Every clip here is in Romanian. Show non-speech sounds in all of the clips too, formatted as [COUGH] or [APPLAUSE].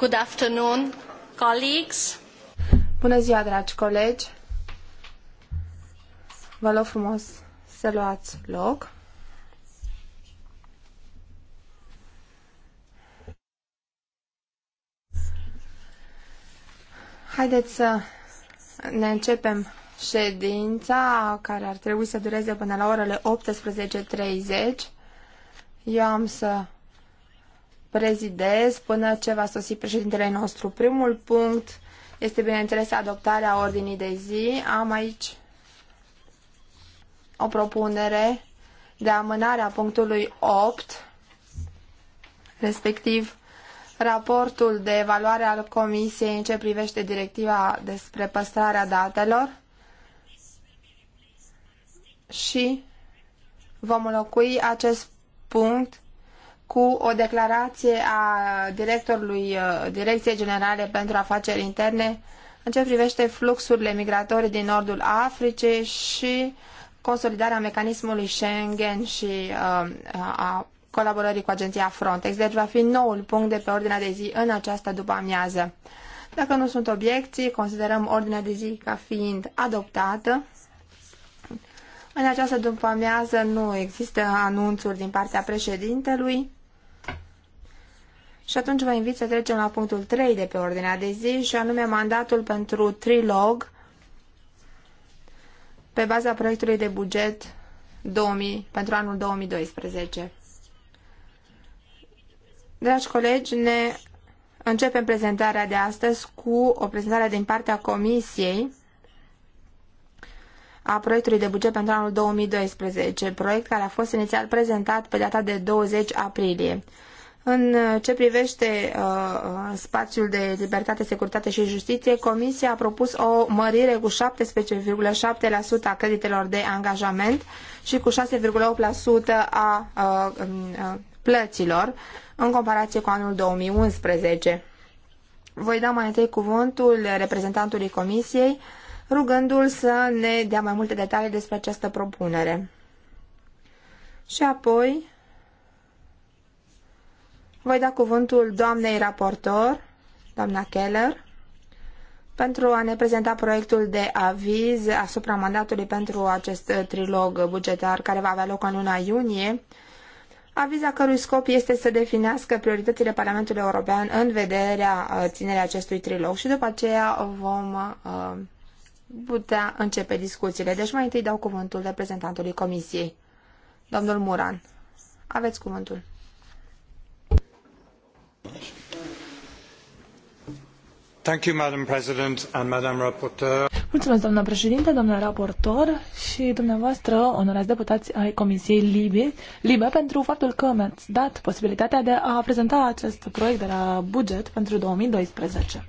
Good afternoon, colleagues. Bună ziua, dragi colegi. Vă rog frumos să luați loc. Haideți să ne începem ședința care ar trebui să dureze până la orele 18.30. Eu am să prezidez până ce va sosi președintele nostru. Primul punct este, bineînțeles, adoptarea ordinii de zi. Am aici o propunere de amânare a punctului 8, respectiv raportul de evaluare al Comisiei în ce privește directiva despre păstrarea datelor și vom înlocui acest punct cu o declarație a directorului uh, Direcției Generale pentru Afaceri Interne în ce privește fluxurile migratorii din nordul Africii și consolidarea mecanismului Schengen și uh, a colaborării cu agenția Frontex. Deci va fi noul punct de pe ordinea de zi în această după amiază. Dacă nu sunt obiecții, considerăm ordinea de zi ca fiind adoptată. În această după amiază nu există anunțuri din partea președintelui. Și atunci vă invit să trecem la punctul 3 de pe ordinea de zi și anume mandatul pentru trilog pe baza proiectului de buget 2000, pentru anul 2012. Dragi colegi, ne începem prezentarea de astăzi cu o prezentare din partea Comisiei a proiectului de buget pentru anul 2012, proiect care a fost inițial prezentat pe data de 20 aprilie. În uh, ce privește uh, spațiul de libertate, securitate și justiție, Comisia a propus o mărire cu 17,7% a creditelor de angajament și cu 6,8% a uh, uh, plăților în comparație cu anul 2011. Voi da mai întâi cuvântul reprezentantului Comisiei, rugându-l să ne dea mai multe detalii despre această propunere. Și apoi voi da cuvântul doamnei raportor, doamna Keller, pentru a ne prezenta proiectul de aviz asupra mandatului pentru acest trilog bugetar care va avea loc în luna iunie, aviz a cărui scop este să definească prioritățile Parlamentului European în vederea uh, ținerii acestui trilog și după aceea vom uh, putea începe discuțiile. Deci mai întâi dau cuvântul reprezentantului Comisiei, domnul Muran. Aveți cuvântul. Madam President and Madam Mulțumesc, doamna președinte, doamna raportor și dumneavoastră, onorați deputați ai Comisiei Libe, Libe pentru faptul că mi-ați dat posibilitatea de a prezenta acest proiect de la buget pentru 2012.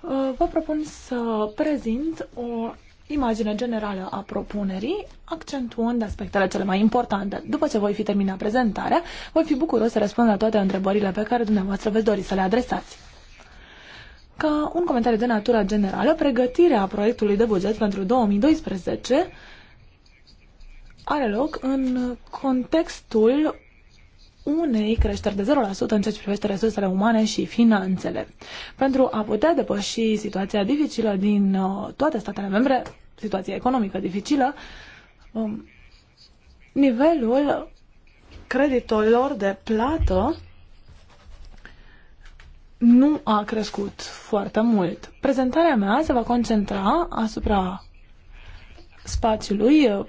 Uh, vă propun să prezint o imagine generală a propunerii, accentuând aspectele cele mai importante. După ce voi fi terminat prezentarea, voi fi bucuros să răspund la toate întrebările pe care dumneavoastră veți dori să le adresați ca un comentariu de natură generală, pregătirea proiectului de buget pentru 2012 are loc în contextul unei creșteri de 0% în ceea ce privește resursele umane și finanțele. Pentru a putea depăși situația dificilă din uh, toate statele membre, situația economică dificilă, um, nivelul creditorilor de plată nu a crescut foarte mult. Prezentarea mea se va concentra asupra spațiului eh,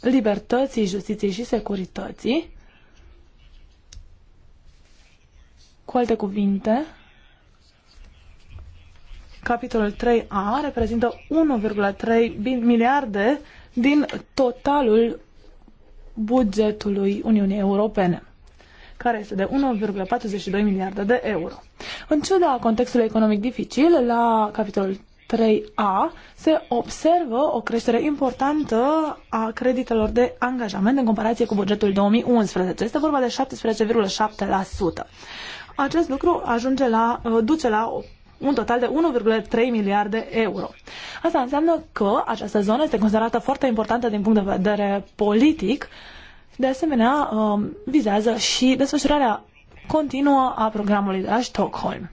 libertății, justiției și securității. Cu alte cuvinte, capitolul 3A reprezintă 1,3 miliarde din totalul bugetului Uniunii Europene care este de 1,42 miliarde de euro. În ciuda contextului economic dificil, la capitolul 3A se observă o creștere importantă a creditelor de angajament în comparație cu bugetul 2011. Este vorba de 17,7%. Acest lucru ajunge la, uh, duce la un total de 1,3 miliarde euro. Asta înseamnă că această zonă este considerată foarte importantă din punct de vedere politic de asemenea, um, vizează și desfășurarea continuă a programului de la Stockholm.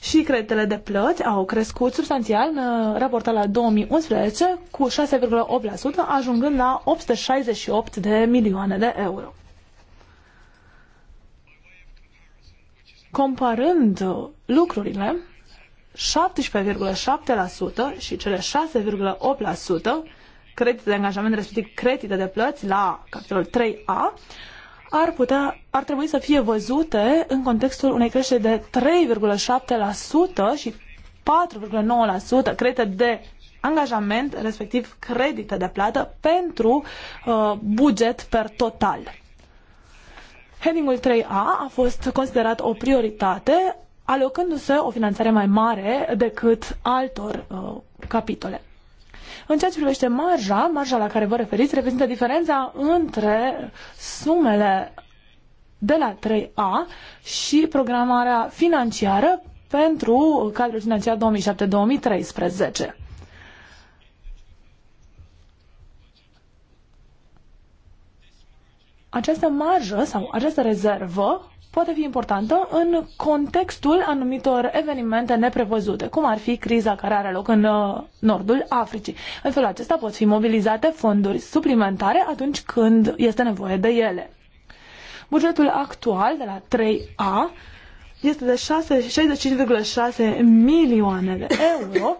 Și creditele de plăți au crescut substanțial în uh, raportat la 2011 cu 6,8%, ajungând la 868 de milioane de euro. Comparând uh, lucrurile, 17,7% și cele 6,8% credite de angajament, respectiv credite de plăți la capitolul 3A, ar, putea, ar trebui să fie văzute în contextul unei creșteri de 3,7% și 4,9% credite de angajament, respectiv credite de plată pentru uh, buget per total. Headingul 3A a fost considerat o prioritate, alocându-se o finanțare mai mare decât altor uh, capitole. În ceea ce privește marja, marja la care vă referiți reprezintă diferența între sumele de la 3A și programarea financiară pentru cadrul financiar 2007-2013. Această marjă sau această rezervă poate fi importantă în contextul anumitor evenimente neprevăzute, cum ar fi criza care are loc în uh, nordul Africii. În felul acesta pot fi mobilizate fonduri suplimentare atunci când este nevoie de ele. Bugetul actual de la 3A este de 65,6 milioane de euro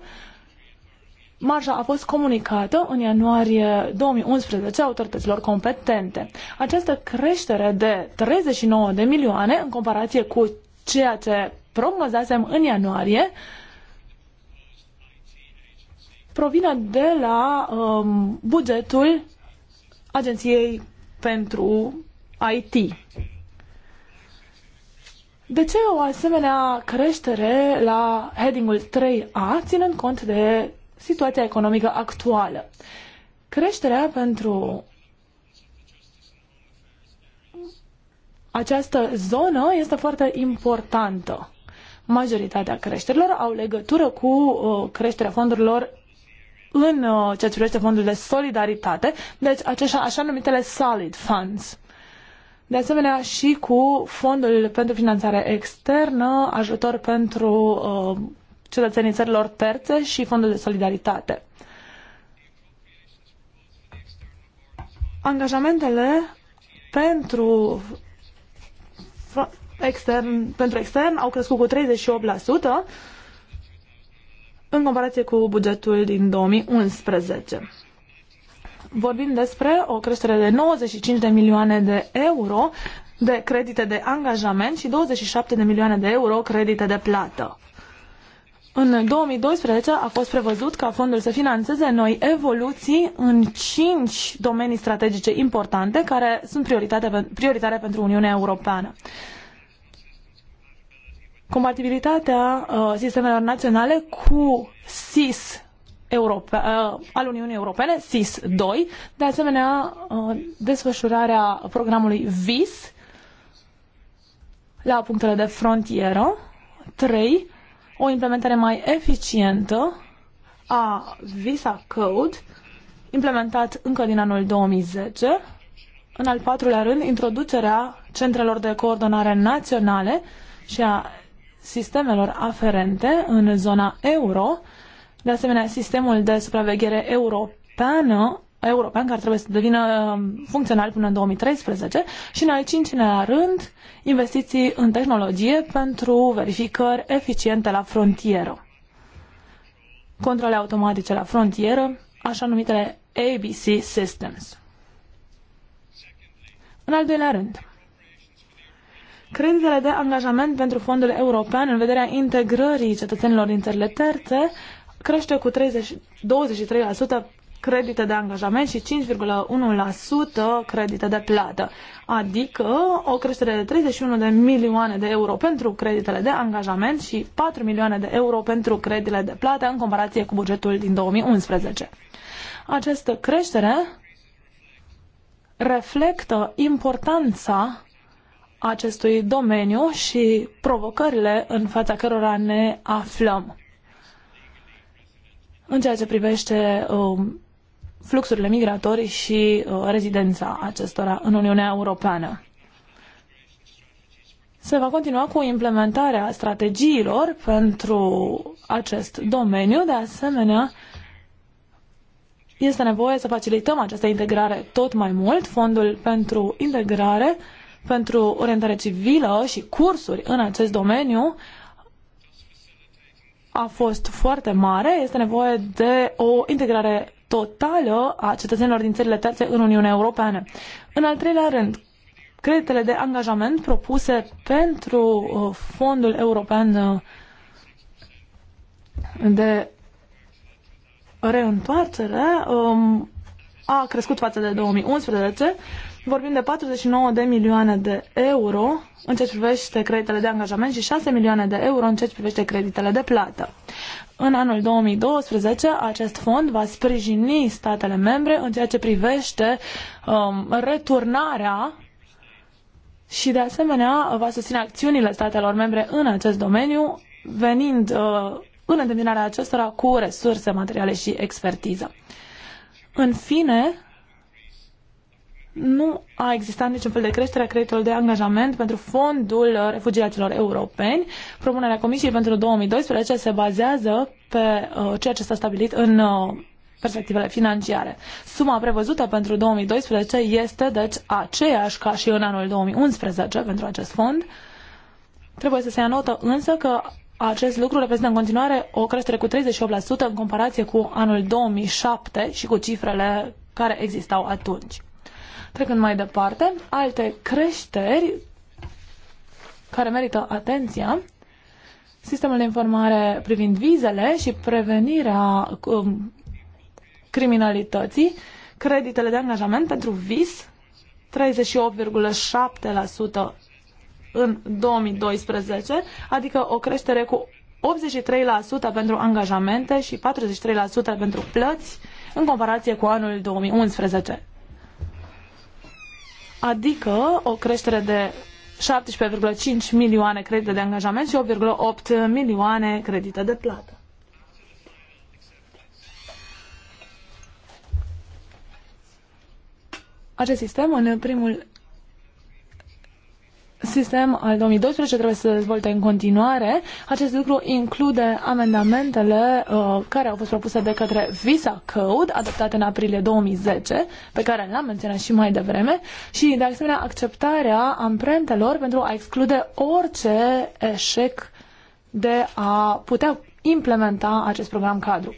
Marja a fost comunicată în ianuarie 2011 autorităților competente. Această creștere de 39 de milioane în comparație cu ceea ce prognozasem în ianuarie provine de la um, bugetul Agenției pentru IT. De ce o asemenea creștere la headingul 3A, ținând cont de situația economică actuală. Creșterea pentru această zonă este foarte importantă. Majoritatea creșterilor au legătură cu uh, creșterea fondurilor în uh, ceea ce privește fondul de solidaritate, deci aceștia așa numitele solid funds. De asemenea și cu fondul pentru finanțare externă, ajutor pentru uh, cetățenii țărilor terțe și fondul de solidaritate. Angajamentele pentru extern, pentru extern au crescut cu 38% în comparație cu bugetul din 2011. Vorbim despre o creștere de 95 de milioane de euro de credite de angajament și 27 de milioane de euro credite de plată. În 2012 a fost prevăzut ca fondul să financeze noi evoluții în cinci domenii strategice importante care sunt prioritare pentru Uniunea Europeană. Compatibilitatea uh, sistemelor naționale cu SIS Europe, uh, al Uniunii Europene, SIS 2, de asemenea uh, desfășurarea programului VIS la punctele de frontieră, 3, o implementare mai eficientă a Visa Code, implementat încă din anul 2010. În al patrulea rând, introducerea centrelor de coordonare naționale și a sistemelor aferente în zona euro, de asemenea sistemul de supraveghere europeană european care trebuie să devină um, funcțional până în 2013 și în al cincilea rând investiții în tehnologie pentru verificări eficiente la frontieră. Controle automatice la frontieră, așa numitele ABC Systems. În al doilea rând, creditele de angajament pentru fondul european în vederea integrării cetățenilor din țările terțe crește cu 30, 23% credite de angajament și 5,1% credite de plată, adică o creștere de 31 de milioane de euro pentru creditele de angajament și 4 milioane de euro pentru creditele de plată în comparație cu bugetul din 2011. Această creștere reflectă importanța acestui domeniu și provocările în fața cărora ne aflăm. În ceea ce privește uh, fluxurile migratorii și uh, rezidența acestora în Uniunea Europeană. Se va continua cu implementarea strategiilor pentru acest domeniu. De asemenea, este nevoie să facilităm această integrare tot mai mult. Fondul pentru integrare, pentru orientare civilă și cursuri în acest domeniu a fost foarte mare. Este nevoie de o integrare totală a cetățenilor din țările terțe în Uniunea Europeană. În al treilea rând, creditele de angajament propuse pentru uh, Fondul European uh, de reîntoarcere um, a crescut față de 2011 Vorbim de 49 de milioane de euro în ce privește creditele de angajament și 6 milioane de euro în ce privește creditele de plată. În anul 2012, acest fond va sprijini statele membre în ceea ce privește um, returnarea și, de asemenea, va susține acțiunile statelor membre în acest domeniu, venind uh, în întâmpinarea acestora cu resurse materiale și expertiză. În fine, nu a existat niciun fel de creștere a creditelor de angajament pentru fondul refugiaților europeni. Propunerea Comisiei pentru 2012 se bazează pe uh, ceea ce s-a stabilit în uh, perspectivele financiare. Suma prevăzută pentru 2012 este deci aceeași ca și în anul 2011 pentru acest fond. Trebuie să se anotă însă că acest lucru reprezintă în continuare o creștere cu 38% în comparație cu anul 2007 și cu cifrele care existau atunci. Trecând mai departe, alte creșteri care merită atenția, sistemul de informare privind vizele și prevenirea um, criminalității, creditele de angajament pentru vis, 38,7% în 2012, adică o creștere cu 83% pentru angajamente și 43% pentru plăți în comparație cu anul 2011 adică o creștere de 17,5 milioane credite de angajament și 8,8 milioane credite de plată. Acest sistem, în primul sistem al 2012 trebuie să se dezvolte în continuare. Acest lucru include amendamentele uh, care au fost propuse de către Visa Code, adoptate în aprilie 2010, pe care l-am menționat și mai devreme, și, de asemenea, acceptarea amprentelor pentru a exclude orice eșec de a putea implementa acest program cadru.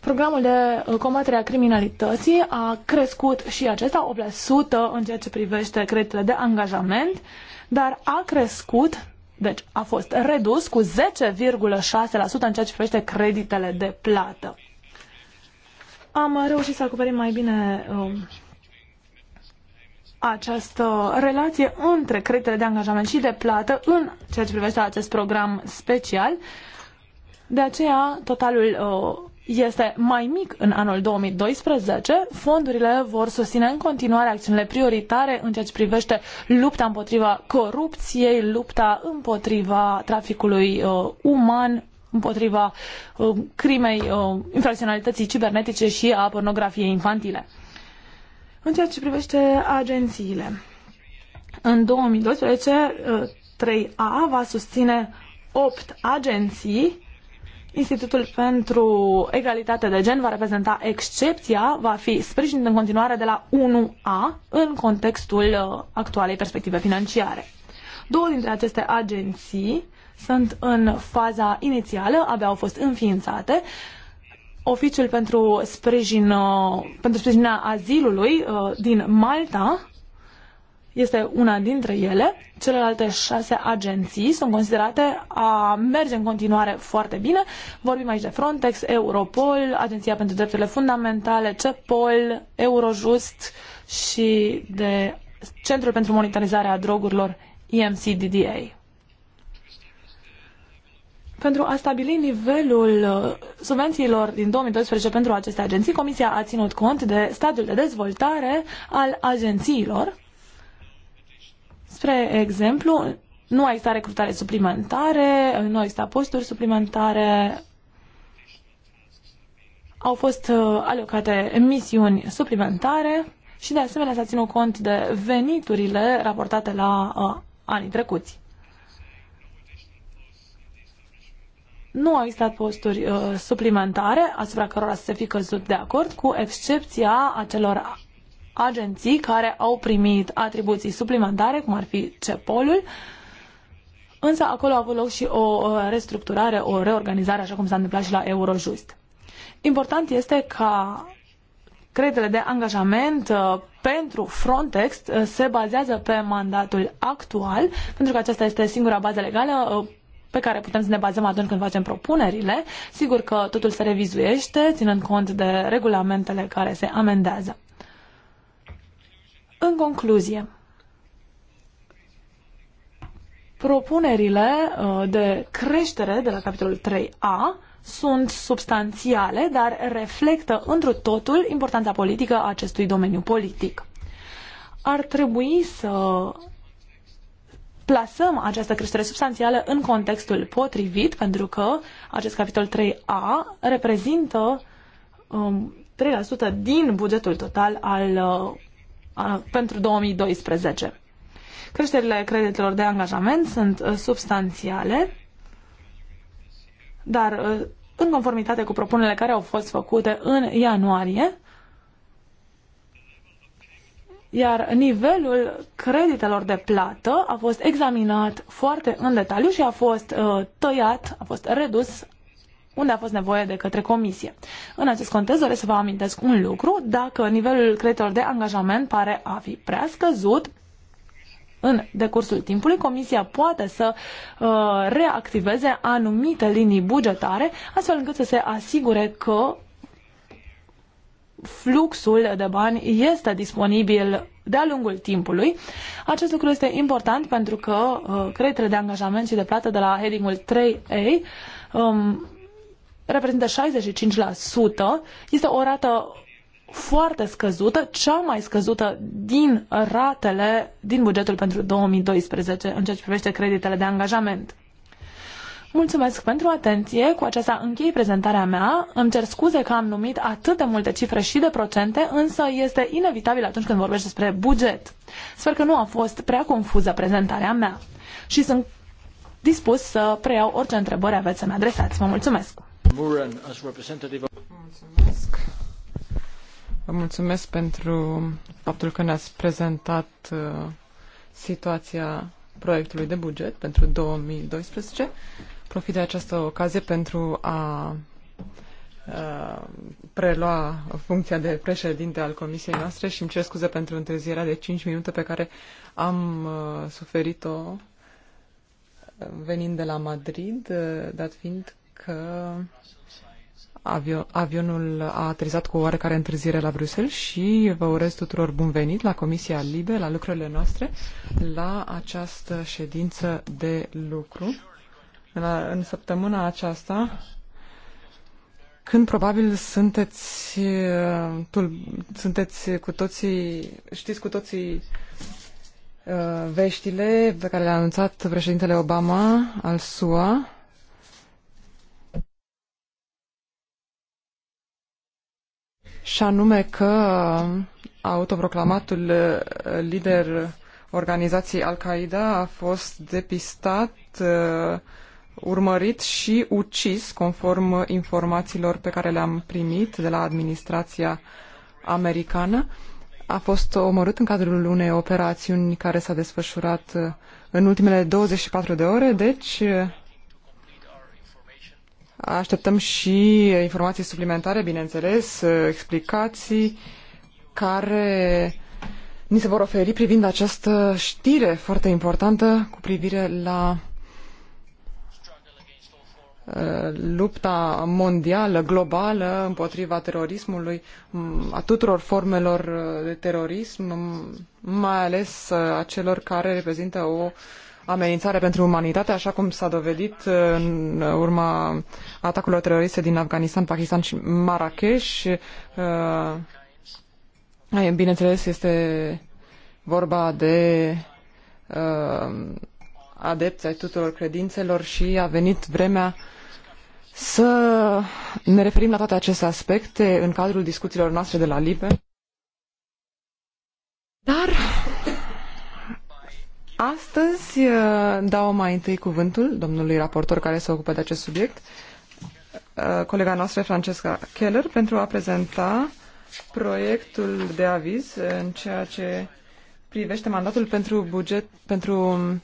Programul de uh, combatere a criminalității a crescut și acesta 8% în ceea ce privește creditele de angajament, dar a crescut, deci a fost redus cu 10,6% în ceea ce privește creditele de plată. Am reușit să acoperim mai bine um, această relație între creditele de angajament și de plată în ceea ce privește acest program special. De aceea, totalul uh, este mai mic în anul 2012, fondurile vor susține în continuare acțiunile prioritare în ceea ce privește lupta împotriva corupției, lupta împotriva traficului uh, uman, împotriva uh, crimei, uh, infracționalității cibernetice și a pornografiei infantile. În ceea ce privește agențiile, în 2012, 3A uh, va susține 8 agenții Institutul pentru Egalitate de Gen va reprezenta excepția, va fi sprijinit în continuare de la 1A în contextul uh, actualei perspective financiare. Două dintre aceste agenții sunt în faza inițială, abia au fost înființate. Oficiul pentru, sprijin, uh, pentru sprijinirea azilului uh, din Malta este una dintre ele. Celelalte șase agenții sunt considerate a merge în continuare foarte bine. Vorbim aici de Frontex, Europol, Agenția pentru Drepturile Fundamentale, CEPOL, Eurojust și de Centrul pentru Monitorizarea Drogurilor, EMCDDA. Pentru a stabili nivelul subvențiilor din 2012 pentru aceste agenții, Comisia a ținut cont de stadiul de dezvoltare al agențiilor Spre exemplu, nu a existat recrutare suplimentare, nu a existat posturi suplimentare, au fost uh, alocate misiuni suplimentare și de asemenea s-a ținut cont de veniturile raportate la uh, anii trecuți. Nu au existat posturi uh, suplimentare asupra cărora să se fi căzut de acord, cu excepția acelor agenții care au primit atribuții suplimentare, cum ar fi CEPOL-ul, însă acolo a avut loc și o restructurare, o reorganizare, așa cum s-a întâmplat și la Eurojust. Important este ca creditele de angajament uh, pentru Frontex uh, se bazează pe mandatul actual, pentru că aceasta este singura bază legală uh, pe care putem să ne bazăm atunci când facem propunerile. Sigur că totul se revizuiește, ținând cont de regulamentele care se amendează. În concluzie, propunerile uh, de creștere de la capitolul 3A sunt substanțiale, dar reflectă întru totul importanța politică a acestui domeniu politic. Ar trebui să plasăm această creștere substanțială în contextul potrivit, pentru că acest capitol 3A reprezintă um, 3% din bugetul total al uh, pentru 2012. Creșterile creditelor de angajament sunt uh, substanțiale, dar uh, în conformitate cu propunerile care au fost făcute în ianuarie, iar nivelul creditelor de plată a fost examinat foarte în detaliu și a fost uh, tăiat, a fost redus unde a fost nevoie de către comisie. În acest context doresc să vă amintesc un lucru. Dacă nivelul creditelor de angajament pare a fi prea scăzut, în decursul timpului, Comisia poate să uh, reactiveze anumite linii bugetare, astfel încât să se asigure că fluxul de bani este disponibil de-a lungul timpului. Acest lucru este important pentru că uh, creditele de angajament și de plată de la headingul 3A um, reprezintă 65%, este o rată foarte scăzută, cea mai scăzută din ratele din bugetul pentru 2012 în ceea ce privește creditele de angajament. Mulțumesc pentru atenție. Cu aceasta închei prezentarea mea. Îmi cer scuze că am numit atât de multe cifre și de procente, însă este inevitabil atunci când vorbești despre buget. Sper că nu a fost prea confuză prezentarea mea și sunt dispus să preiau orice întrebări aveți să-mi adresați. Vă mulțumesc! Muren as representative of... Mulțumesc. Vă mulțumesc pentru faptul că ne-ați prezentat uh, situația proiectului de buget pentru 2012. Profit de această ocazie pentru a uh, prelua funcția de președinte al comisiei noastre și îmi cer scuze pentru întârzierea de 5 minute pe care am uh, suferit-o uh, venind de la Madrid, dat fiind că avio avionul a aterizat cu oarecare întârziere la Bruxelles și vă urez tuturor bun venit la Comisia Libe, la lucrurile noastre, la această ședință de lucru. În, în săptămâna aceasta, când probabil sunteți, tu, sunteți cu toții, știți cu toții uh, veștile pe care le-a anunțat președintele Obama al SUA, și anume că autoproclamatul uh, lider organizației Al-Qaeda a fost depistat, uh, urmărit și ucis conform informațiilor pe care le-am primit de la administrația americană. A fost omorât în cadrul unei operațiuni care s-a desfășurat uh, în ultimele 24 de ore, deci Așteptăm și informații suplimentare, bineînțeles, explicații care ni se vor oferi privind această știre foarte importantă cu privire la uh, lupta mondială, globală, împotriva terorismului, mm, a tuturor formelor uh, de terorism, mai ales uh, a celor care reprezintă o amenințare pentru umanitate, așa cum s-a dovedit în urma atacurilor teroriste din Afganistan, Pakistan și Marrakesh. Uh, bineînțeles, este vorba de uh, adepți ai tuturor credințelor și a venit vremea să ne referim la toate aceste aspecte în cadrul discuțiilor noastre de la LIBE. Dar Astăzi uh, dau mai întâi cuvântul domnului raportor care se ocupă de acest subiect, uh, colega noastră Francesca Keller, pentru a prezenta proiectul de aviz în ceea ce privește mandatul pentru buget pentru um,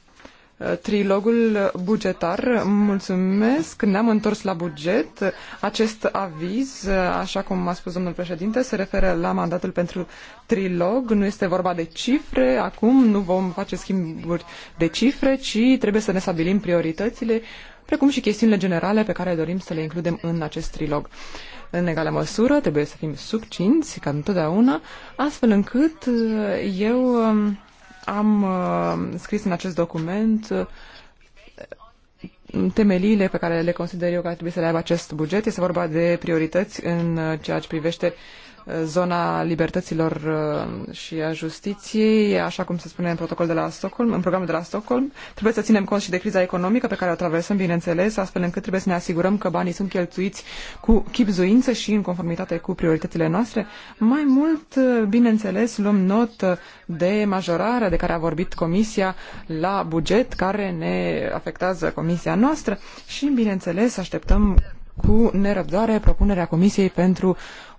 trilogul bugetar. Mulțumesc, ne-am întors la buget. Acest aviz, așa cum a spus domnul președinte, se referă la mandatul pentru trilog. Nu este vorba de cifre, acum nu vom face schimburi de cifre, ci trebuie să ne stabilim prioritățile, precum și chestiunile generale pe care dorim să le includem în acest trilog. În egală măsură, trebuie să fim succinți, ca întotdeauna, astfel încât uh, eu um, am uh, scris în acest document uh, temeliile pe care le consider eu că ar trebui să le aibă acest buget. Este vorba de priorități în uh, ceea ce privește uh, zona libertăților uh, și a justiției, așa cum se spune în protocol de la Stockholm, în programul de la Stockholm. Trebuie să ținem cont și de criza economică pe care o traversăm, bineînțeles, astfel încât trebuie să ne asigurăm că banii sunt cheltuiți cu chipzuință și în conformitate cu prioritățile noastre. Mai mult, uh, bineînțeles, luăm notă de majorarea de care a vorbit Comisia la buget, care ne afectează Comisia noastră și, bineînțeles, așteptăm cu nerăbdare propunerea Comisiei pentru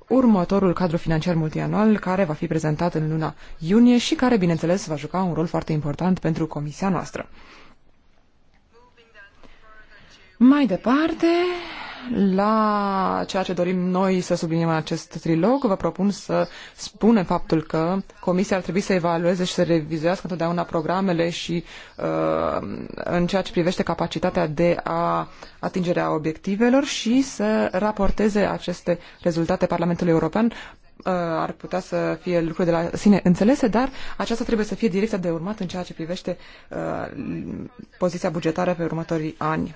următorul cadru financiar multianual care va fi prezentat în luna iunie și care, bineînțeles, va juca un rol foarte important pentru comisia noastră. Mai departe, la ceea ce dorim noi să subliniem în acest trilog, vă propun să spunem faptul că Comisia ar trebui să evalueze și să revizuiască întotdeauna programele și uh, în ceea ce privește capacitatea de a atingerea obiectivelor și să raporteze aceste rezultate Parlamentului European uh, ar putea să fie lucruri de la sine înțelese, dar aceasta trebuie să fie direcția de urmat în ceea ce privește uh, poziția bugetară pe următorii ani.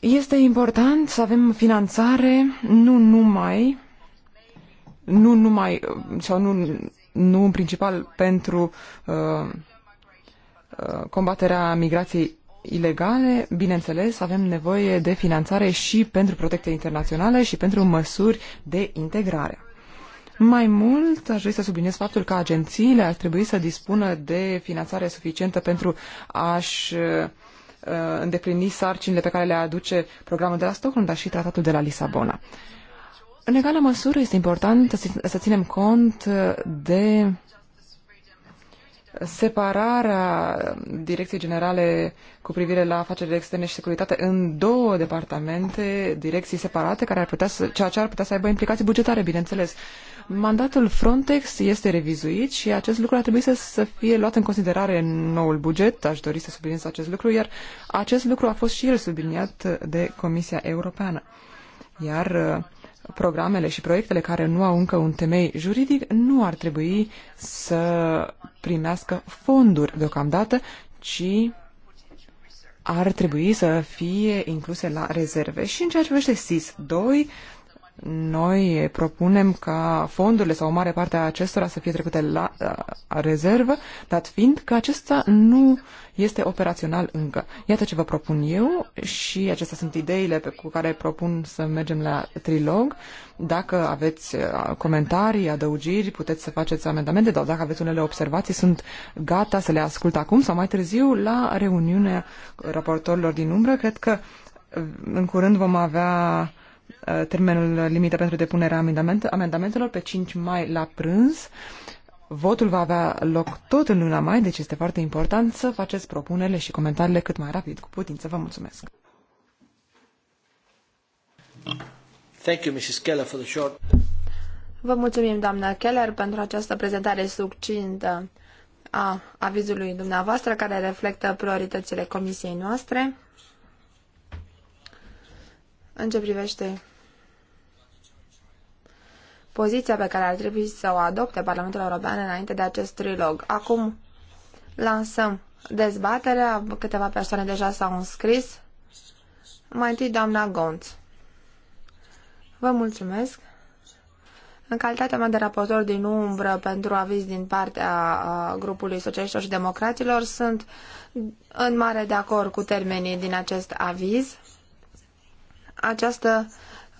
Este important să avem finanțare nu numai nu numai sau nu, nu în principal pentru uh, uh, combaterea migrației ilegale, bineînțeles, avem nevoie de finanțare și pentru protecție internațională și pentru măsuri de integrare. Mai mult, aș vrea să subliniez faptul că agențiile ar trebui să dispună de finanțare suficientă pentru a-și uh, Uh, îndeplini sarcinile pe care le aduce programul de la Stockholm, dar și tratatul de la Lisabona. În egală măsură este important să ținem cont de separarea Direcției Generale cu privire la afacerile externe și securitate în două departamente, direcții separate, care ar putea să, ceea ce ar putea să aibă implicații bugetare, bineînțeles. Mandatul Frontex este revizuit și acest lucru ar trebui să, să fie luat în considerare în noul buget, aș dori să subliniez acest lucru, iar acest lucru a fost și el subliniat de Comisia Europeană. Iar uh, programele și proiectele care nu au încă un temei juridic nu ar trebui să primească fonduri deocamdată, ci ar trebui să fie incluse la rezerve. Și în ceea ce privește SIS 2, noi propunem ca fondurile sau o mare parte a acestora să fie trecute la a, rezervă, dat fiind că acesta nu este operațional încă. Iată ce vă propun eu și acestea sunt ideile pe, cu care propun să mergem la trilog. Dacă aveți comentarii, adăugiri, puteți să faceți amendamente, dar dacă aveți unele observații, sunt gata să le ascult acum sau mai târziu la reuniunea raportorilor din umbră. Cred că în curând vom avea Uh, termenul limită pentru depunerea amendament amendamentelor pe 5 mai la prânz. Votul va avea loc tot în luna mai, deci este foarte important să faceți propunerile și comentariile cât mai rapid cu putință. Vă mulțumesc! Thank you, Mrs. Keller, for the short... Vă mulțumim, doamna Keller, pentru această prezentare succintă a avizului dumneavoastră, care reflectă prioritățile comisiei noastre. În ce privește poziția pe care ar trebui să o adopte Parlamentul European înainte de acest trilog. Acum lansăm dezbaterea, câteva persoane deja s-au înscris. Mai întâi doamna Gonț. Vă mulțumesc. În calitatea mea de raportor din umbră pentru aviz din partea grupului socialiștilor și democraților, sunt în mare de acord cu termenii din acest aviz. Această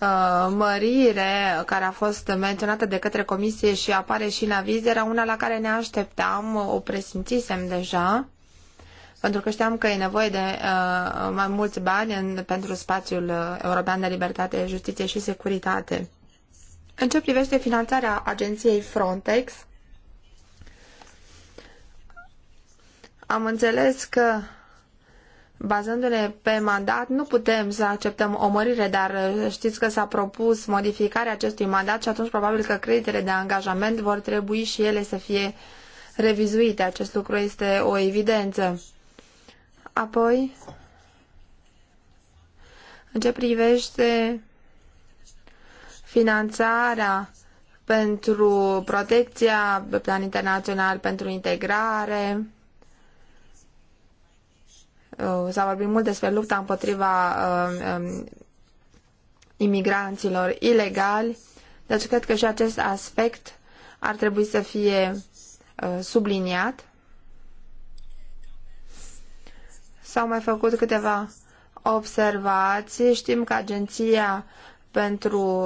Uh, mărire care a fost menționată de către comisie și apare și în aviz era una la care ne așteptam, o presimțisem deja, pentru că știam că e nevoie de uh, mai mulți bani în, pentru spațiul uh, european de libertate, justiție și securitate. În ce privește finanțarea agenției Frontex, am înțeles că Bazându-ne pe mandat, nu putem să acceptăm o mărire, dar uh, știți că s-a propus modificarea acestui mandat și atunci probabil că creditele de angajament vor trebui și ele să fie revizuite. Acest lucru este o evidență. Apoi, în ce privește finanțarea pentru protecția pe plan internațional, pentru integrare, Uh, s-a vorbit mult despre lupta împotriva uh, um, imigranților ilegali, deci cred că și acest aspect ar trebui să fie uh, subliniat. S-au mai făcut câteva observații. Știm că agenția pentru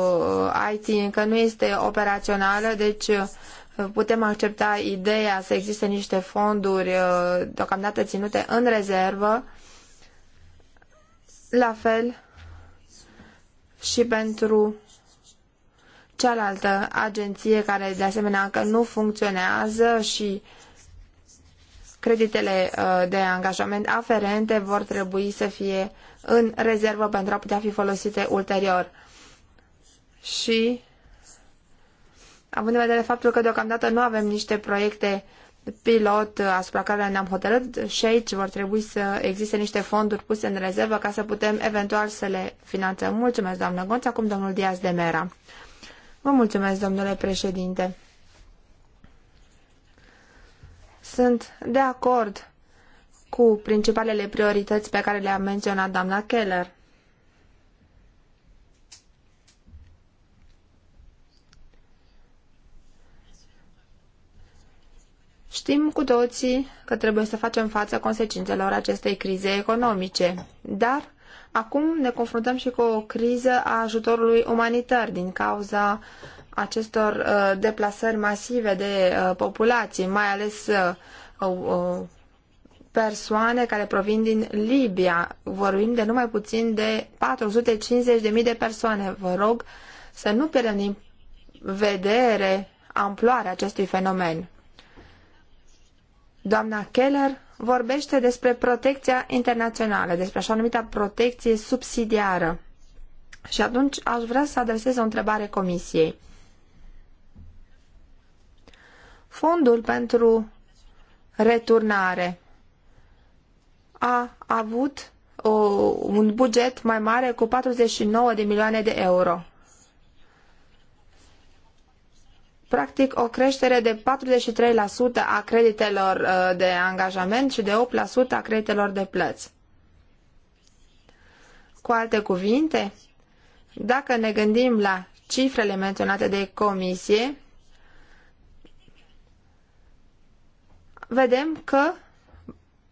IT încă nu este operațională, deci putem accepta ideea să existe niște fonduri uh, deocamdată ținute în rezervă, la fel și pentru cealaltă agenție care de asemenea încă nu funcționează și creditele uh, de angajament aferente vor trebui să fie în rezervă pentru a putea fi folosite ulterior. Și având în vedere faptul că deocamdată nu avem niște proiecte pilot asupra care ne-am hotărât și aici vor trebui să existe niște fonduri puse în rezervă ca să putem eventual să le finanțăm. Mulțumesc, doamnă Gonț, acum domnul Diaz de Mera. Vă mulțumesc, domnule președinte. Sunt de acord cu principalele priorități pe care le-a menționat doamna Keller. Știm cu toții că trebuie să facem față consecințelor acestei crize economice, dar acum ne confruntăm și cu o criză a ajutorului umanitar din cauza acestor uh, deplasări masive de uh, populație, mai ales uh, persoane care provin din Libia. Vorbim de numai puțin de 450.000 de persoane. Vă rog să nu pierdem din vedere amploarea acestui fenomen. Doamna Keller vorbește despre protecția internațională, despre așa numita protecție subsidiară. Și atunci aș vrea să adresez o întrebare comisiei. Fondul pentru returnare a avut o, un buget mai mare cu 49 de milioane de euro. practic o creștere de 43% a creditelor uh, de angajament și de 8% a creditelor de plăți. Cu alte cuvinte, dacă ne gândim la cifrele menționate de comisie, vedem că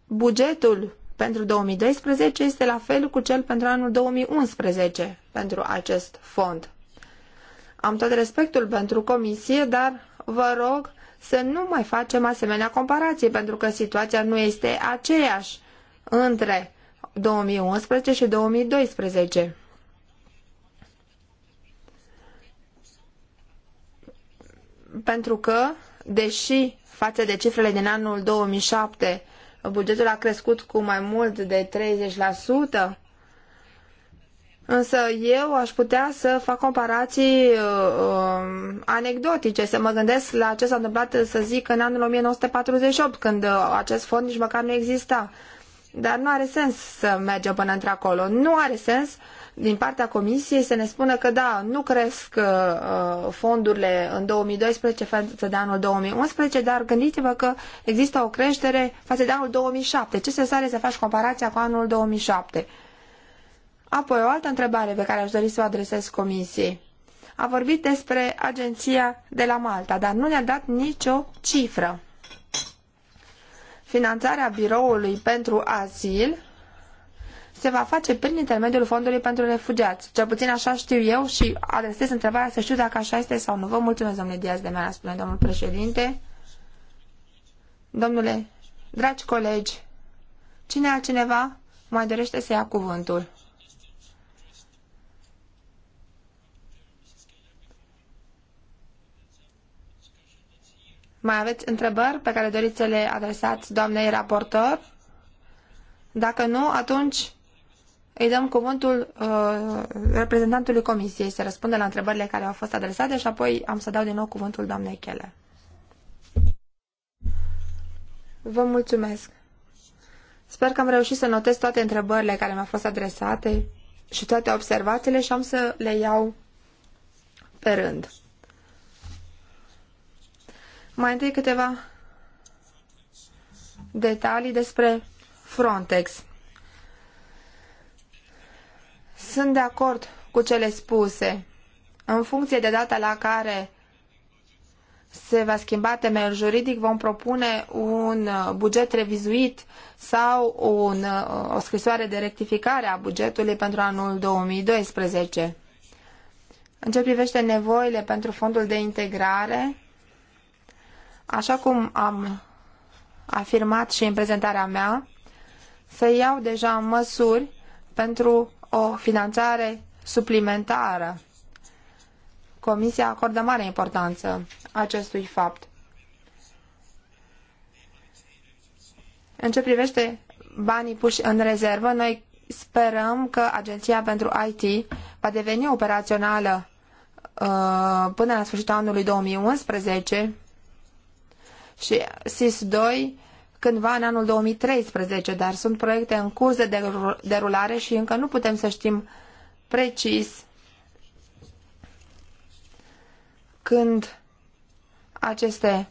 bugetul pentru 2012 este la fel cu cel pentru anul 2011 pentru acest fond am tot respectul pentru comisie, dar vă rog să nu mai facem asemenea comparație, pentru că situația nu este aceeași între 2011 și 2012. Pentru că, deși față de cifrele din anul 2007, bugetul a crescut cu mai mult de 30%, Însă eu aș putea să fac comparații uh, uh, anecdotice, să mă gândesc la ce s-a întâmplat, să zic, în anul 1948, când uh, acest fond nici măcar nu exista. Dar nu are sens să mergem până într-acolo. Nu are sens din partea Comisiei să ne spună că da, nu cresc uh, uh fondurile în 2012 față de anul 2011, dar gândiți-vă că există o creștere față de anul 2007. Ce se sale să faci comparația cu anul 2007? Apoi, o altă întrebare pe care aș dori să o adresez comisiei. A vorbit despre agenția de la Malta, dar nu ne-a dat nicio cifră. Finanțarea biroului pentru azil se va face prin intermediul fondului pentru refugiați. Cel puțin așa știu eu și adresez întrebarea să știu dacă așa este sau nu. Vă mulțumesc, domnule Diaz de Mera, spune domnul președinte. Domnule, dragi colegi, cine altcineva mai dorește să ia cuvântul? Mai aveți întrebări pe care doriți să le adresați doamnei raportor? Dacă nu, atunci îi dăm cuvântul uh, reprezentantului comisiei să răspundă la întrebările care au fost adresate și apoi am să dau din nou cuvântul doamnei Chele. Vă mulțumesc. Sper că am reușit să notez toate întrebările care mi-au fost adresate și toate observațiile și am să le iau pe rând. Mai întâi câteva detalii despre Frontex. Sunt de acord cu cele spuse. În funcție de data la care se va schimba temel juridic, vom propune un uh, buget revizuit sau un, uh, o scrisoare de rectificare a bugetului pentru anul 2012. În ce privește nevoile pentru fondul de integrare, Așa cum am afirmat și în prezentarea mea, se iau deja măsuri pentru o finanțare suplimentară. Comisia acordă mare importanță acestui fapt. În ce privește banii puși în rezervă, noi sperăm că Agenția pentru IT va deveni operațională uh, până la sfârșitul anului 2011 și SIS-2 cândva în anul 2013, dar sunt proiecte în curs de derulare și încă nu putem să știm precis când aceste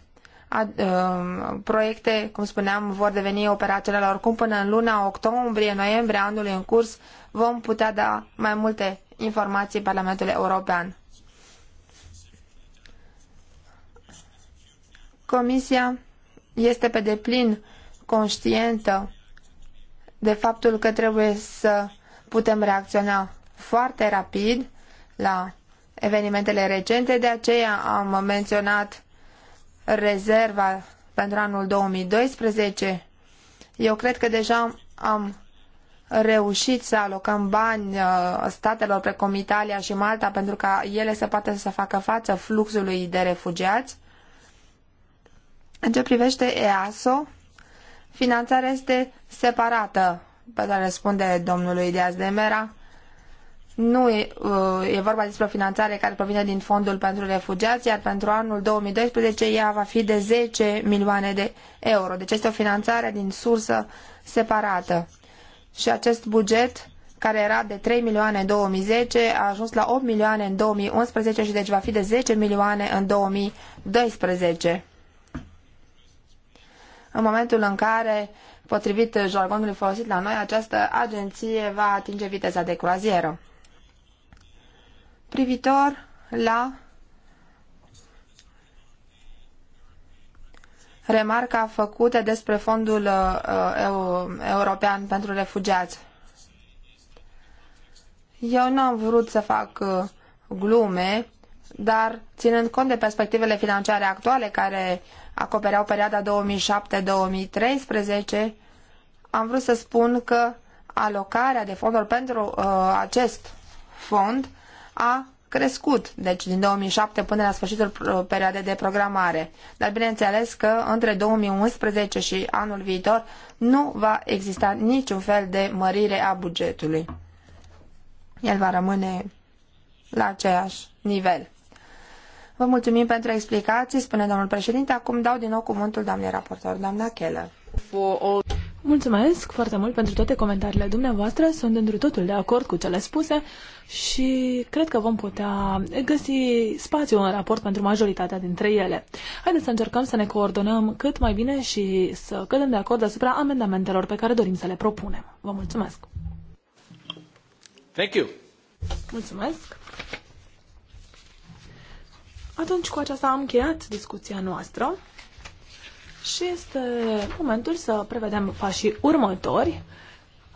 uh, proiecte, cum spuneam, vor deveni operaționale. Oricum, până în luna octombrie, noiembrie, anului în curs, vom putea da mai multe informații Parlamentului European. Comisia este pe deplin conștientă de faptul că trebuie să putem reacționa foarte rapid la evenimentele recente, de aceea am menționat rezerva pentru anul 2012. Eu cred că deja am reușit să alocăm bani uh, statelor precum Italia și Malta pentru ca ele să poată să facă față fluxului de refugiați în ce privește EASO, finanțarea este separată, pentru a răspunde domnului Diaz de Mera. Nu e, uh, e vorba despre o finanțare care provine din fondul pentru refugiați, iar pentru anul 2012 ea va fi de 10 milioane de euro. Deci este o finanțare din sursă separată. Și acest buget, care era de 3 milioane în 2010, a ajuns la 8 milioane în 2011 și deci va fi de 10 milioane în 2012 în momentul în care, potrivit jargonului folosit la noi, această agenție va atinge viteza de croazieră. Privitor la remarca făcută despre Fondul uh, European pentru Refugiați. Eu nu am vrut să fac uh, glume, dar ținând cont de perspectivele financiare actuale care acopereau perioada 2007-2013, am vrut să spun că alocarea de fonduri pentru uh, acest fond a crescut, deci din 2007 până la sfârșitul uh, perioadei de programare. Dar bineînțeles că între 2011 și anul viitor nu va exista niciun fel de mărire a bugetului. El va rămâne la aceeași nivel. Vă mulțumim pentru explicații, spune domnul președinte. Acum dau din nou cuvântul doamnei raportor, doamna Keller. Mulțumesc foarte mult pentru toate comentariile dumneavoastră. Sunt întru totul de acord cu cele spuse și cred că vom putea găsi spațiu în raport pentru majoritatea dintre ele. Haideți să încercăm să ne coordonăm cât mai bine și să cădem de acord asupra amendamentelor pe care dorim să le propunem. Vă mulțumesc! Thank you. Mulțumesc! Atunci cu aceasta am încheiat discuția noastră și este momentul să prevedem pașii următori,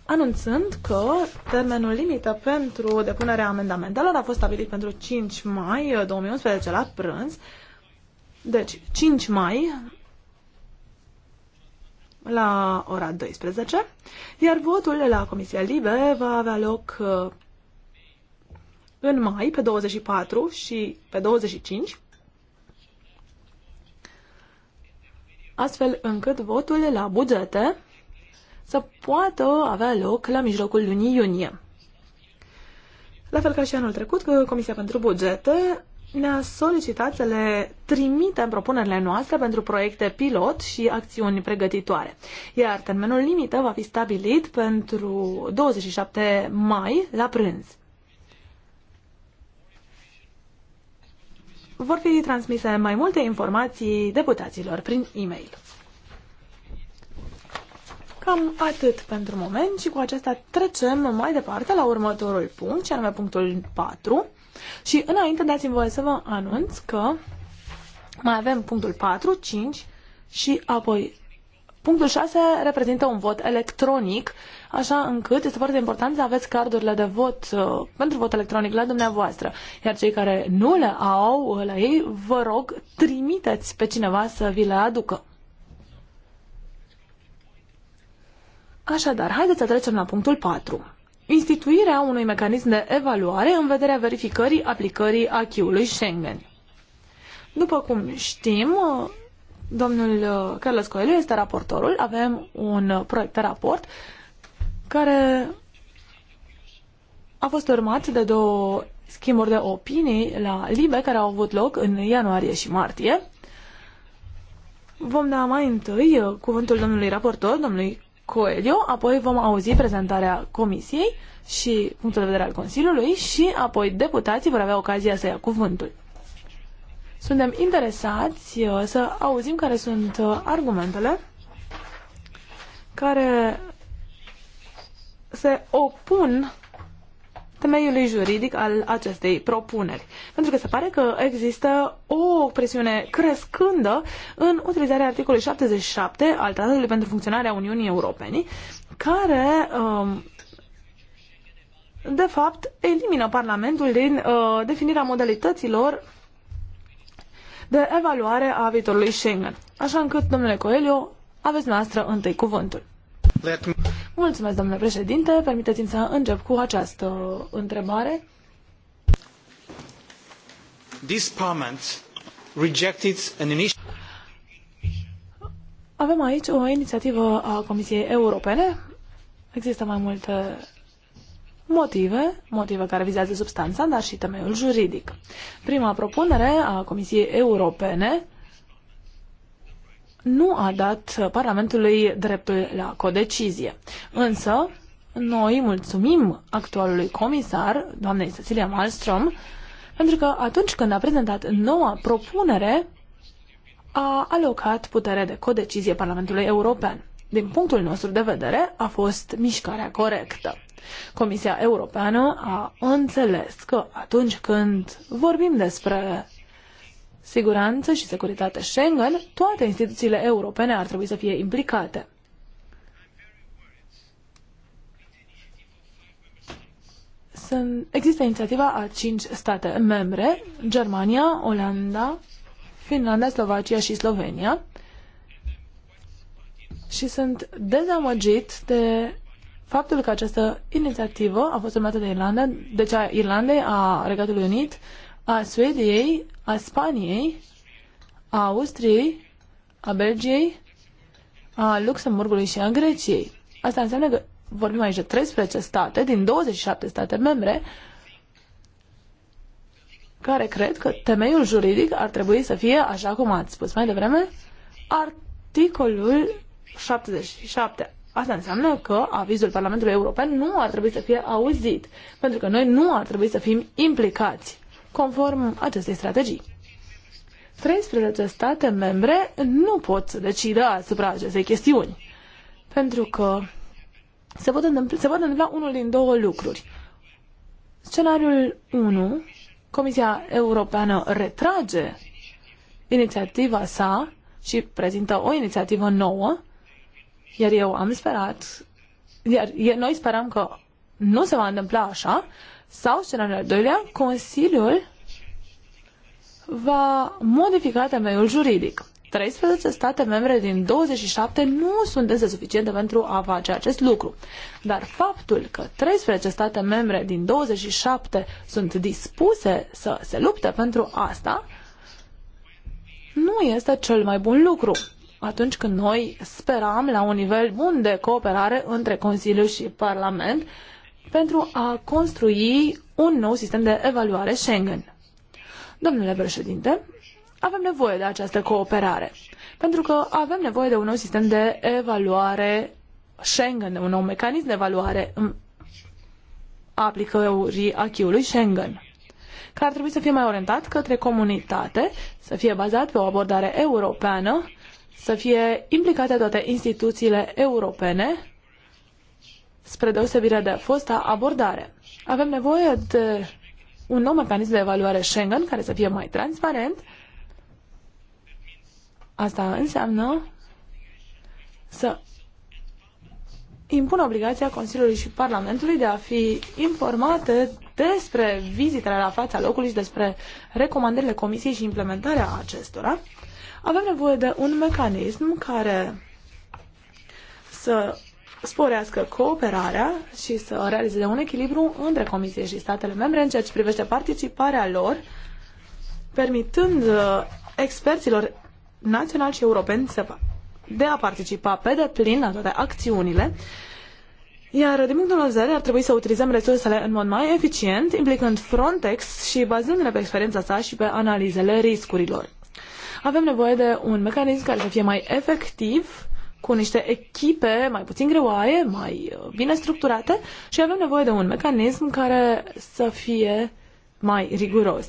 anunțând că termenul limită pentru depunerea amendamentelor a fost stabilit pentru 5 mai 2011 uh, la prânz. Deci, 5 mai la ora 12, iar votul la Comisia Libe va avea loc uh, în mai, pe 24 și pe 25, astfel încât votul la bugete să poată avea loc la mijlocul lunii iunie. La fel ca și anul trecut, Comisia pentru Bugete ne-a solicitat să le trimitem propunerile noastre pentru proiecte pilot și acțiuni pregătitoare. Iar termenul limită va fi stabilit pentru 27 mai la prânz. vor fi transmise mai multe informații deputaților prin e-mail. Cam atât pentru moment și cu acesta trecem mai departe la următorul punct, și anume punctul 4. Și înainte dați-mi voie să vă anunț că mai avem punctul 4, 5 și apoi punctul 6 reprezintă un vot electronic așa încât este foarte important să aveți cardurile de vot uh, pentru vot electronic la dumneavoastră. Iar cei care nu le au uh, la ei, vă rog, trimiteți pe cineva să vi le aducă. Așadar, haideți să trecem la punctul 4. Instituirea unui mecanism de evaluare în vederea verificării aplicării acquis-ului Schengen. După cum știm, uh, domnul uh, Carlos Coelho este raportorul, avem un proiect de raport care a fost urmat de două schimburi de opinii la LIBE care au avut loc în ianuarie și martie. Vom da mai întâi cuvântul domnului raportor, domnului Coelho, apoi vom auzi prezentarea comisiei și punctul de vedere al Consiliului și apoi deputații vor avea ocazia să ia cuvântul. Suntem interesați uh, să auzim care sunt uh, argumentele care se opun temeiului juridic al acestei propuneri. Pentru că se pare că există o presiune crescândă în utilizarea articolului 77 al Tratatului pentru funcționarea Uniunii Europene, care um, de fapt elimină Parlamentul din uh, definirea modalităților de evaluare a viitorului Schengen. Așa încât, domnule Coelho, aveți noastră întâi cuvântul. Mulțumesc, domnule președinte. Permiteți-mi să încep cu această întrebare. This parliament rejected an initiative. Avem aici o inițiativă a Comisiei Europene. Există mai multe motive, motive care vizează substanța, dar și temeiul juridic. Prima propunere a Comisiei Europene nu a dat Parlamentului dreptul la codecizie. Însă, noi mulțumim actualului comisar, doamnei Cecilia Malmström, pentru că atunci când a prezentat noua propunere, a alocat putere de codecizie Parlamentului European. Din punctul nostru de vedere, a fost mișcarea corectă. Comisia Europeană a înțeles că atunci când vorbim despre siguranță și securitate Schengen, toate instituțiile europene ar trebui să fie implicate. Sunt, există inițiativa a cinci state membre, Germania, Olanda, Finlanda, Slovacia și Slovenia. Și sunt dezamăgit de faptul că această inițiativă a fost urmată de Irlanda, de deci cea Irlandei, a Regatului Unit, a Suediei, a Spaniei, a Austriei, a Belgiei, a Luxemburgului și a Greciei. Asta înseamnă că vorbim aici de 13 state din 27 state membre care cred că temeiul juridic ar trebui să fie, așa cum ați spus mai devreme, articolul 77. Asta înseamnă că avizul Parlamentului European nu ar trebui să fie auzit, pentru că noi nu ar trebui să fim implicați conform acestei strategii. 13 state membre nu pot să decidă asupra acestei chestiuni, pentru că se pot întâmpla, se pot întâmpla unul din două lucruri. Scenariul 1, Comisia Europeană retrage inițiativa sa și prezintă o inițiativă nouă, iar eu am sperat, iar noi speram că nu se va întâmpla așa, sau, cel al doilea, Consiliul va modifica temeiul juridic. 13 state membre din 27 nu sunt însă suficiente pentru a face acest lucru. Dar faptul că 13 state membre din 27 sunt dispuse să se lupte pentru asta nu este cel mai bun lucru. Atunci când noi speram la un nivel bun de cooperare între Consiliu și Parlament pentru a construi un nou sistem de evaluare Schengen. Domnule președinte, avem nevoie de această cooperare, pentru că avem nevoie de un nou sistem de evaluare Schengen, un nou mecanism de evaluare aplicării achiului Schengen care ar trebui să fie mai orientat către comunitate, să fie bazat pe o abordare europeană, să fie implicate toate instituțiile europene spre deosebire de fosta abordare. Avem nevoie de un nou mecanism de evaluare Schengen care să fie mai transparent. Asta înseamnă să impun obligația Consiliului și Parlamentului de a fi informate despre vizitele la fața locului și despre recomandările Comisiei și implementarea acestora. Avem nevoie de un mecanism care să sporească cooperarea și să realizeze un echilibru între Comisie și statele membre în ceea ce privește participarea lor, permitând uh, experților naționali și europeni să de a participa pe deplin la toate acțiunile, iar din punctul meu de ar trebui să utilizăm resursele în mod mai eficient, implicând Frontex și bazându-ne pe experiența sa și pe analizele riscurilor. Avem nevoie de un mecanism care să fie mai efectiv cu niște echipe mai puțin greoaie, mai uh, bine structurate și avem nevoie de un mecanism care să fie mai riguros,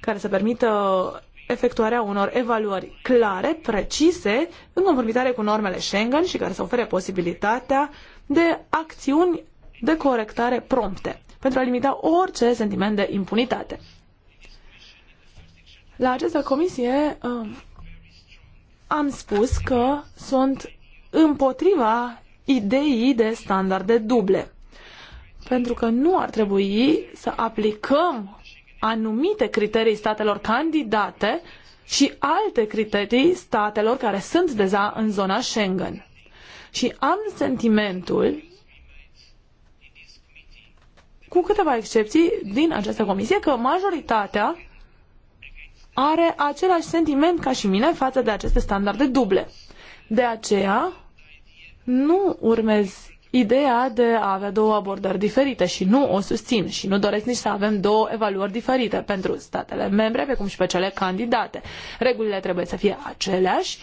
care să permită efectuarea unor evaluări clare, precise, în conformitate cu normele Schengen și care să ofere posibilitatea de acțiuni de corectare prompte, pentru a limita orice sentiment de impunitate. La această comisie uh, am spus că sunt împotriva ideii de standarde duble. Pentru că nu ar trebui să aplicăm anumite criterii statelor candidate și alte criterii statelor care sunt deja în zona Schengen. Și am sentimentul, cu câteva excepții din această comisie, că majoritatea are același sentiment ca și mine față de aceste standarde duble. De aceea, nu urmez ideea de a avea două abordări diferite și nu o susțin și nu doresc nici să avem două evaluări diferite pentru statele membre, precum și pe cele candidate. Regulile trebuie să fie aceleași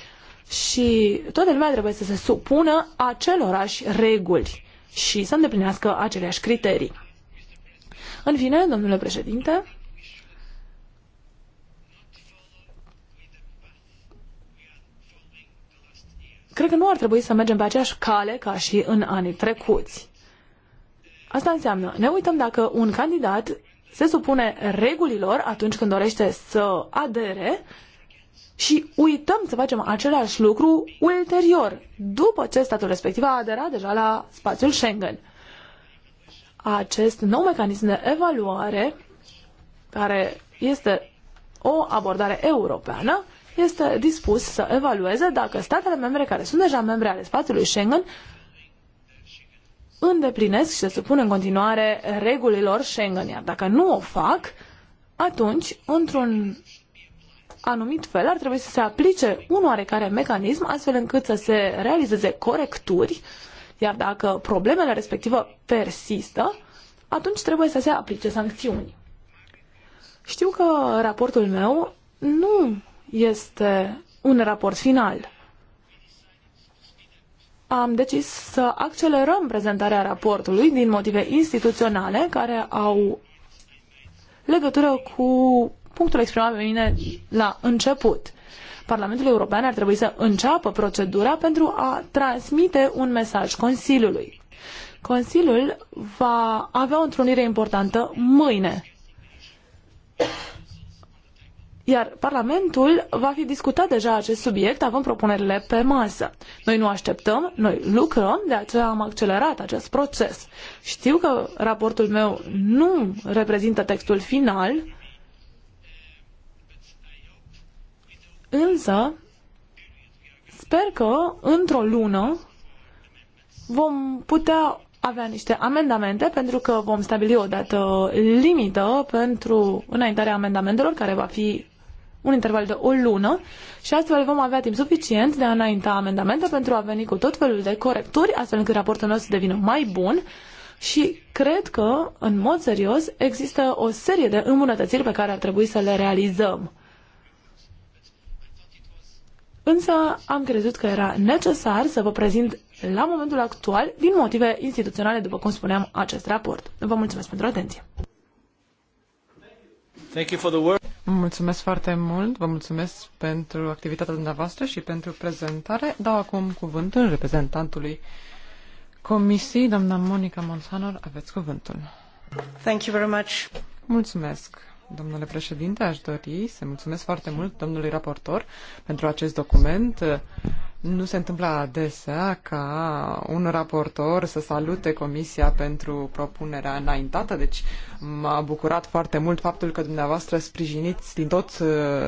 și toată lumea trebuie să se supună acelorași reguli și să îndeplinească aceleași criterii. În fine, domnule președinte, Cred că nu ar trebui să mergem pe aceeași cale ca și în anii trecuți. Asta înseamnă, ne uităm dacă un candidat se supune regulilor atunci când dorește să adere și uităm să facem același lucru ulterior, după ce statul respectiv a aderat deja la spațiul Schengen. Acest nou mecanism de evaluare, care este o abordare europeană, este dispus să evalueze dacă statele membre care sunt deja membre ale spațiului Schengen îndeplinesc și se supun în continuare regulilor Schengen. Iar dacă nu o fac, atunci, într-un anumit fel, ar trebui să se aplice un oarecare mecanism astfel încât să se realizeze corecturi, iar dacă problemele respectivă persistă, atunci trebuie să se aplice sancțiuni. Știu că raportul meu nu este un raport final. Am decis să accelerăm prezentarea raportului din motive instituționale care au legătură cu punctul exprimat pe mine la început. Parlamentul European ar trebui să înceapă procedura pentru a transmite un mesaj Consiliului. Consiliul va avea o întrunire importantă mâine. Iar Parlamentul va fi discutat deja acest subiect, avem propunerile pe masă. Noi nu așteptăm, noi lucrăm, de aceea am accelerat acest proces. Știu că raportul meu nu reprezintă textul final, însă sper că într-o lună vom putea avea niște amendamente pentru că vom stabili o dată limită pentru înaintarea amendamentelor care va fi un interval de o lună și astfel vom avea timp suficient de a înainta amendamente pentru a veni cu tot felul de corecturi, astfel încât raportul nostru să devină mai bun și cred că, în mod serios, există o serie de îmbunătățiri pe care ar trebui să le realizăm. Însă am crezut că era necesar să vă prezint la momentul actual, din motive instituționale, după cum spuneam, acest raport. Vă mulțumesc pentru atenție! Mulțumesc foarte mult, vă mulțumesc pentru activitatea dumneavoastră și pentru prezentare. Dau acum cuvântul reprezentantului Comisiei, doamna Monica Monsanor, aveți cuvântul. Thank you very much. Mulțumesc. Domnule președinte, aș dori să mulțumesc foarte mult domnului raportor pentru acest document nu se întâmplă adesea ca un raportor să salute Comisia pentru propunerea înaintată, deci m-a bucurat foarte mult faptul că dumneavoastră sprijiniți din tot uh,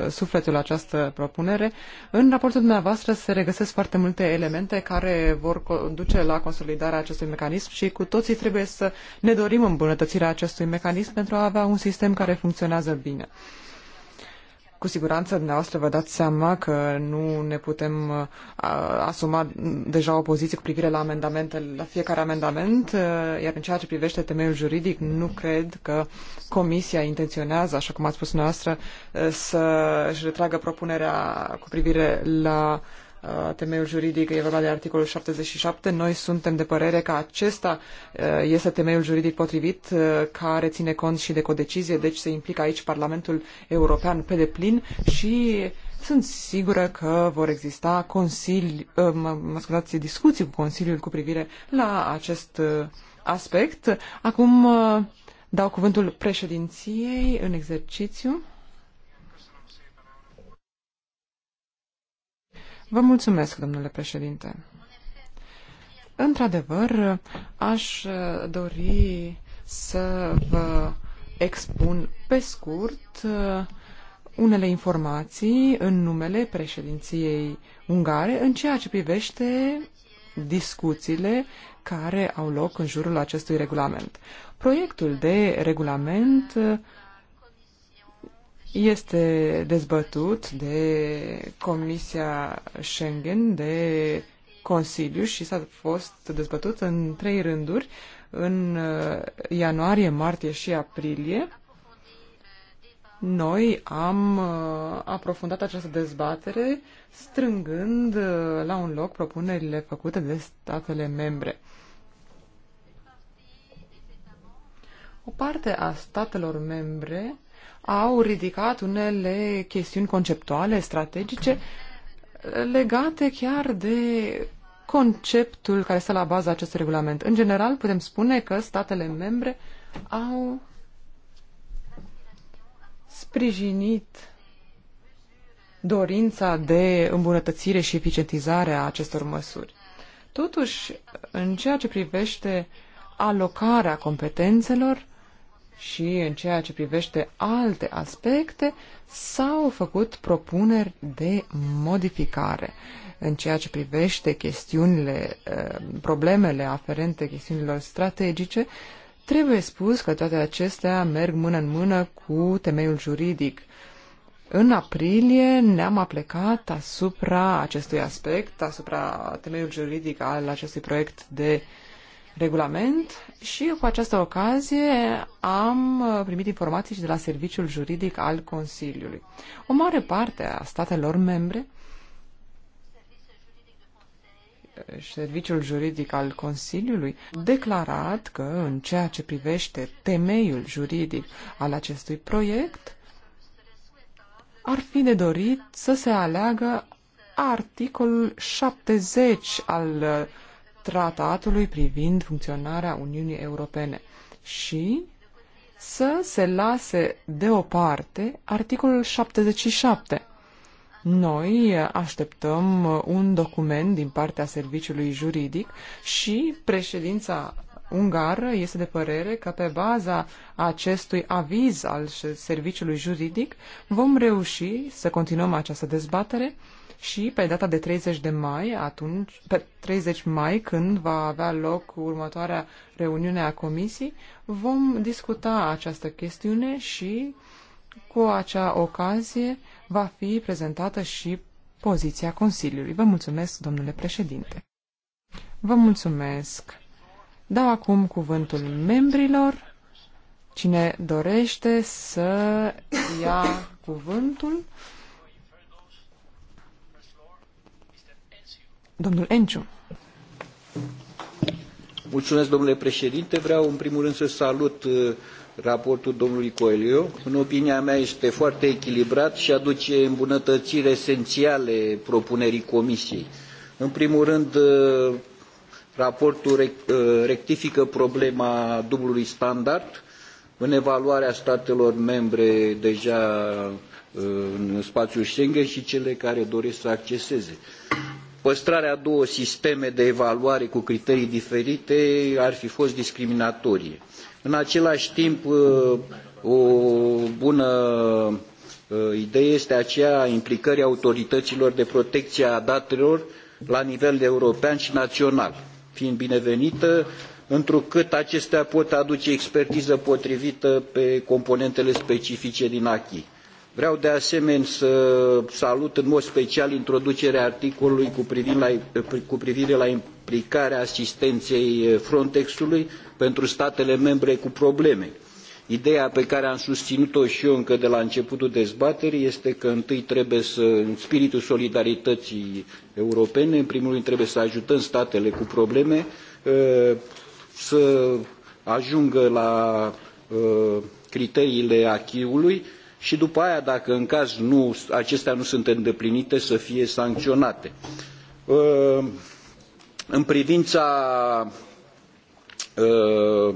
sufletul această propunere. În raportul dumneavoastră se regăsesc foarte multe elemente care vor conduce la consolidarea acestui mecanism și cu toții trebuie să ne dorim îmbunătățirea acestui mecanism pentru a avea un sistem care funcționează bine. Cu siguranță dumneavoastră vă dați seama că nu ne putem uh, asuma deja o poziție cu privire la amendamente. la fiecare amendament, uh, iar în ceea ce privește temeiul juridic, nu cred că Comisia intenționează, așa cum ați spus dumneavoastră, uh, să își retragă propunerea cu privire la uh, Uh, temeiul juridic, e vorba de articolul 77, noi suntem de părere că acesta uh, este temeiul juridic potrivit uh, care ține cont și de codecizie, deci se implică aici Parlamentul European pe deplin și sunt sigură că vor exista consili, mă, mă scuzați, discuții cu Consiliul cu privire la acest aspect. Acum dau cuvântul președinției în exercițiu. Vă mulțumesc, domnule președinte. Într-adevăr, aș uh, dori să vă expun pe scurt uh, unele informații în numele președinției ungare în ceea ce privește discuțiile care au loc în jurul acestui regulament. Proiectul de regulament uh, este dezbătut de Comisia Schengen, de Consiliu și s-a fost dezbătut în trei rânduri, în uh, ianuarie, martie și aprilie. Noi am uh, aprofundat această dezbatere strângând uh, la un loc propunerile făcute de statele membre. O parte a statelor membre au ridicat unele chestiuni conceptuale, strategice, legate chiar de conceptul care stă la baza acestui regulament. În general, putem spune că statele membre au sprijinit dorința de îmbunătățire și eficientizare a acestor măsuri. Totuși, în ceea ce privește alocarea competențelor, și în ceea ce privește alte aspecte s-au făcut propuneri de modificare în ceea ce privește chestiunile, eh, problemele aferente chestiunilor strategice, trebuie spus că toate acestea merg mână în mână cu temeiul juridic. În aprilie ne-am aplicat asupra acestui aspect, asupra temeiul juridic al acestui proiect de uh, regulament și cu această ocazie am primit informații și de la Serviciul Juridic al Consiliului. O mare parte a statelor membre Serviciul Juridic al Consiliului declarat că în ceea ce privește temeiul juridic al acestui proiect ar fi de dorit să se aleagă articolul 70 al tratatului privind funcționarea Uniunii Europene și să se lase deoparte articolul 77. Noi așteptăm un document din partea serviciului juridic și președința ungară este de părere că pe baza acestui aviz al serviciului juridic vom reuși să continuăm această dezbatere și pe data de 30 de mai, atunci, pe 30 mai, când va avea loc următoarea reuniune a comisiei, vom discuta această chestiune și cu acea ocazie va fi prezentată și poziția Consiliului. Vă mulțumesc, domnule președinte. Vă mulțumesc. Dau acum cuvântul membrilor. Cine dorește să ia cuvântul, Domnul Enciu. Mulțumesc, domnule președinte. Vreau, în primul rând, să salut uh, raportul domnului Coelho. În opinia mea este foarte echilibrat și aduce îmbunătățiri esențiale propunerii comisiei. În primul rând, uh, raportul uh, rectifică problema dublului standard în evaluarea statelor membre deja în spațiul Schengen și cele care doresc să acceseze păstrarea a două sisteme de evaluare cu criterii diferite ar fi fost discriminatorie. În același timp, uh, o bună uh, idee este aceea implicării autorităților de protecție a datelor la nivel european și național, fiind binevenită, întrucât acestea pot aduce expertiză potrivită pe componentele specifice din acquis. Vreau de asemenea să salut în mod special introducerea articolului cu privire la, cu privire la implicarea asistenței Frontexului pentru statele membre cu probleme. Ideea pe care am susținut-o și eu încă de la începutul dezbaterii este că întâi trebuie să, în spiritul solidarității europene, în primul rând trebuie să ajutăm statele cu probleme ă, să ajungă la ă, criteriile achiului și după aia, dacă în caz nu, acestea nu sunt îndeplinite, să fie sancționate. Uh, în privința uh,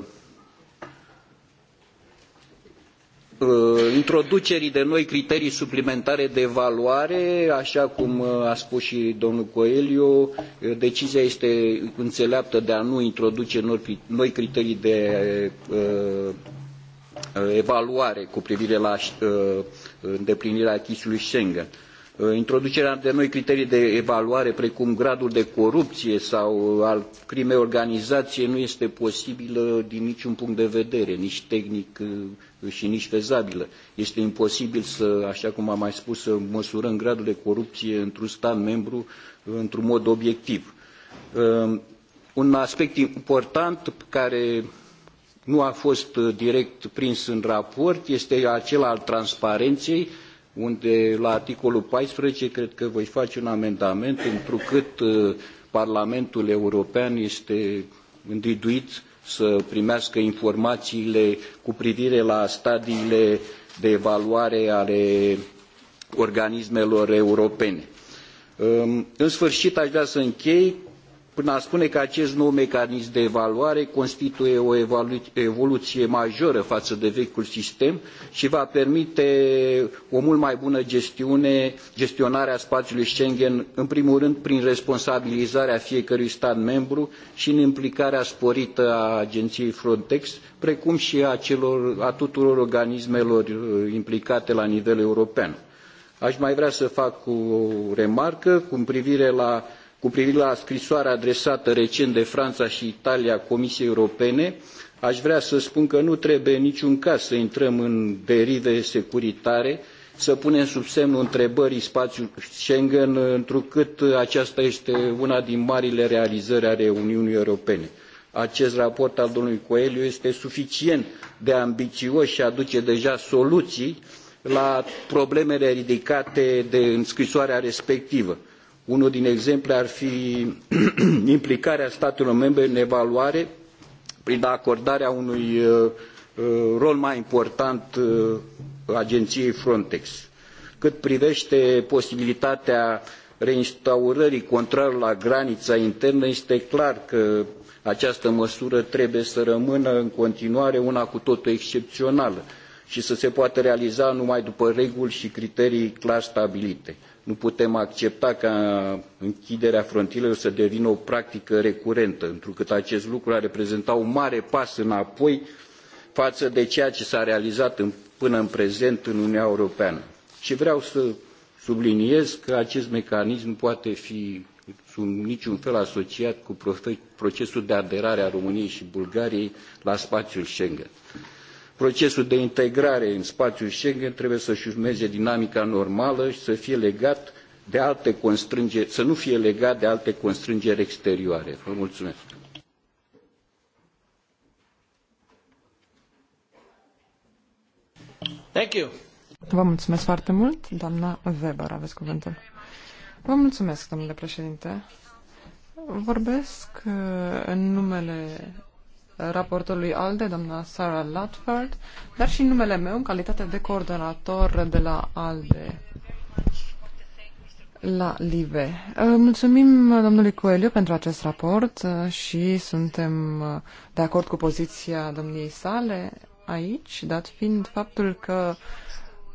uh, introducerii de noi criterii suplimentare de evaluare, așa cum a spus și domnul Coelho, decizia este înțeleaptă de a nu introduce noi criterii de Uh, evaluare cu privire la uh, îndeplinirea achisului Schengen. Uh, introducerea de noi criterii de evaluare, precum gradul de corupție sau al crimei organizație, nu este posibilă din niciun punct de vedere, nici tehnic și nici fezabilă. Este imposibil să, așa cum am mai spus, să măsurăm gradul de corupție într-un stat membru într-un mod obiectiv. Un aspect important care nu a fost uh, direct prins în raport, este acela al transparenței, unde la articolul 14 cred că voi face un amendament, întrucât uh, Parlamentul European este îndiduit să primească informațiile cu privire la stadiile de evaluare ale organismelor europene. Um, în sfârșit, aș vrea să închei până a spune că acest nou mecanism de evaluare constituie o evoluție majoră față de vechiul sistem și va permite o mult mai bună gestiune, gestionarea spațiului Schengen, în primul rând prin responsabilizarea fiecărui stat membru și în implicarea sporită a agenției Frontex, precum și a, celor, a tuturor organismelor uh, implicate la nivel european. Aș mai vrea să fac o remarcă cu privire la cu privire la scrisoarea adresată recent de Franța și Italia Comisiei Europene, aș vrea să spun că nu trebuie în niciun caz să intrăm în derive securitare, să punem sub semnul întrebării spațiul Schengen, întrucât aceasta este una din marile realizări ale Uniunii Europene. Acest raport al domnului Coelho este suficient de ambițios și aduce deja soluții la problemele ridicate de în scrisoarea respectivă unul din exemple ar fi [CLEARS THROAT] implicarea statelor membre în evaluare prin acordarea unui uh, uh, rol mai important uh, agenției Frontex. Cât privește posibilitatea reinstaurării controlului la granița internă, este clar că această măsură trebuie să rămână în continuare una cu totul excepțională și să se poată realiza numai după reguli și criterii clar stabilite. Nu putem accepta ca închiderea frontierelor să devină o practică recurentă, întrucât acest lucru ar reprezenta un mare pas înapoi față de ceea ce s-a realizat în, până în prezent în Uniunea Europeană. Și vreau să subliniez că acest mecanism nu poate fi sunt niciun fel asociat cu procesul de aderare a României și Bulgariei la spațiul Schengen procesul de integrare în spațiul Schengen trebuie să-și urmeze dinamica normală și să fie legat de alte constrângeri, să nu fie legat de alte constrângeri exterioare. Vă mulțumesc. Thank you. Vă mulțumesc foarte mult, doamna Weber, aveți cuvântul. Vă mulțumesc, domnule președinte. Vorbesc uh, în numele raportorului ALDE, doamna Sarah Ludford, dar și numele meu în calitate de coordonator de la ALDE la LIVE. Mulțumim domnului Coelho pentru acest raport uh, și suntem uh, de acord cu poziția domniei sale aici, dat fiind faptul că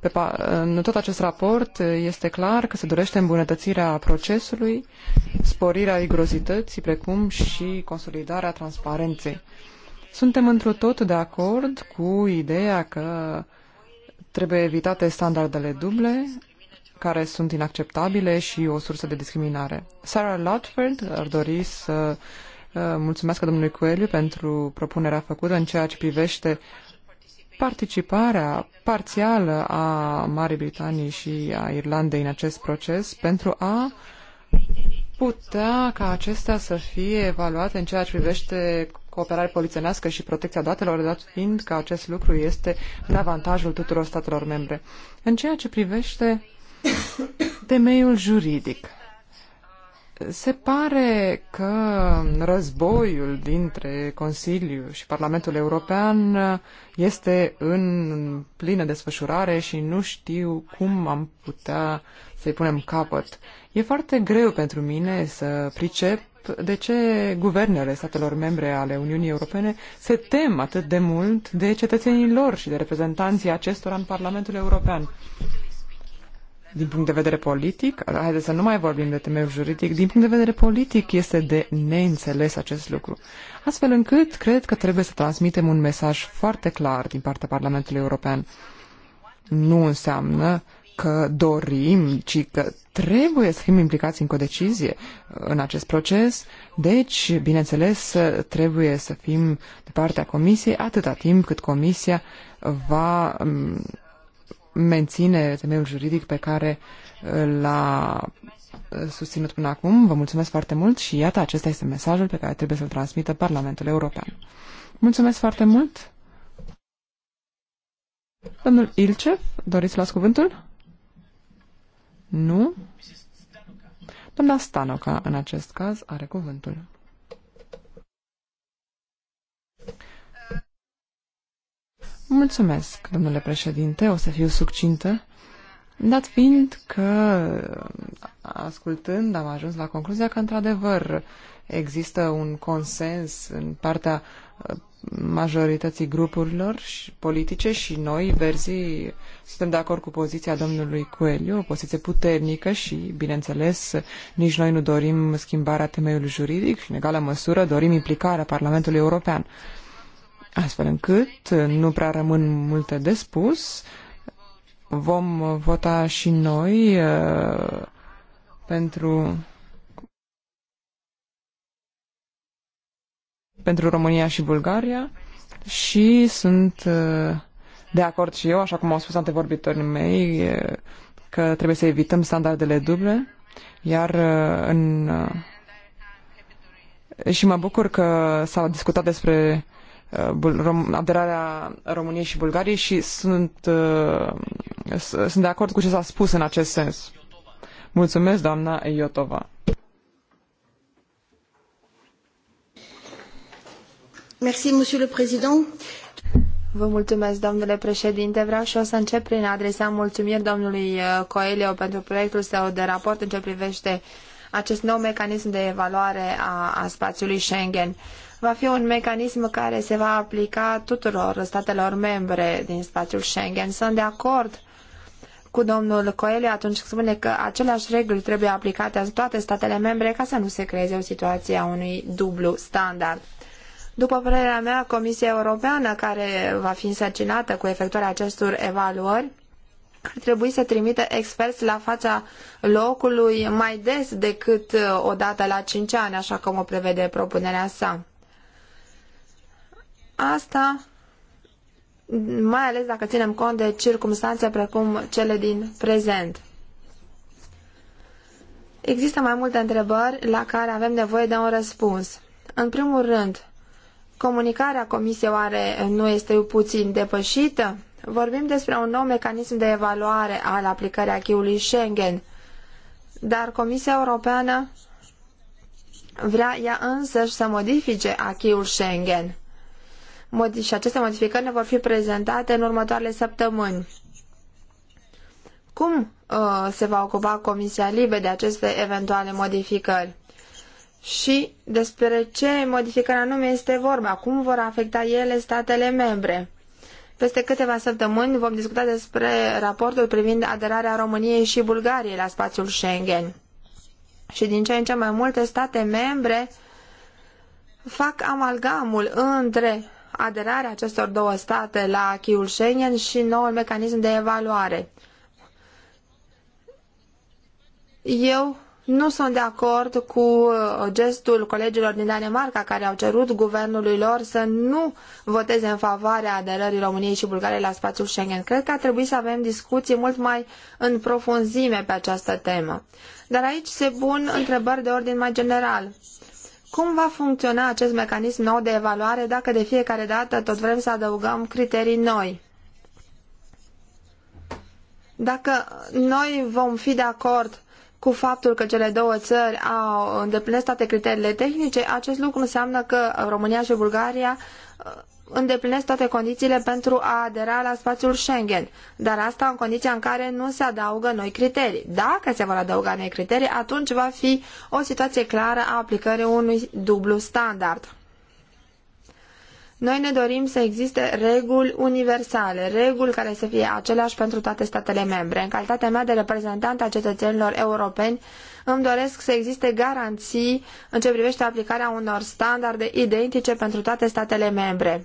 pe în tot acest raport uh, este clar că se dorește îmbunătățirea procesului, sporirea rigurozității, precum și consolidarea transparenței. Suntem într tot de acord cu ideea că trebuie evitate standardele duble, care sunt inacceptabile și o sursă de discriminare. Sarah Lutford ar dori să uh, mulțumesc domnului Coelho pentru propunerea făcută în ceea ce privește participarea parțială a Marii Britanii și a Irlandei în acest proces pentru a putea ca acestea să fie evaluate în ceea ce privește cooperare polițenească și protecția datelor, dat fiind că acest lucru este în avantajul tuturor statelor membre. În ceea ce privește temeiul juridic, se pare că războiul dintre Consiliu și Parlamentul European este în plină desfășurare și nu știu cum am putea să-i punem capăt. E foarte greu pentru mine să pricep de ce guvernele statelor membre ale Uniunii Europene se tem atât de mult de cetățenii lor și de reprezentanții acestora în Parlamentul European. Din punct de vedere politic, haideți să nu mai vorbim de temeiul juridic, din punct de vedere politic este de neînțeles acest lucru. Astfel încât cred că trebuie să transmitem un mesaj foarte clar din partea Parlamentului European. Nu înseamnă că dorim, ci că trebuie să fim implicați în codecizie în acest proces. Deci, bineînțeles, trebuie să fim de partea Comisiei atâta timp cât Comisia va mm, menține temeiul juridic pe care l-a susținut până acum. Vă mulțumesc foarte mult și iată, acesta este mesajul pe care trebuie să-l transmită Parlamentul European. Mulțumesc foarte mult! Domnul Ilcev, doriți să luați cuvântul? Nu? Doamna Stanoca, în acest caz, are cuvântul. Mulțumesc, domnule președinte, o să fiu succintă, dat fiind că, ascultând, am ajuns la concluzia că, într-adevăr, există un consens în partea majorității grupurilor politice și noi, verzii, suntem de acord cu poziția domnului Coelho, o poziție puternică și, bineînțeles, nici noi nu dorim schimbarea temeiului juridic și, în egală măsură, dorim implicarea Parlamentului European. Astfel încât nu prea rămân multe de spus. Vom vota și noi uh, pentru pentru România și Bulgaria și sunt uh, de acord și eu, așa cum au spus antevorbitorii mei, că trebuie să evităm standardele duble, iar uh, în... Uh, și mă bucur că s-a discutat despre aderarea României și Bulgariei și sunt, sunt de acord cu ce s-a spus în acest sens. Mulțumesc, doamna Iotova. Vă mulțumesc, domnule președinte. Vreau și eu să încep prin a adresa mulțumiri domnului uh, Coelho pentru proiectul său de raport în ce privește acest nou mecanism de evaluare a, a spațiului Schengen. Va fi un mecanism care se va aplica tuturor statelor membre din spațiul Schengen. Sunt de acord cu domnul Coelho atunci când spune că aceleași reguli trebuie aplicate în toate statele membre ca să nu se creeze o situație a unui dublu standard. După părerea mea, Comisia Europeană, care va fi însărcinată cu efectuarea acestor evaluări, ar trebui să trimită experți la fața locului mai des decât uh, o dată la cinci ani, așa cum o prevede propunerea sa. Asta mai ales dacă ținem cont de circumstanțe precum cele din prezent. Există mai multe întrebări la care avem nevoie de un răspuns. În primul rând, Comunicarea Comisiei oare nu este puțin depășită? Vorbim despre un nou mecanism de evaluare al aplicării acquis Schengen, dar Comisia Europeană vrea ea însăși să modifice acquis Schengen. Modi și aceste modificări ne vor fi prezentate în următoarele săptămâni. Cum uh, se va ocupa Comisia Libe de aceste eventuale modificări? și despre ce modificări anume este vorba, cum vor afecta ele statele membre. Peste câteva săptămâni vom discuta despre raportul privind aderarea României și Bulgariei la spațiul Schengen. Și din ce în ce mai multe state membre fac amalgamul între aderarea acestor două state la chiul Schengen și noul mecanism de evaluare. Eu nu sunt de acord cu uh, gestul colegilor din Danemarca care au cerut guvernului lor să nu voteze în favoarea aderării României și Bulgariei la spațiul Schengen. Cred că ar trebui să avem discuții mult mai în profunzime pe această temă. Dar aici se pun întrebări de ordin mai general. Cum va funcționa acest mecanism nou de evaluare dacă de fiecare dată tot vrem să adăugăm criterii noi? Dacă noi vom fi de acord cu faptul că cele două țări au îndeplinit toate criteriile tehnice, acest lucru înseamnă că România și Bulgaria uh, îndeplinesc toate condițiile pentru a adera la spațiul Schengen, dar asta în condiția în care nu se adaugă noi criterii. Dacă se vor adăuga noi criterii, atunci va fi o situație clară a aplicării unui dublu standard. Noi ne dorim să existe reguli universale, reguli care să fie aceleași pentru toate statele membre. În calitatea mea de reprezentant a cetățenilor europeni, îmi doresc să existe garanții în ce privește aplicarea unor standarde identice pentru toate statele membre.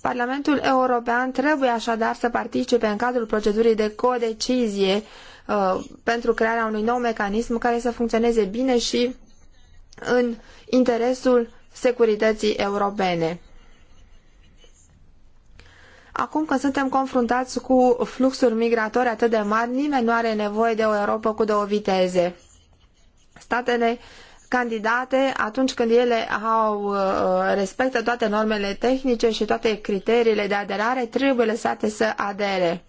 Parlamentul European trebuie așadar să participe în cadrul procedurii de codecizie uh, pentru crearea unui nou mecanism care să funcționeze bine și în interesul securității europene. Acum că suntem confruntați cu fluxuri migratorii atât de mari, nimeni nu are nevoie de o Europa cu două viteze. Statele candidate, atunci când ele au, uh, respectă toate normele tehnice și toate criteriile de aderare, trebuie lăsate să adere.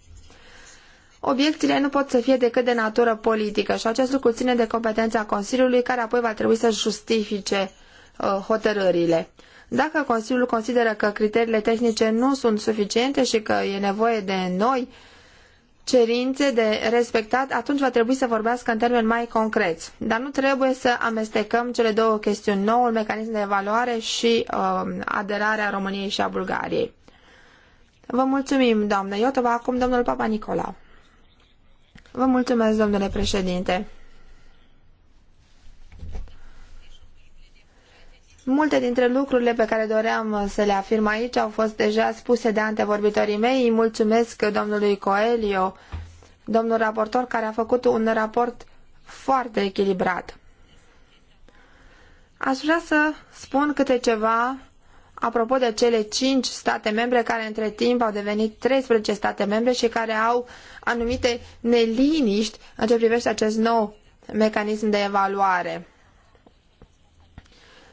Obiecțiile nu pot să fie decât de natură politică și acest lucru ține de competența Consiliului, care apoi va trebui să justifice uh, hotărârile. Dacă Consiliul consideră că criteriile tehnice nu sunt suficiente și că e nevoie de noi cerințe de respectat, atunci va trebui să vorbească în termeni mai concreți. Dar nu trebuie să amestecăm cele două chestiuni, noul mecanism de evaluare și uh, aderarea României și a Bulgariei. Vă mulțumim, doamnă Iotova. Acum, domnul Papa Nicolau. Vă mulțumesc, domnule președinte. Multe dintre lucrurile pe care doream să le afirm aici au fost deja spuse de antevorbitorii mei. Îi mulțumesc domnului Coelio, domnul raportor, care a făcut un raport foarte echilibrat. Aș vrea să spun câte ceva apropo de cele cinci state membre care între timp au devenit 13 state membre și care au anumite neliniști în ce privește acest nou mecanism de evaluare.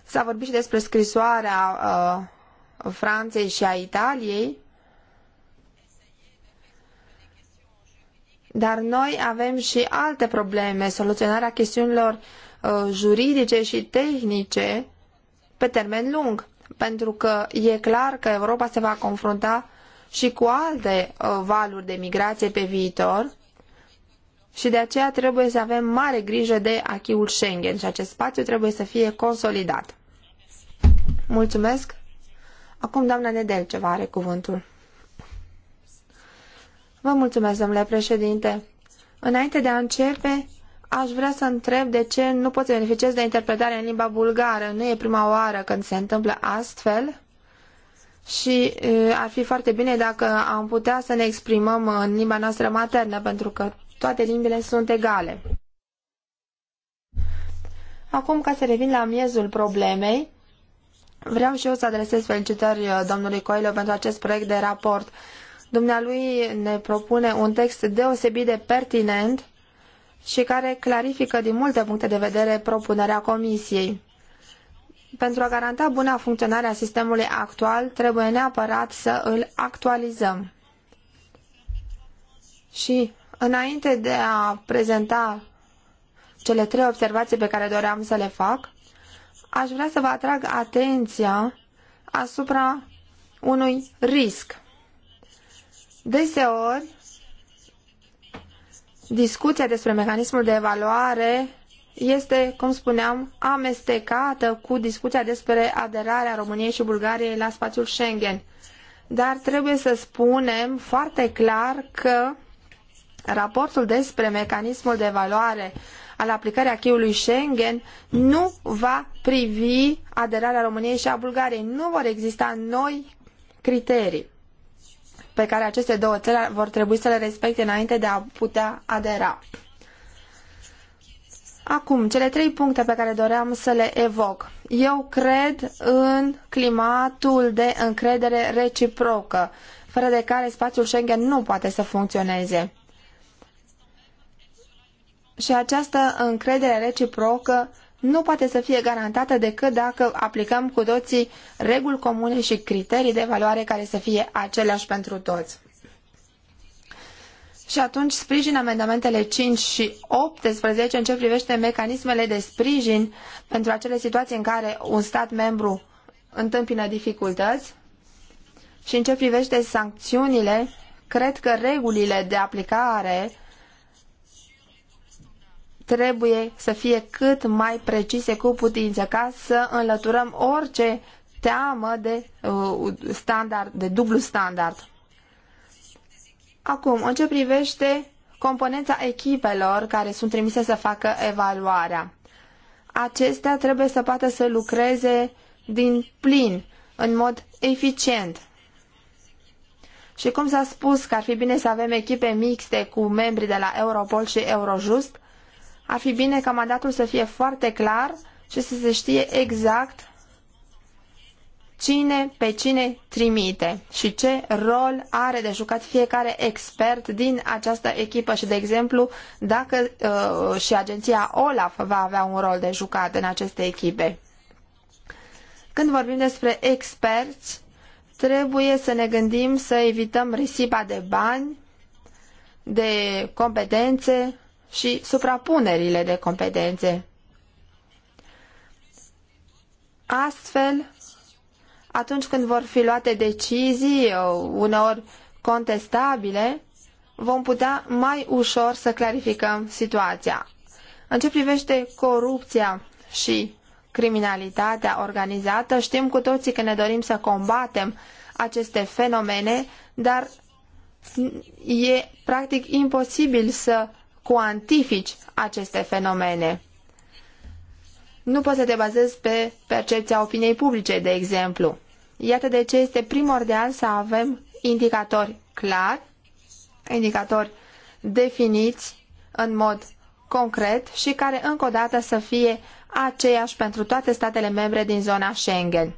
S-a vorbit și despre scrisoarea uh, Franței și a Italiei, dar noi avem și alte probleme, soluționarea chestiunilor uh, juridice și tehnice pe termen lung, pentru că e clar că Europa se va confrunta și cu alte uh, valuri de migrație pe viitor și de aceea trebuie să avem mare grijă de achiul Schengen și acest spațiu trebuie să fie consolidat. Mulțumesc! Acum doamna Nedel are cuvântul. Vă mulțumesc, domnule președinte. Înainte de a începe, aș vrea să întreb de ce nu pot să beneficiez de interpretare în limba bulgară. Nu e prima oară când se întâmplă astfel și ar fi foarte bine dacă am putea să ne exprimăm în limba noastră maternă, pentru că toate limbile sunt egale. Acum, ca să revin la miezul problemei, vreau și eu să adresez felicitări uh, domnului Coelho pentru acest proiect de raport. Dumnealui ne propune un text deosebit de pertinent și care clarifică din multe puncte de vedere propunerea Comisiei. Pentru a garanta buna funcționare a sistemului actual, trebuie neapărat să îl actualizăm. Și Înainte de a prezenta cele trei observații pe care doream să le fac, aș vrea să vă atrag atenția asupra unui risc. Deseori, discuția despre mecanismul de evaluare este, cum spuneam, amestecată cu discuția despre aderarea României și Bulgariei la spațiul Schengen. Dar trebuie să spunem foarte clar că Raportul despre mecanismul de evaluare al aplicării acquis-ului Schengen nu va privi aderarea României și a Bulgariei. Nu vor exista noi criterii pe care aceste două țări vor trebui să le respecte înainte de a putea adera. Acum, cele trei puncte pe care doream să le evoc. Eu cred în climatul de încredere reciprocă, fără de care spațiul Schengen nu poate să funcționeze și această încredere reciprocă nu poate să fie garantată decât dacă aplicăm cu toții reguli comune și criterii de valoare care să fie aceleași pentru toți. Și atunci sprijin amendamentele 5 și 18 în ce privește mecanismele de sprijin pentru acele situații în care un stat membru întâmpină dificultăți și în ce privește sancțiunile, cred că regulile de aplicare trebuie să fie cât mai precise cu putință ca să înlăturăm orice teamă de uh, standard, de dublu standard. Acum, în ce privește componența echipelor care sunt trimise să facă evaluarea. Acestea trebuie să poată să lucreze din plin, în mod eficient. Și cum s-a spus că ar fi bine să avem echipe mixte cu membrii de la Europol și Eurojust, ar fi bine ca mandatul să fie foarte clar și să se știe exact cine pe cine trimite și ce rol are de jucat fiecare expert din această echipă și, de exemplu, dacă uh, și agenția OLAF va avea un rol de jucat în aceste echipe. Când vorbim despre experți, trebuie să ne gândim să evităm risipa de bani, de competențe, și suprapunerile de competențe. Astfel, atunci când vor fi luate decizii, uh, uneori contestabile, vom putea mai ușor să clarificăm situația. În ce privește corupția și criminalitatea organizată, știm cu toții că ne dorim să combatem aceste fenomene, dar e practic imposibil să cuantifici aceste fenomene. Nu poți să te bazezi pe percepția opiniei publice, de exemplu. Iată de ce este primordial să avem indicatori clar, indicatori definiți în mod concret și care încă o dată să fie aceeași pentru toate statele membre din zona Schengen.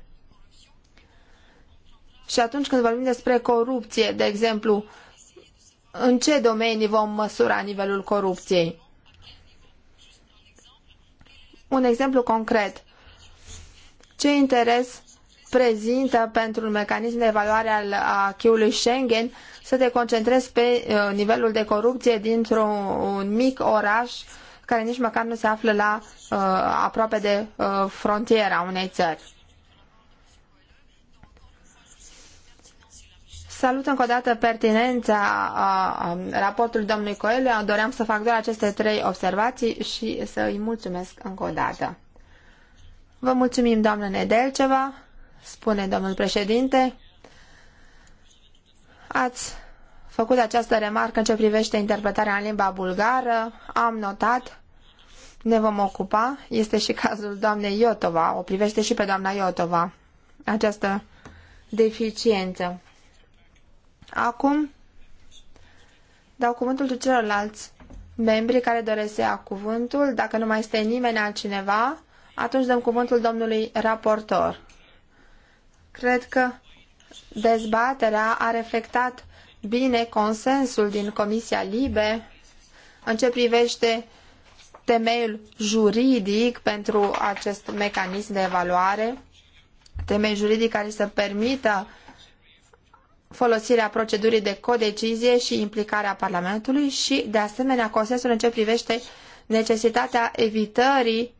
Și atunci când vorbim despre corupție, de exemplu, în ce domenii vom măsura nivelul corupției. Un exemplu concret. Ce interes prezintă pentru un mecanism de evaluare al acquis Schengen să te concentrezi pe uh, nivelul de corupție dintr-un mic oraș care nici măcar nu se află la uh, aproape de uh, frontiera unei țări. Salut încă o dată pertinența raportului domnului Coelho. Doream să fac doar aceste trei observații și să îi mulțumesc încă o dată. Vă mulțumim, doamnă Nedelceva, spune domnul președinte. Ați făcut această remarcă în ce privește interpretarea în limba bulgară. Am notat, ne vom ocupa. Este și cazul doamnei Iotova, o privește și pe doamna Iotova, această deficiență. Acum dau cuvântul celorlalți membri care doresc să ia cuvântul. Dacă nu mai este nimeni altcineva, atunci dăm cuvântul domnului raportor. Cred că dezbaterea a reflectat bine consensul din Comisia Libe în ce privește temeiul juridic pentru acest mecanism de evaluare, temei juridic care să permită folosirea procedurii de codecizie și implicarea Parlamentului și, de asemenea, consensul în ce privește necesitatea evitării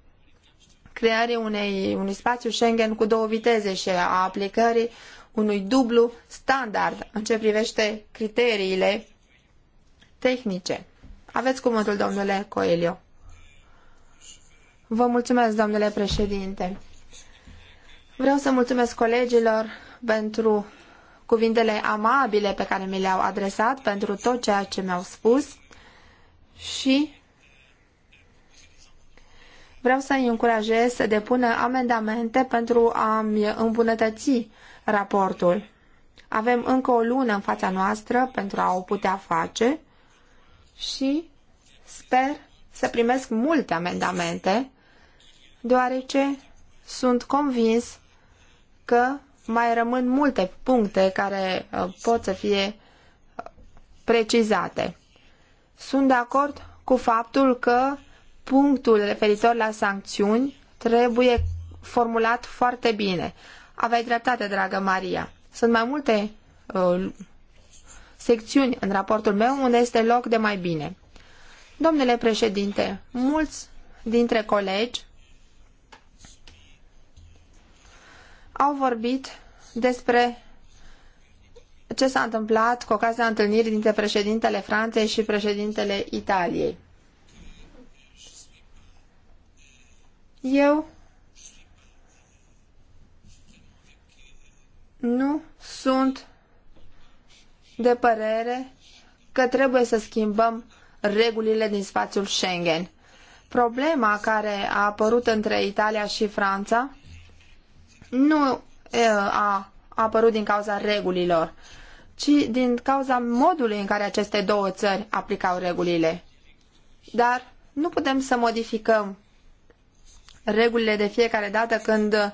creării unei, unui spațiu Schengen cu două viteze și a aplicării unui dublu standard în ce privește criteriile tehnice. Aveți cuvântul, domnule Coelho. Vă mulțumesc, domnule președinte. Vreau să mulțumesc colegilor pentru cuvintele amabile pe care mi le-au adresat, pentru tot ceea ce mi-au spus și vreau să-i încurajez să depună amendamente pentru a-mi îmbunătăți raportul. Avem încă o lună în fața noastră pentru a o putea face și sper să primesc multe amendamente, deoarece sunt convins că mai rămân multe puncte care uh, pot să fie uh, precizate. Sunt de acord cu faptul că punctul referitor la sancțiuni trebuie formulat foarte bine. Aveai dreptate, dragă Maria. Sunt mai multe uh, secțiuni în raportul meu unde este loc de mai bine. Domnule președinte, mulți dintre colegi au vorbit despre ce s-a întâmplat cu ocazia întâlnirii dintre președintele Franței și președintele Italiei. Eu nu sunt de părere că trebuie să schimbăm regulile din spațiul Schengen. Problema care a apărut între Italia și Franța nu a apărut din cauza regulilor, ci din cauza modului în care aceste două țări aplicau regulile. Dar nu putem să modificăm regulile de fiecare dată când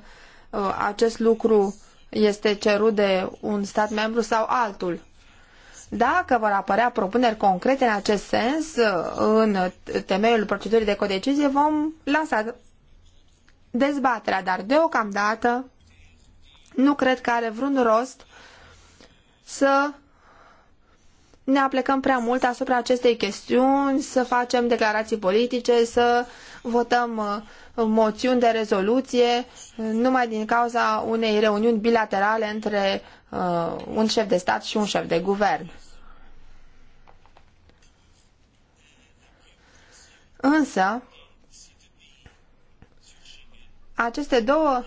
acest lucru este cerut de un stat membru sau altul. Dacă vor apărea propuneri concrete în acest sens, în temeiul procedurii de codecizie, vom lansa dezbaterea, dar deocamdată nu cred că are vreun rost să ne aplecăm prea mult asupra acestei chestiuni, să facem declarații politice, să votăm uh, moțiuni de rezoluție, uh, numai din cauza unei reuniuni bilaterale între uh, un șef de stat și un șef de guvern. Însă, aceste două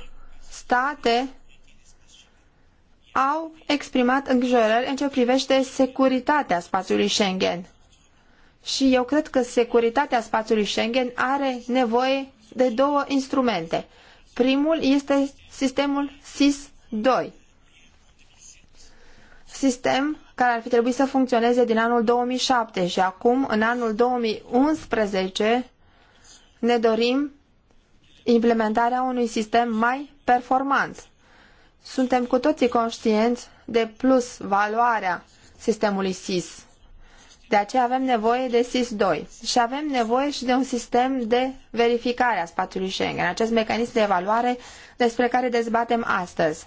state au exprimat îngrijorări în ce privește securitatea spațiului Schengen. Și eu cred că securitatea spațiului Schengen are nevoie de două instrumente. Primul este sistemul SIS-2, sistem care ar fi trebuit să funcționeze din anul 2007 și acum, în anul 2011, ne dorim implementarea unui sistem mai performant. Suntem cu toții conștienți de plus valoarea sistemului SIS. De aceea avem nevoie de SIS-2 și avem nevoie și de un sistem de verificare a spațiului Schengen, acest mecanism de evaluare despre care dezbatem astăzi.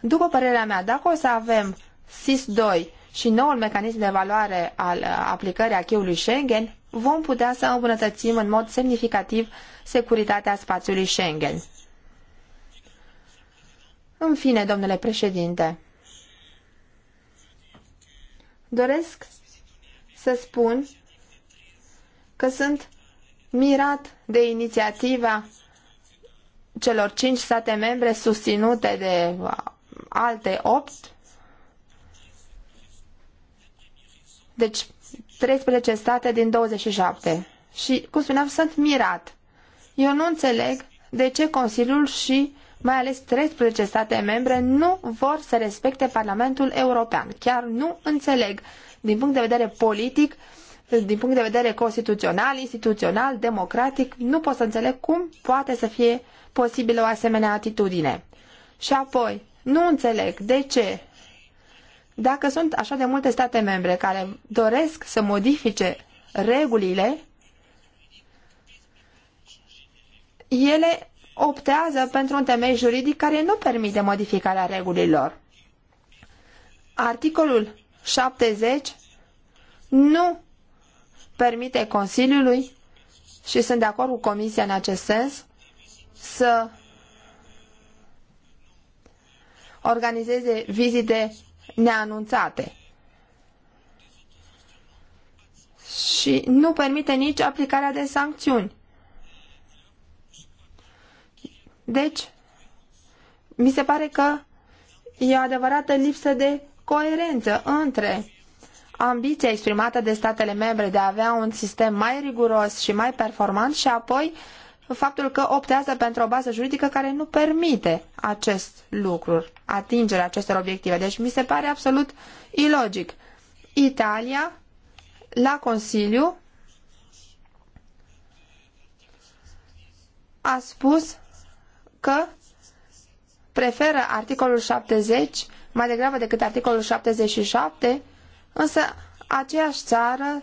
După părerea mea, dacă o să avem SIS-2 și noul mecanism de evaluare al uh, aplicării acquis Schengen, vom putea să îmbunătățim în mod semnificativ securitatea spațiului Schengen. În fine, domnule președinte, doresc să spun că sunt mirat de inițiativa celor cinci state membre susținute de alte opt. Deci, 13 state din 27. Și, cum spuneam, sunt mirat. Eu nu înțeleg de ce Consiliul și mai ales 13 state membre nu vor să respecte Parlamentul European. Chiar nu înțeleg, din punct de vedere politic, din punct de vedere constituțional, instituțional, democratic, nu pot să înțeleg cum poate să fie posibilă o asemenea atitudine. Și apoi, nu înțeleg de ce dacă sunt așa de multe state membre care doresc să modifice regulile, ele optează pentru un temei juridic care nu permite modificarea regulilor. Articolul 70 nu permite Consiliului și sunt de acord cu Comisia în acest sens să organizeze vizite neanunțate și nu permite nici aplicarea de sancțiuni. Deci, mi se pare că e o adevărată lipsă de coerență între ambiția exprimată de statele membre de a avea un sistem mai riguros și mai performant și apoi uh, faptul că optează pentru o bază juridică care nu permite acest lucru, atingerea acestor obiective. Deci mi se pare absolut ilogic. Italia, la Consiliu, a spus că preferă articolul 70 mai degrabă decât articolul 77, însă aceeași țară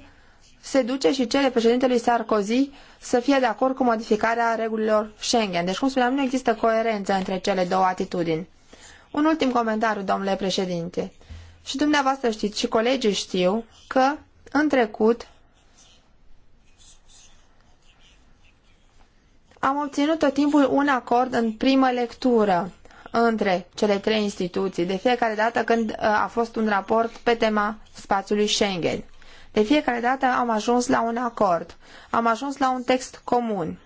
se duce și cere președintelui Sarkozy să fie de acord cu modificarea regulilor Schengen. Deci, cum spuneam, nu există coerență între cele două atitudini. Un ultim comentariu, domnule președinte. Și dumneavoastră știți și colegii știu că în trecut am obținut tot timpul un acord în primă lectură între cele trei instituții, de fiecare dată când uh, a fost un raport pe tema spațiului Schengen. De fiecare dată am ajuns la un acord, am ajuns la un text comun.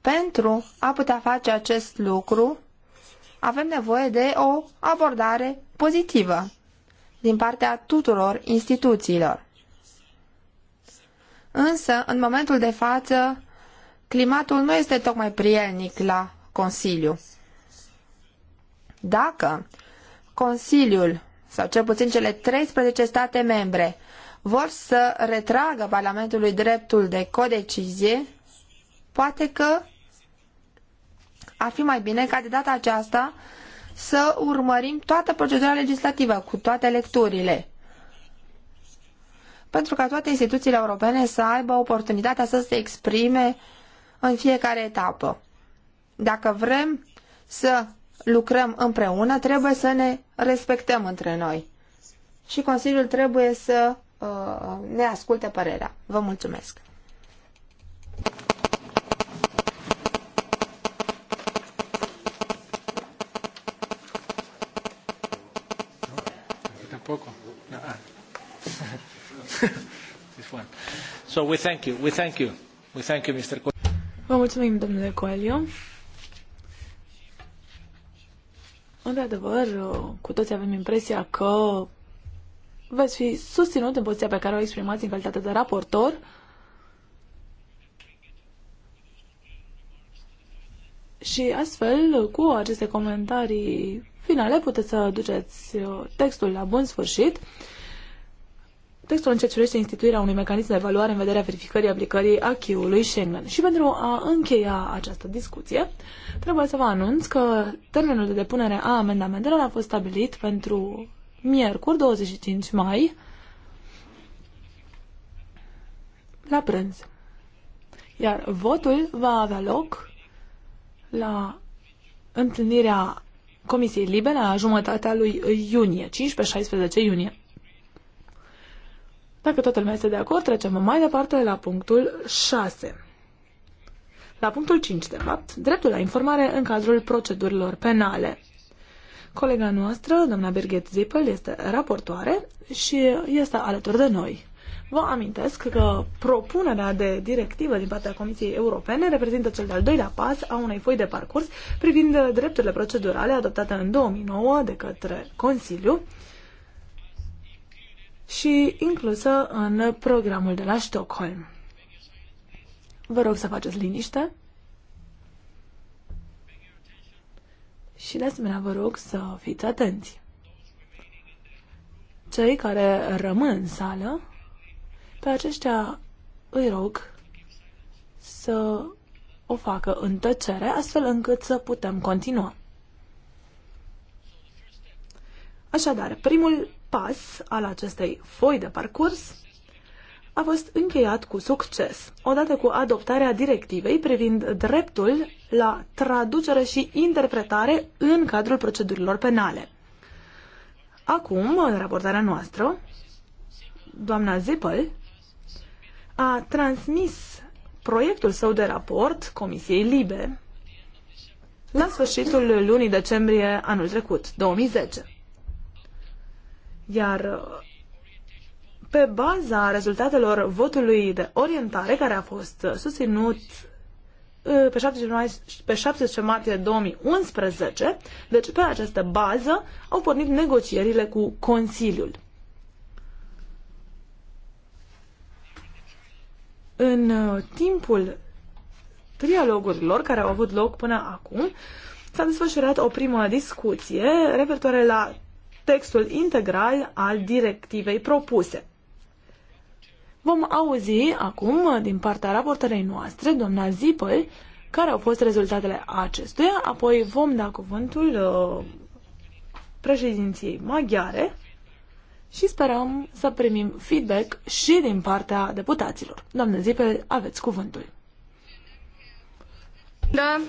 Pentru a putea face acest lucru, avem nevoie de o abordare pozitivă din partea tuturor instituțiilor. Însă, în momentul de față, climatul nu este tocmai prielnic la Consiliu. Dacă Consiliul sau cel puțin cele 13 state membre, vor să retragă Parlamentului dreptul de codecizie, poate că ar fi mai bine ca de data aceasta să urmărim toată procedura legislativă cu toate lecturile pentru ca toate instituțiile europene să aibă oportunitatea să se exprime în fiecare etapă. Dacă vrem să lucrăm împreună, trebuie să ne respectăm între noi. Și Consiliul trebuie să uh, ne asculte părerea. Vă mulțumesc! [LAUGHS] So we thank you. We thank you. We thank you, Mr. Vă mulțumim, domnule Coelho. Într-adevăr, cu toți avem impresia că veți fi susținut în poziția pe care o exprimați în calitate de raportor. Și astfel, cu aceste comentarii finale, puteți să duceți uh, textul la bun sfârșit textul în ce instituirea unui mecanism de evaluare în vederea verificării aplicării acquis-ului Schengen. Și pentru a încheia această discuție, trebuie să vă anunț că termenul de depunere a amendamentelor a fost stabilit pentru miercuri 25 mai la prânz. Iar votul va avea loc la întâlnirea Comisiei Libere la jumătatea lui iunie, 15-16 iunie. Dacă toată lumea este de acord, trecem mai departe la punctul 6. La punctul 5, de fapt, dreptul la informare în cadrul procedurilor penale. Colega noastră, doamna Birgit Zippel, este raportoare și este alături de noi. Vă amintesc că propunerea de directivă din partea Comisiei Europene reprezintă cel de-al doilea pas a unei foi de parcurs privind drepturile procedurale adoptate în 2009 de către Consiliu și inclusă în programul de la Stockholm. Vă rog să faceți liniște. Și de asemenea vă rog să fiți atenți. Cei care rămân în sală, pe aceștia îi rog să o facă în tăcere, astfel încât să putem continua. Așadar, primul pas al acestei foi de parcurs a fost încheiat cu succes, odată cu adoptarea directivei privind dreptul la traducere și interpretare în cadrul procedurilor penale. Acum, în raportarea noastră, doamna Zippel a transmis proiectul său de raport Comisiei Libe la sfârșitul lunii decembrie anul trecut, 2010. Iar uh, pe baza rezultatelor votului de orientare care a fost uh, susținut uh, pe 17, pe martie 2011, deci pe această bază au pornit negocierile cu Consiliul. În timpul trialogurilor care au avut loc până acum, s-a desfășurat o primă discuție referitoare la textul integral al directivei propuse. Vom auzi acum din partea raportărei noastre, doamna Zipăl, care au fost rezultatele acestuia, apoi vom da cuvântul uh, președinției maghiare și sperăm să primim feedback și din partea deputaților. Doamne Zipel, aveți cuvântul. Da.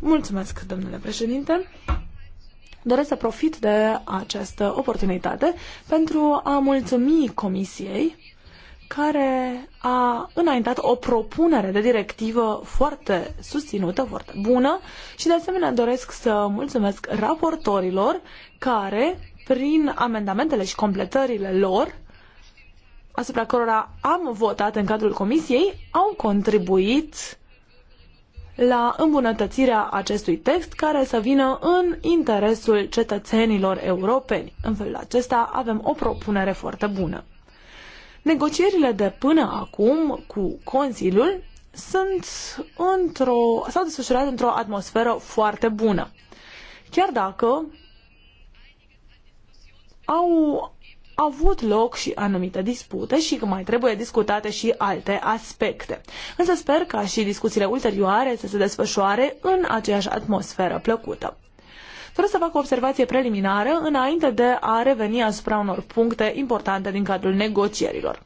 Mulțumesc, domnule președinte. Doresc să profit de această oportunitate pentru a mulțumi Comisiei care a înaintat o propunere de directivă foarte susținută, foarte bună și de asemenea doresc să mulțumesc raportorilor care, prin amendamentele și completările lor, asupra cărora am votat în cadrul comisiei, au contribuit la îmbunătățirea acestui text care să vină în interesul cetățenilor europeni. În felul acesta avem o propunere foarte bună. Negocierile de până acum cu Consiliul sunt într-o, s-au desfășurat într-o atmosferă foarte bună. Chiar dacă au avut loc și anumite dispute și că mai trebuie discutate și alte aspecte. Însă sper ca și discuțiile ulterioare să se desfășoare în aceeași atmosferă plăcută. Vreau să fac o observație preliminară înainte de a reveni asupra unor puncte importante din cadrul negocierilor.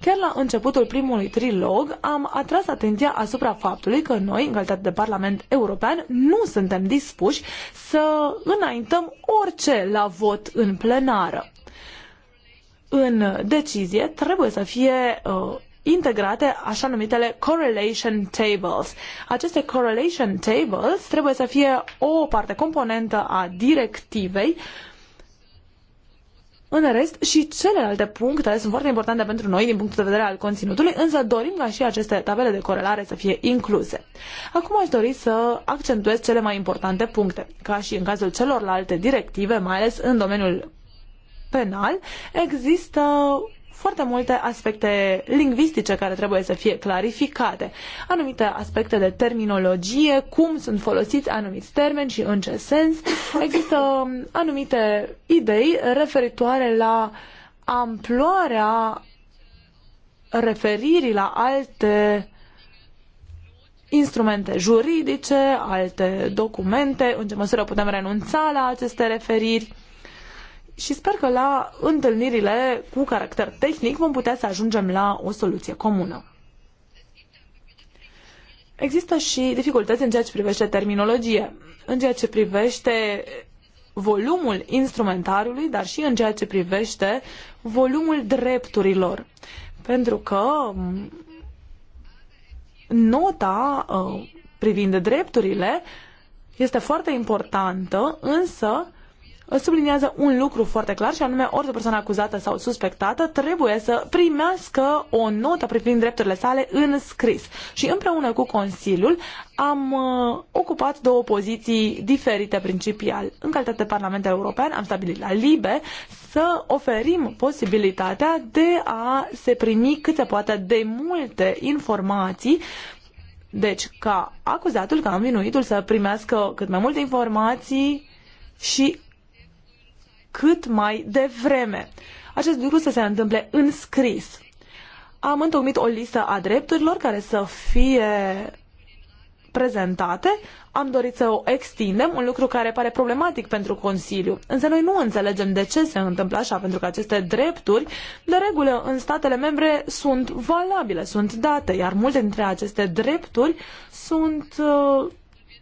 Chiar la începutul primului trilog am atras atenția asupra faptului că noi, în calitate de Parlament European, nu suntem dispuși să înaintăm orice la vot în plenară în decizie trebuie să fie uh, integrate așa numitele correlation tables. Aceste correlation tables trebuie să fie o parte componentă a directivei în rest, și celelalte puncte sunt foarte importante pentru noi din punctul de vedere al conținutului, însă dorim ca și aceste tabele de corelare să fie incluse. Acum aș dori să accentuez cele mai importante puncte. Ca și în cazul celorlalte directive, mai ales în domeniul penal, există foarte multe aspecte lingvistice care trebuie să fie clarificate. Anumite aspecte de terminologie, cum sunt folosiți anumiți termeni și în ce sens. Există anumite idei referitoare la amploarea referirii la alte instrumente juridice, alte documente, în ce măsură putem renunța la aceste referiri și sper că la întâlnirile cu caracter tehnic vom putea să ajungem la o soluție comună. Există și dificultăți în ceea ce privește terminologie, în ceea ce privește volumul instrumentariului, dar și în ceea ce privește volumul drepturilor. Pentru că nota uh, privind drepturile este foarte importantă, însă subliniază un lucru foarte clar și anume orice persoană acuzată sau suspectată trebuie să primească o notă privind drepturile sale în scris. Și împreună cu Consiliul am uh, ocupat două poziții diferite principial. În calitate de Parlament European am stabilit la LIBE să oferim posibilitatea de a se primi cât se poate de multe informații deci, ca acuzatul, ca învinuitul să primească cât mai multe informații și cât mai devreme. Acest lucru să se întâmple în scris. Am întocmit o listă a drepturilor care să fie prezentate. Am dorit să o extindem, un lucru care pare problematic pentru Consiliu. Însă noi nu înțelegem de ce se întâmplă așa, pentru că aceste drepturi, de regulă, în statele membre sunt valabile, sunt date, iar multe dintre aceste drepturi sunt uh,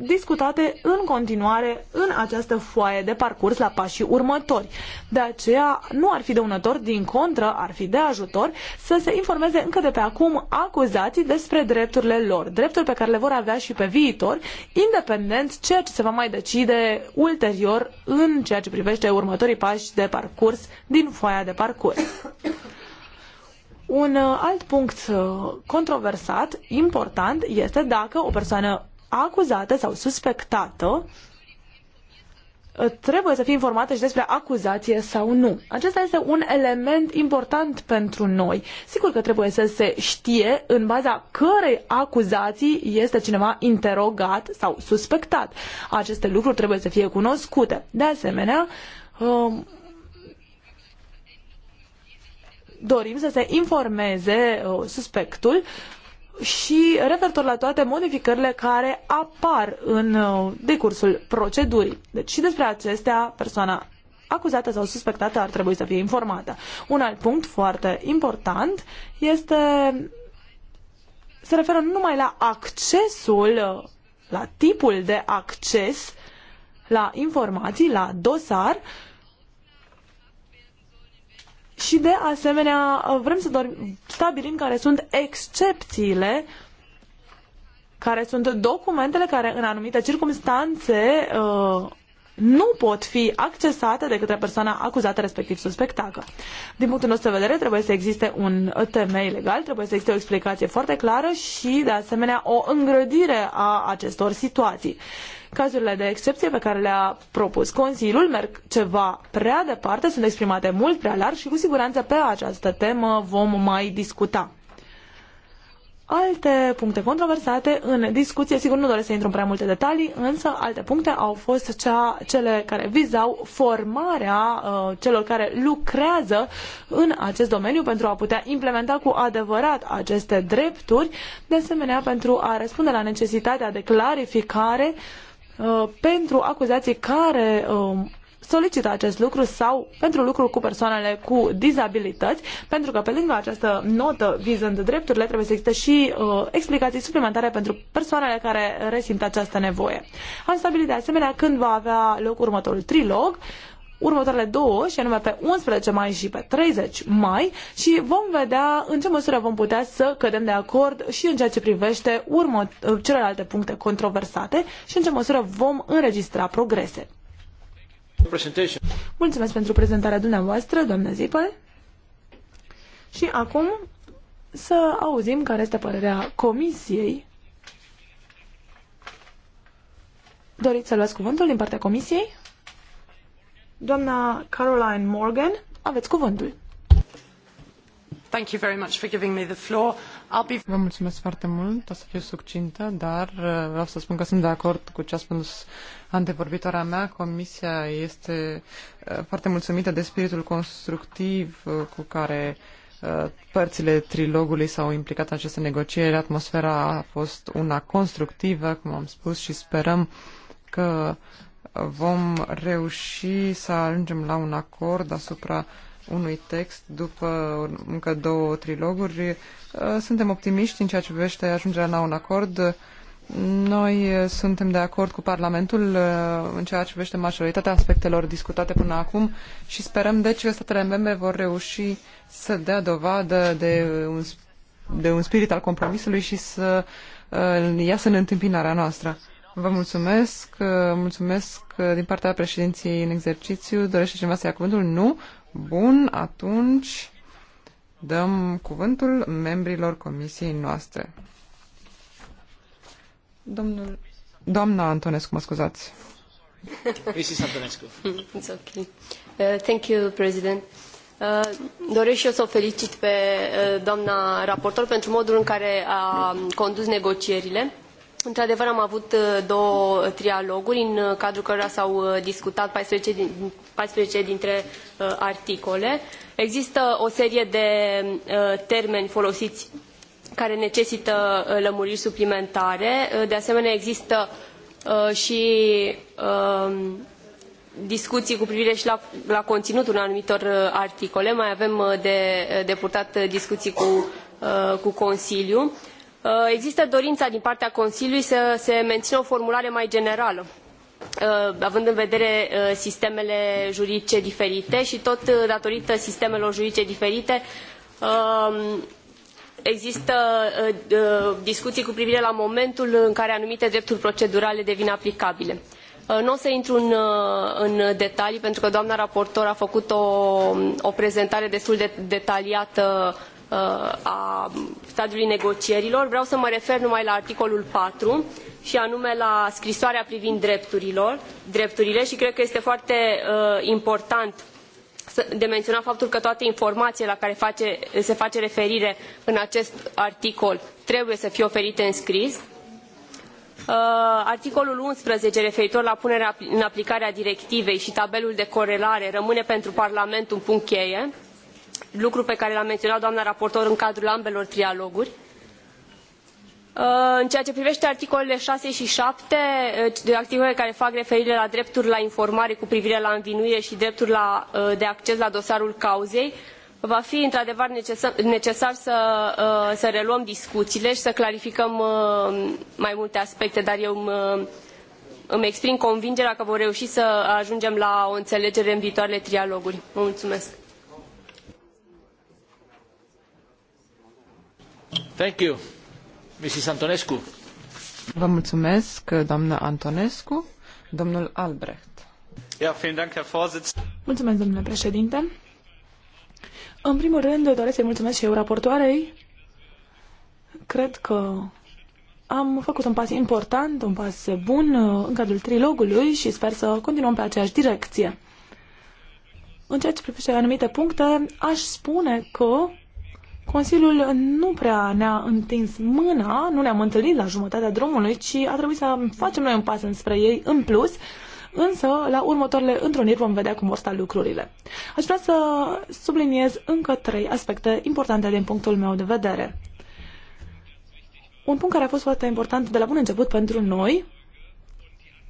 discutate în continuare în această foaie de parcurs la pașii următori. De aceea nu ar fi dăunător, din contră, ar fi de ajutor să se informeze încă de pe acum acuzații despre drepturile lor, drepturi pe care le vor avea și pe viitor, independent ceea ce se va mai decide ulterior în ceea ce privește următorii pași de parcurs din foaia de parcurs. Un uh, alt punct uh, controversat, important, este dacă o persoană acuzată sau suspectată ă, trebuie să fie informată și despre acuzație sau nu. Acesta este un element important pentru noi. Sigur că trebuie să se știe în baza cărei acuzații este cineva interogat sau suspectat. Aceste lucruri trebuie să fie cunoscute. De asemenea, ă, dorim să se informeze ă, suspectul și referitor la toate modificările care apar în uh, decursul procedurii. Deci și despre acestea persoana acuzată sau suspectată ar trebui să fie informată. Un alt punct foarte important este se referă nu numai la accesul, uh, la tipul de acces la informații, la dosar, și de asemenea vrem să stabilim care sunt excepțiile care sunt documentele care în anumite circunstanțe uh, nu pot fi accesate de către persoana acuzată, respectiv suspectată. Din punctul nostru de vedere, trebuie să existe un temei legal, trebuie să existe o explicație foarte clară și, de asemenea, o îngrădire a acestor situații. Cazurile de excepție pe care le-a propus Consiliul merg ceva prea departe, sunt exprimate mult prea larg și cu siguranță pe această temă vom mai discuta. Alte puncte controversate în discuție, sigur nu doresc să intru în prea multe detalii, însă alte puncte au fost cea, cele care vizau formarea uh, celor care lucrează în acest domeniu pentru a putea implementa cu adevărat aceste drepturi, de asemenea pentru a răspunde la necesitatea de clarificare uh, Uh, pentru acuzații care um, solicită acest lucru sau pentru lucru cu persoanele cu dizabilități, pentru că pe lângă această notă vizând drepturile trebuie să existe și uh, explicații suplimentare pentru persoanele care resimt această nevoie. Am stabilit de asemenea când va avea loc următorul trilog următoarele două, și anume pe 11 mai și pe 30 mai, și vom vedea în ce măsură vom putea să cădem de acord și în ceea ce privește urmă, celelalte puncte controversate și în ce măsură vom înregistra progrese. Mulțumesc pentru prezentarea dumneavoastră, doamnă Zipă. Și acum să auzim care este părerea Comisiei. Doriți să luați cuvântul din partea Comisiei? Doamna Caroline Morgan, aveți cuvântul. Thank you very much for giving me the floor. I'll be... Vă mulțumesc foarte mult, o să fiu succintă, dar uh, vreau să spun că sunt de acord cu ce a spus antevorbitoarea mea. Comisia este uh, foarte mulțumită de spiritul constructiv uh, cu care părțile trilogului s-au implicat în aceste negocieri. Atmosfera a fost una constructivă, cum am spus, și sperăm că uh, vom reuși să ajungem la un acord asupra unui text după încă două triloguri. Uh, suntem optimiști în ceea ce privește ajungerea la un acord. Noi uh, suntem de acord cu Parlamentul uh, în ceea ce privește majoritatea aspectelor discutate până acum și sperăm deci că statele membre vor reuși să dea dovadă de un, de un spirit al compromisului și să iasă în întâmpinarea noastră. Vă mulțumesc, uh, mulțumesc uh, din partea președinției în exercițiu. Dorește cineva să ia cuvântul? Nu? Bun, atunci dăm cuvântul membrilor comisiei noastre. Domnul, doamna Antonescu, mă scuzați. Mrs. Antonescu. [LAUGHS] It's okay. Uh, thank you, President. Uh, doresc și eu să o felicit pe uh, doamna raportor pentru modul în care a condus negocierile. Uh, Într-adevăr, am avut uh, două trialoguri în uh, cadrul cărora s-au uh, discutat 14, din, 14 dintre uh, articole. Există o serie de uh, termeni folosiți care necesită uh, lămuriri suplimentare. De asemenea, există și um, discuții cu privire și la, la conținutul anumitor articole. Mai avem de, de purtat discuții cu, cu Consiliul. Uh, există dorina din partea consiliului să se menină o formulare mai generală uh, având în vedere uh, sistemele juridice diferite i tot datorită sistemelor juridice diferite um, există discuii cu privire la momentul în care anumite drepturi procedurale devin aplicabile. Nu o să intru în, în, detalii pentru că doamna raportor a făcut o, o prezentare destul de detaliată uh, Uh, a stadiului negocierilor. Vreau să mă refer numai la articolul patru și anume la scrisoarea privind drepturilor, drepturile și cred că este foarte uh, important de menționat faptul că toate informațiile la care face, se face referire în acest articol trebuie să fie oferite în scris. Uh, articolul 11 referitor la punerea în aplicare a directivei și tabelul de corelare rămâne pentru Parlament un punct cheie lucru pe care l-a menționat doamna raportor în cadrul ambelor trialoguri. Uh, în ceea ce privește articolele 6 și 7, uh, articole care fac referire la dreptul la informare cu privire la învinuire și dreptul la, uh, de acces la dosarul cauzei, va fi într adevăr necesar, necesar să, să, reluăm discuțiile și să clarificăm mai multe aspecte, dar eu îmi, îmi exprim convingerea că vom reuși să ajungem la o înțelegere în viitoarele trialoguri. mulțumesc! Vă mulțumesc, doamnă Antonescu. Domnul Albrecht. Ja, Mulțumesc, domnule președinte. În primul rând, doresc să-i mulțumesc și eu raportoarei. Cred că am făcut un pas important, un pas bun uh, în cadrul trilogului și sper să continuăm pe aceeași direcție. În ceea ce privește anumite puncte, aș spune că Consiliul nu prea ne-a întins mâna, nu ne-am întâlnit la jumătatea drumului, ci a trebuit să facem noi un pas înspre ei în plus, însă la următoarele întruniri vom vedea cum vor sta lucrurile. Aș vrea să subliniez încă trei aspecte importante din punctul meu de vedere. Un punct care a fost foarte important de la bun început pentru noi,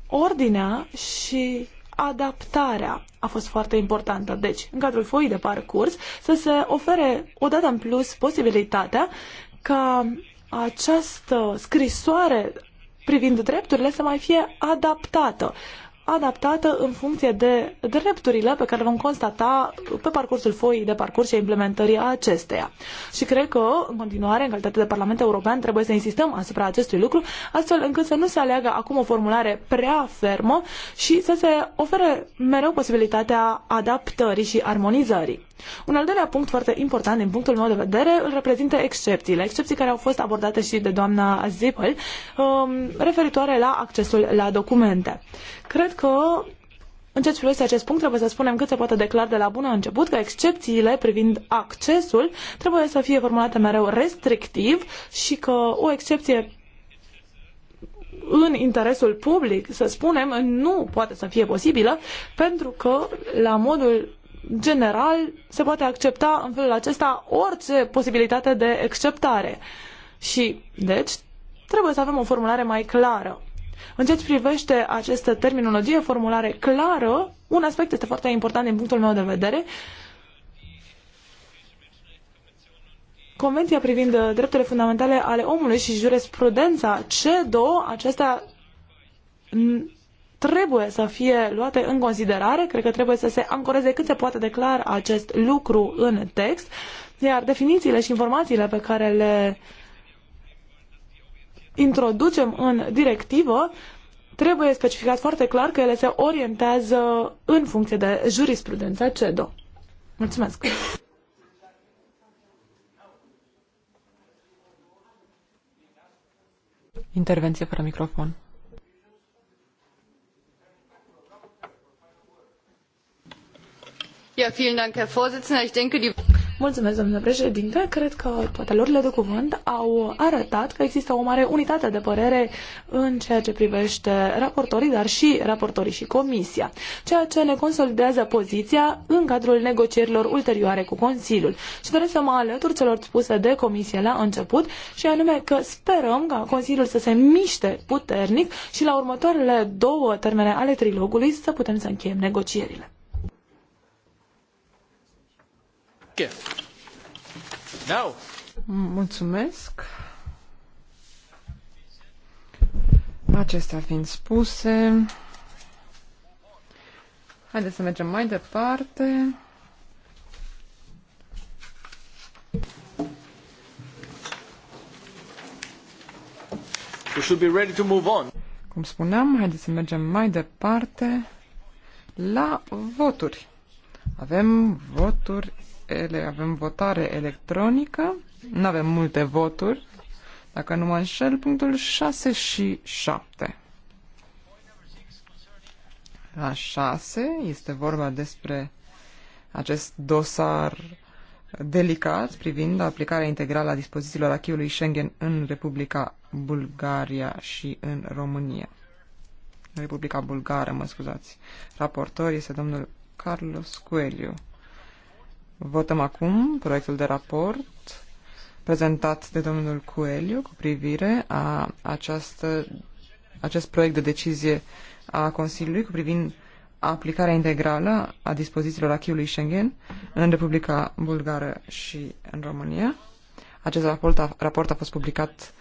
ordinea și adaptarea a fost foarte importantă. Deci, în cadrul foii de parcurs, să se ofere o dată în plus posibilitatea ca această scrisoare privind drepturile să mai fie adaptată adaptată în funcție de drepturile pe care le vom constata pe parcursul foii de parcurs și a implementării acesteia. Și cred că, în continuare, în calitate de Parlament European, trebuie să insistăm asupra acestui lucru, astfel încât să nu se aleagă acum o formulare prea fermă și să se ofere mereu posibilitatea adaptării și armonizării. Un al doilea punct foarte important din punctul meu de vedere îl reprezintă excepțiile, excepții care au fost abordate și de doamna Zippel um, referitoare la accesul la documente. Cred că în ceea ce privește acest punct, trebuie să spunem cât se poate declar de la bună început că excepțiile privind accesul trebuie să fie formulate mereu restrictiv și că o excepție în interesul public, să spunem, nu poate să fie posibilă, pentru că la modul general se poate accepta în felul acesta orice posibilitate de exceptare. Și, deci, trebuie să avem o formulare mai clară. În ceea ce privește această terminologie, formulare clară, un aspect este foarte important din punctul meu de vedere. Convenția privind drepturile fundamentale ale omului și jurisprudența CEDO, acestea trebuie să fie luate în considerare, cred că trebuie să se ancoreze cât se poate de clar acest lucru în text, iar definițiile și informațiile pe care le introducem în directivă trebuie specificat foarte clar că ele se orientează în funcție de jurisprudența CEDO. Mulțumesc! Intervenție fără microfon. Mulțumesc, domnule președinte. Cred că toate lorile de cuvânt au arătat că există o mare unitate de părere în ceea ce privește raportorii, dar și raportorii și comisia, ceea ce ne consolidează poziția în cadrul negocierilor ulterioare cu Consiliul. Și doresc să mă alătur celor spuse de comisie la început, și anume că sperăm ca Consiliul să se miște puternic și la următoarele două termene ale trilogului să putem să încheiem negocierile. Danke. Now. Mulțumesc. Acestea fiind spuse, haideți să mergem mai departe. We should be ready to move on. Cum spuneam, haideți să mergem mai departe la voturi. Avem voturi ele, avem votare electronică, nu avem multe voturi, dacă nu mă înșel, punctul 6 și 7. La 6 este vorba despre acest dosar delicat privind aplicarea integrală a dispozițiilor achiului Schengen în Republica Bulgaria și în România. Republica Bulgară, mă scuzați. Raportor este domnul Carlos Coelho. Votăm acum proiectul de raport prezentat de domnul Cueliu cu privire a această, acest proiect de decizie a Consiliului cu privind aplicarea integrală a dispozițiilor acquis Schengen în Republica Bulgară și în România. Acest raport a, raport a fost publicat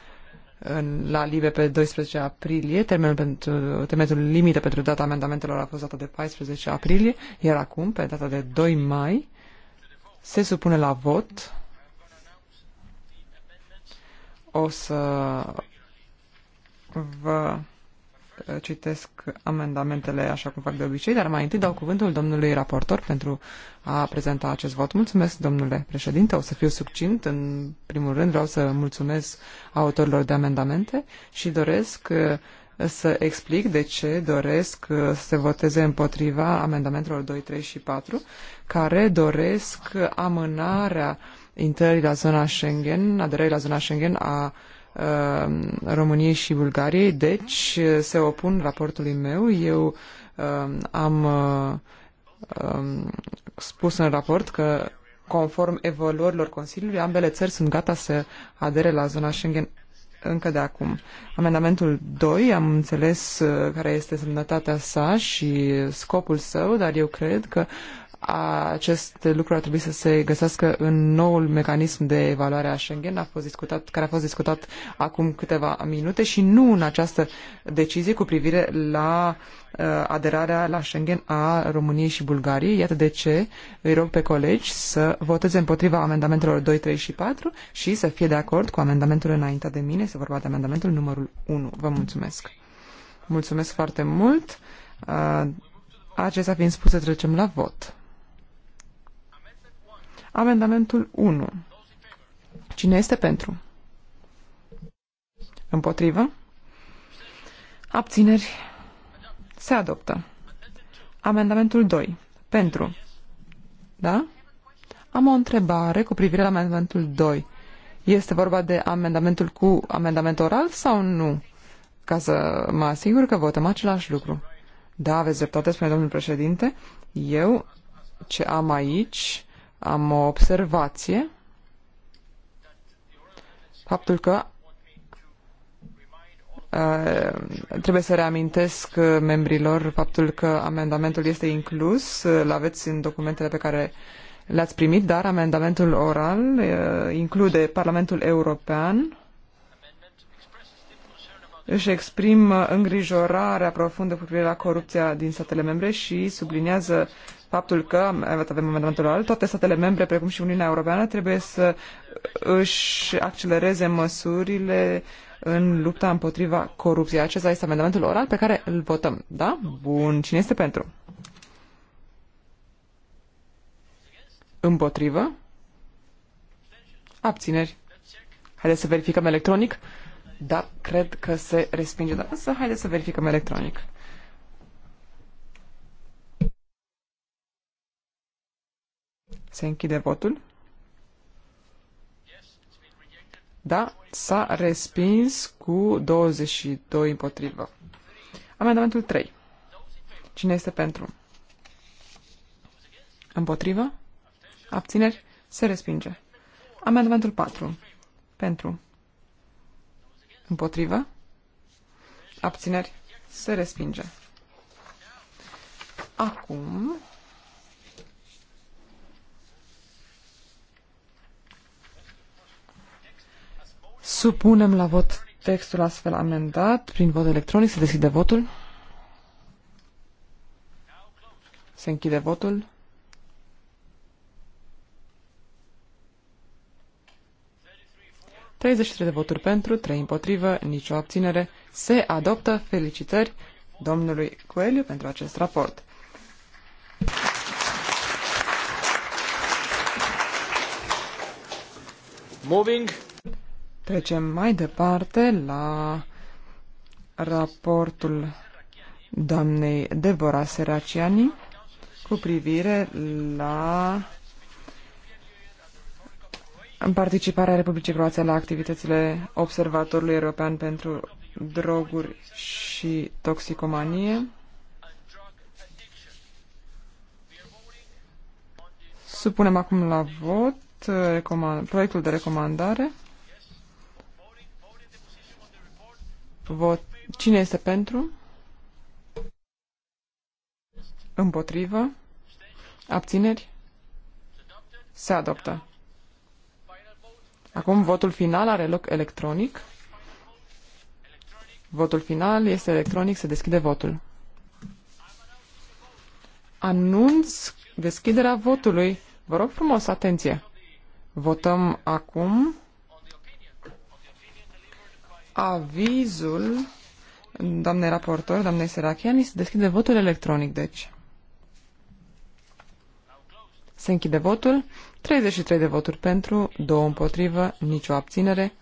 în, la Libe pe 12 aprilie. Termenul, pentru, termenul limită pentru data amendamentelor a fost dată de 14 aprilie, iar acum, pe data de 2 mai, se supune la vot. O să vă uh, citesc amendamentele așa cum fac de obicei, dar mai întâi dau cuvântul domnului raportor pentru a prezenta acest vot. Mulțumesc, domnule președinte, o să fiu succint. În primul rând vreau să mulțumesc autorilor de amendamente și doresc uh, să explic de ce doresc uh, să se voteze împotriva amendamentelor 2, 3 și 4, care doresc amânarea intrării la zona Schengen, aderării la zona Schengen a uh, României și Bulgariei, deci uh, se opun raportului meu. Eu am um, spus în raport că conform evaluărilor Consiliului, ambele țări sunt gata să adere la zona Schengen încă de acum. Amendamentul 2, am înțeles uh, care este semnătatea sa și scopul său, dar eu cred că acest lucru ar trebui să se găsească în noul mecanism de evaluare a Schengen, a fost discutat, care a fost discutat acum câteva minute și nu în această decizie cu privire la uh, aderarea la Schengen a României și Bulgariei. Iată de ce îi rog pe colegi să voteze împotriva amendamentelor 2, 3 și 4 și să fie de acord cu amendamentul înaintea de mine. Se vorba de amendamentul numărul 1. Vă mulțumesc. Mulțumesc foarte mult. Uh, acesta fiind spus, trecem la vot. Amendamentul 1. Cine este pentru? Împotrivă? Abțineri? Se adoptă. Amendamentul 2. Pentru. Da? Am o întrebare cu privire la amendamentul 2. Este vorba de amendamentul cu amendament oral sau nu? Ca să mă asigur că votăm același lucru. Da, aveți dreptate, spune domnul președinte. Eu ce am aici am o observație. Faptul că Uh, trebuie să reamintesc uh, membrilor faptul că amendamentul este inclus, uh, îl aveți în documentele pe care le-ați primit, dar amendamentul oral uh, include Parlamentul European își exprimă îngrijorarea profundă cu privire la corupția din statele membre și subliniază faptul că, avem amendamentul al, toate statele membre, precum și Uniunea Europeană, trebuie să își accelereze măsurile în lupta împotriva corupției. Acesta este amendamentul oral pe care îl votăm. Da? Bun. Cine este pentru? Împotrivă? Abțineri. Haideți să verificăm electronic dar cred că se respinge. Dar să haideți să verificăm electronic. Se închide votul. Da, s-a respins cu 22 împotrivă. Amendamentul 3. Cine este pentru? Împotrivă? Abțineri? Se respinge. Amendamentul 4. Pentru. Împotrivă? Abțineri? Se respinge. Acum... Supunem la vot textul astfel amendat prin vot electronic. Se deschide votul. Se închide votul. 33 de voturi pentru, 3 împotrivă, nicio abținere. Se adoptă felicitări domnului Coeliu pentru acest raport. Moving. Trecem mai departe la raportul doamnei Deborah Seraciani cu privire la în participarea Republicii Croația la activitățile Observatorului European pentru Droguri și Toxicomanie. Supunem acum la vot uh, proiectul de recomandare. Vot. Cine este pentru? Împotrivă? Abțineri? Se adoptă. Acum votul final are loc electronic. Votul final este electronic, se deschide votul. Anunț deschiderea votului. Vă rog frumos, atenție. Votăm acum avizul doamnei raportor, doamnei serachian, se deschide votul electronic, deci. Se închide votul. 33 de voturi pentru, 2 împotrivă, nicio abținere.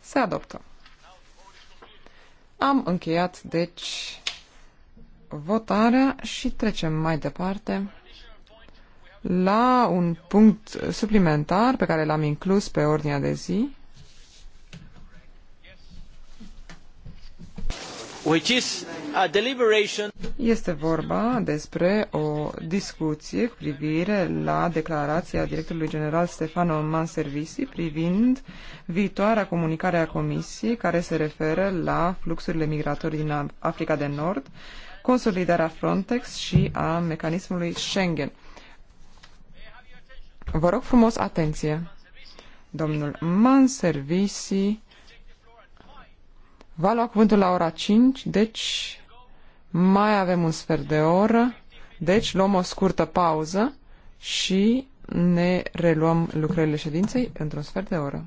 Se adoptă. Am încheiat, deci, votarea și trecem mai departe la un punct suplimentar pe care l-am inclus pe ordinea de zi. Which is este vorba despre o discuție cu privire la declarația directorului general Stefano Manservisi privind viitoarea comunicare a Comisiei care se referă la fluxurile migratorii din Africa de Nord, consolidarea Frontex și a mecanismului Schengen. Vă rog frumos atenție. Domnul Manservisi va lua cuvântul la ora 5, deci mai avem un sfert de oră, deci luăm o scurtă pauză și ne reluăm lucrările ședinței într-un sfert de oră.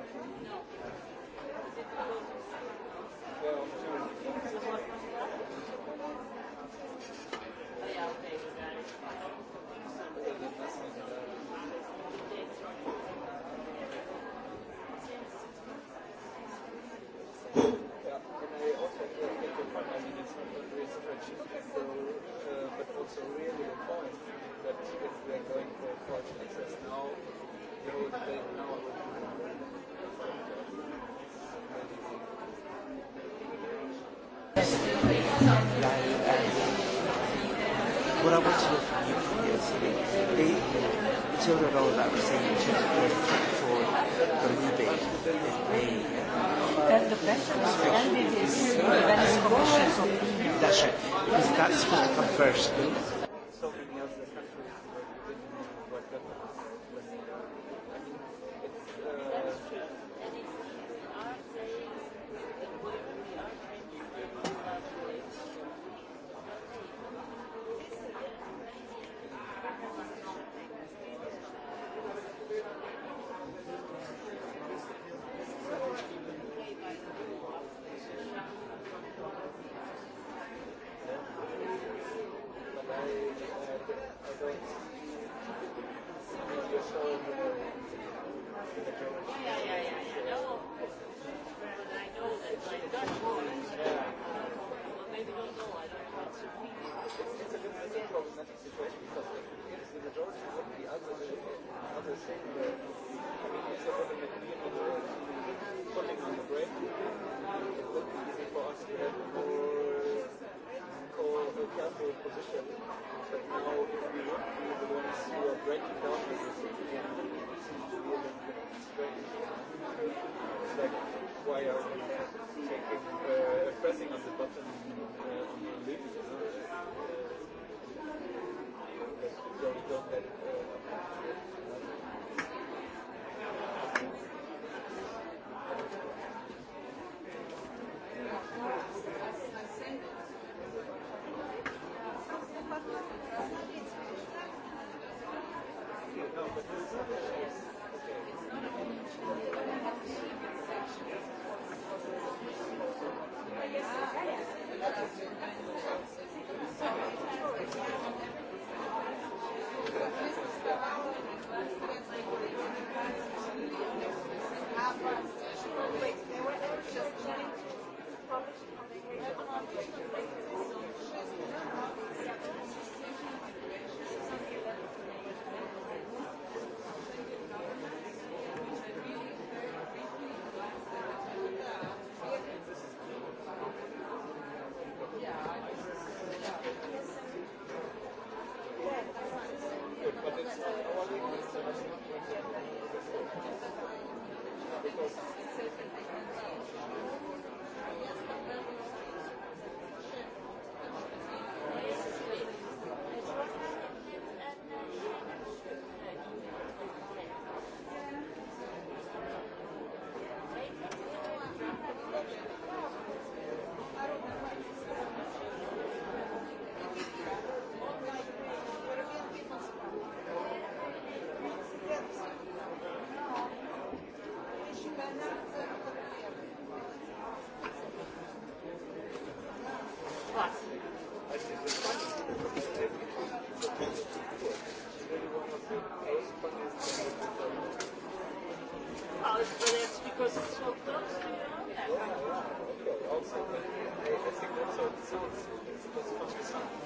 No. the, the, the children all that were saying for the rebate that they then the better then it is then it's commissions of that's right because that's what comes first but, but that's because it's so close to your own yeah. yeah. Also, but I, I think also it sounds it's because from the sun. Yeah.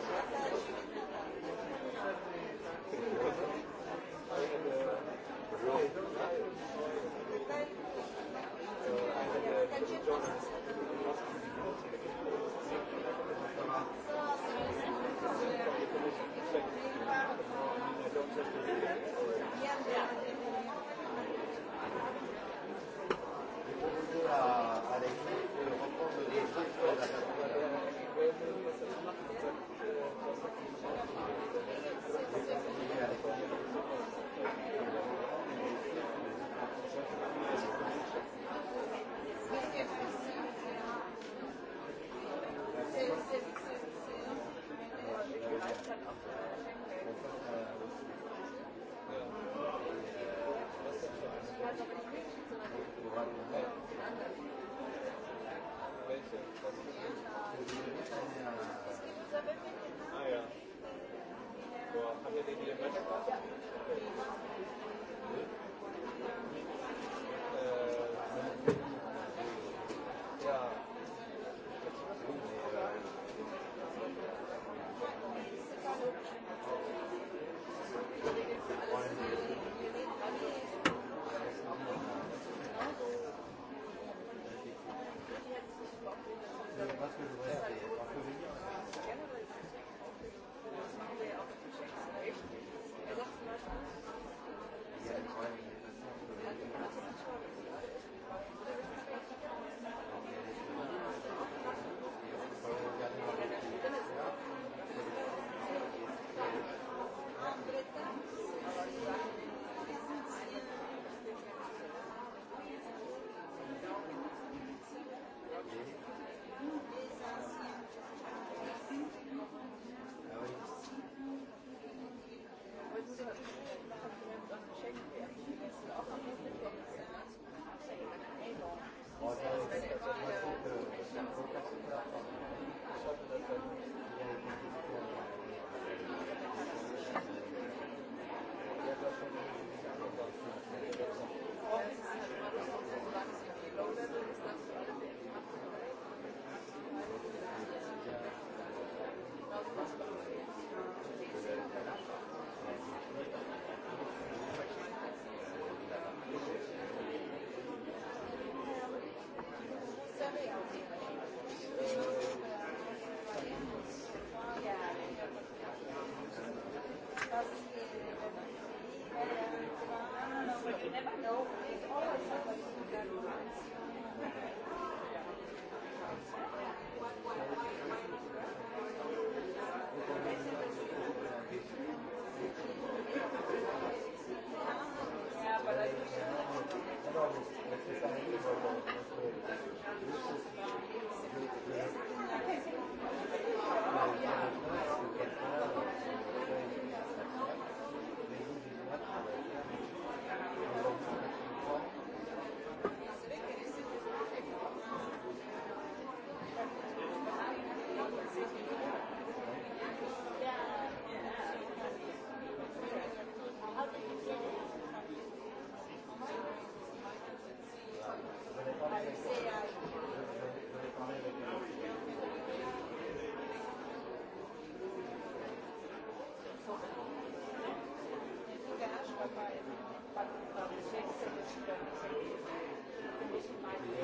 But, but the same service, the same condition might be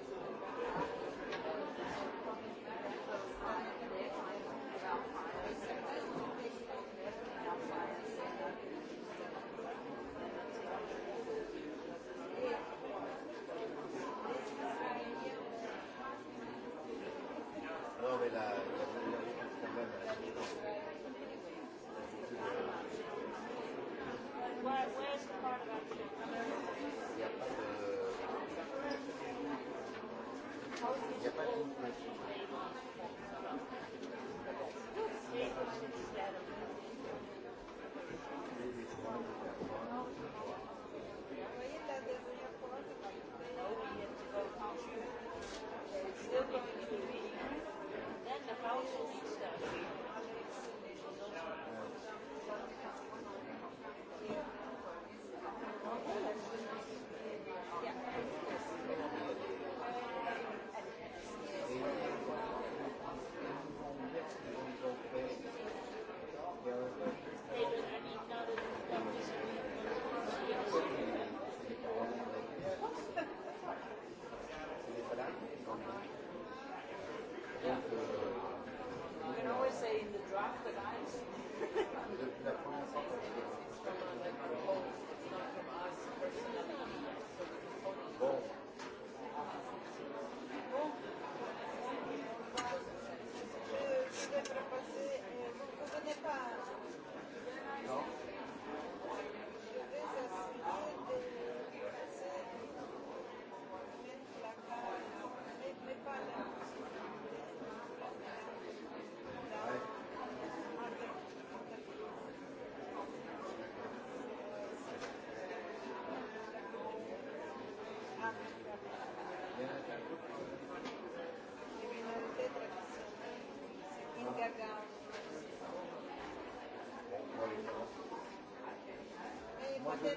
Thank you. Moi,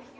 Thank ah, you.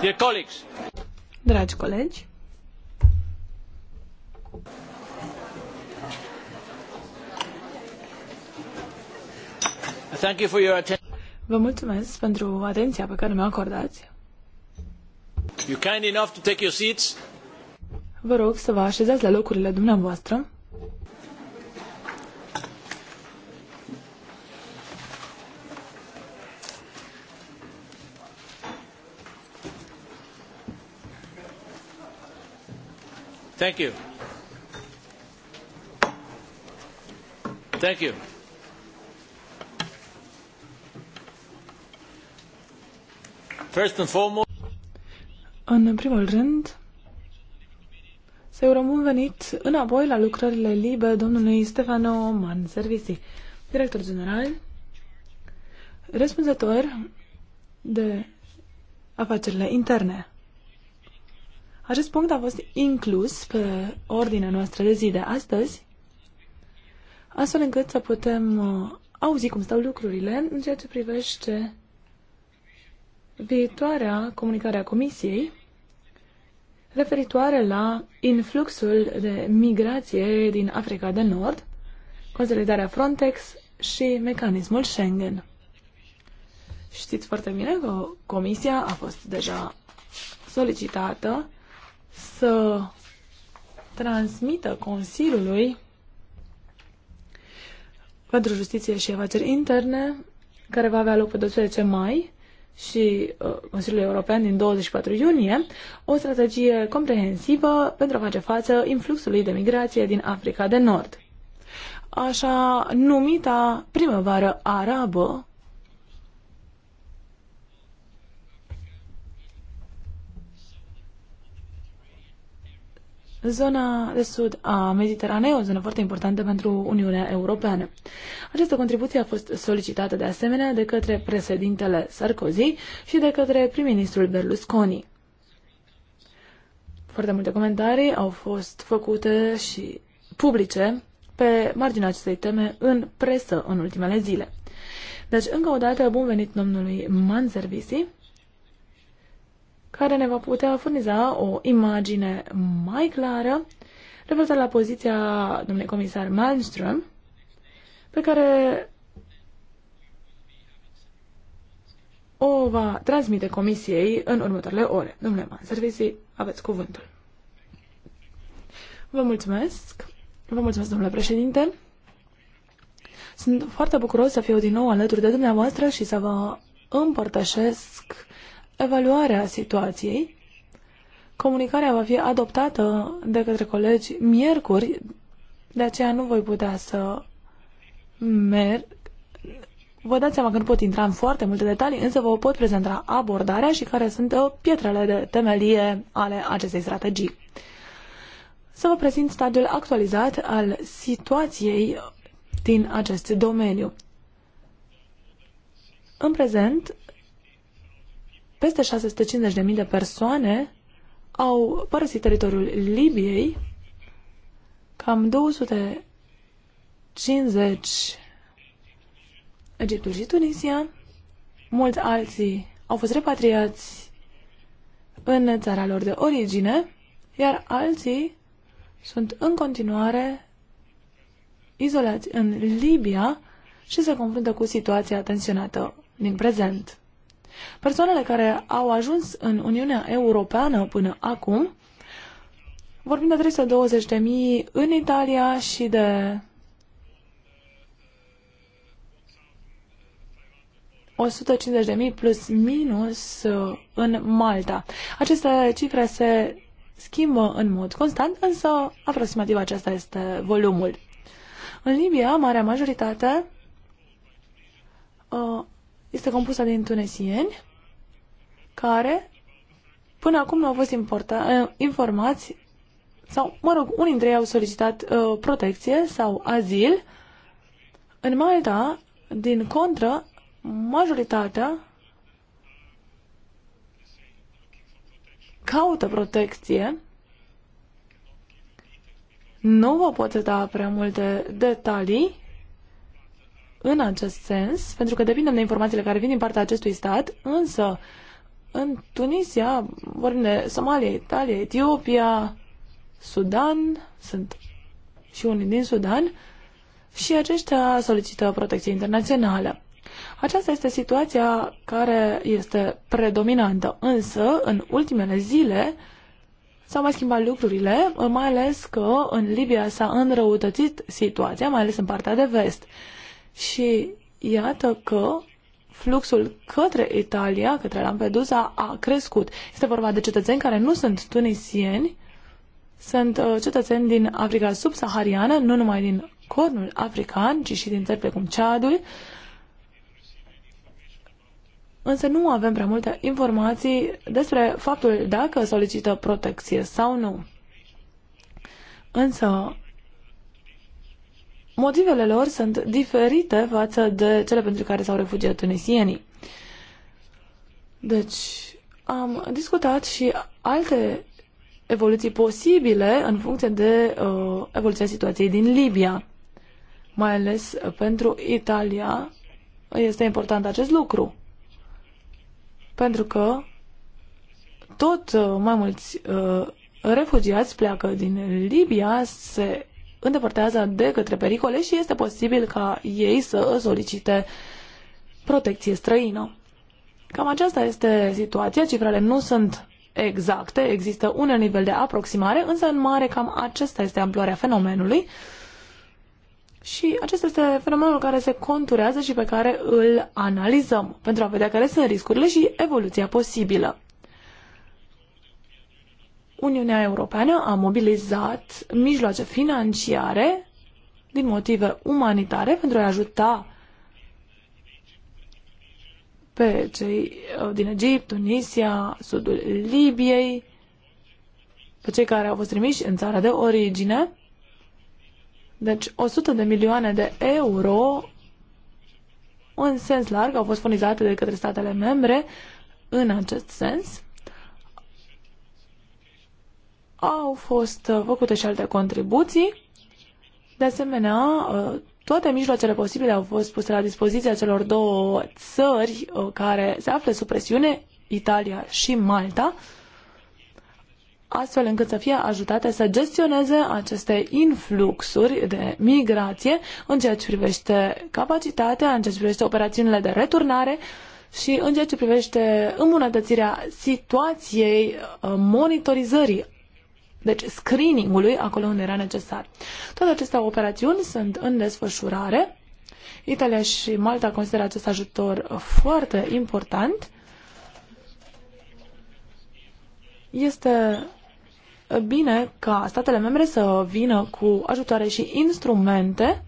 Dear colleagues. Dragi colegi. Thank you for your Vă mulțumesc pentru atenția pe care mi-o acordați. You kind enough to take your seats. Vă rog să vă așezați la locurile dumneavoastră. În primul rând, să-i urăm bun venit înapoi la lucrările libe domnului Stefano Man Servicii, director general, răspunzător de afacerile interne. Acest punct a fost inclus pe ordinea noastră de zi de astăzi, astfel încât să putem uh, auzi cum stau lucrurile în ceea ce privește viitoarea comunicare a Comisiei referitoare la influxul de migrație din Africa de Nord, consolidarea Frontex și mecanismul Schengen. Știți foarte bine că Comisia a fost deja solicitată să transmită Consiliului pentru Justiție și Evaceri Interne, care va avea loc pe 12 mai, și uh, Consiliul European din 24 iunie, o strategie comprehensivă pentru a face față influxului de migrație din Africa de Nord. Așa numita primăvară arabă Zona de sud a Mediteranei, o zonă foarte importantă pentru Uniunea Europeană. Această contribuție a fost solicitată de asemenea de către președintele Sarkozy și de către prim-ministrul Berlusconi. Foarte multe comentarii au fost făcute și publice pe marginea acestei teme în presă în ultimele zile. Deci, încă o dată, bun venit domnului Manservisi care ne va putea furniza o imagine mai clară referitor la poziția domnului comisar Malmström, pe care o va transmite comisiei în următoarele ore. Domnule Man, servicii, aveți cuvântul. Vă mulțumesc. Vă mulțumesc, domnule președinte. Sunt foarte bucuros să fiu din nou alături de dumneavoastră și să vă împărtășesc evaluarea situației. Comunicarea va fi adoptată de către colegi miercuri, de aceea nu voi putea să merg. Vă dați seama că nu pot intra în foarte multe detalii, însă vă pot prezenta abordarea și care sunt uh, pietrele de temelie ale acestei strategii. Să vă prezint stadiul actualizat al situației din acest domeniu. În prezent, peste 650.000 de persoane au părăsit teritoriul Libiei, cam 250 Egiptul și Tunisia, mulți alții au fost repatriați în țara lor de origine, iar alții sunt în continuare izolați în Libia și se confruntă cu situația tensionată din prezent. Persoanele care au ajuns în Uniunea Europeană până acum, vorbim de 320.000 în Italia și de 150.000 plus minus uh, în Malta. Aceste cifre se schimbă în mod constant, însă aproximativ acesta este volumul. În Libia, marea majoritate uh, este compusă din tunesieni care până acum nu au fost importa, uh, informați sau, mă rog, unii dintre ei au solicitat uh, protecție sau azil. În Malta, din contră, majoritatea caută protecție. Nu vă pot da prea multe detalii, în acest sens, pentru că depindem de informațiile care vin din partea acestui stat, însă în Tunisia, vorbim de Somalia, Italia, Etiopia, Sudan, sunt și unii din Sudan, și aceștia solicită protecție internațională. Aceasta este situația care este predominantă, însă în ultimele zile s-au mai schimbat lucrurile, mai ales că în Libia s-a înrăutățit situația, mai ales în partea de vest. Și iată că fluxul către Italia, către Lampedusa, a crescut. Este vorba de cetățeni care nu sunt tunisieni, sunt uh, cetățeni din Africa subsahariană, nu numai din cornul african, ci și din țări precum Ceadul. Însă nu avem prea multe informații despre faptul dacă solicită protecție sau nu. Însă motivele lor sunt diferite față de cele pentru care s-au refugiat tunisienii. Deci, am discutat și alte evoluții posibile în funcție de uh, evoluția situației din Libia. Mai ales uh, pentru Italia este important acest lucru. Pentru că tot uh, mai mulți uh, refugiați pleacă din Libia, se îndepărtează de către pericole și este posibil ca ei să solicite protecție străină. Cam aceasta este situația, cifrele nu sunt exacte, există un nivel de aproximare, însă în mare cam acesta este amploarea fenomenului și acesta este fenomenul care se conturează și pe care îl analizăm pentru a vedea care sunt riscurile și evoluția posibilă. Uniunea Europeană a mobilizat mijloace financiare din motive umanitare pentru a ajuta pe cei uh, din Egipt, Tunisia, sudul Libiei, pe cei care au fost trimiși în țara de origine. Deci 100 de milioane de euro în sens larg au fost furnizate de către statele membre în acest sens. Au fost uh, făcute și alte contribuții. De asemenea, uh, toate mijloacele posibile au fost puse la dispoziția celor două țări uh, care se află sub presiune, Italia și Malta, astfel încât să fie ajutate să gestioneze aceste influxuri de migrație în ceea ce privește capacitatea, în ceea ce privește operațiunile de returnare și în ceea ce privește îmbunătățirea situației monitorizării deci screeningului acolo unde era necesar. Toate aceste operațiuni sunt în desfășurare. Italia și Malta consideră acest ajutor foarte important. Este bine ca statele membre să vină cu ajutoare și instrumente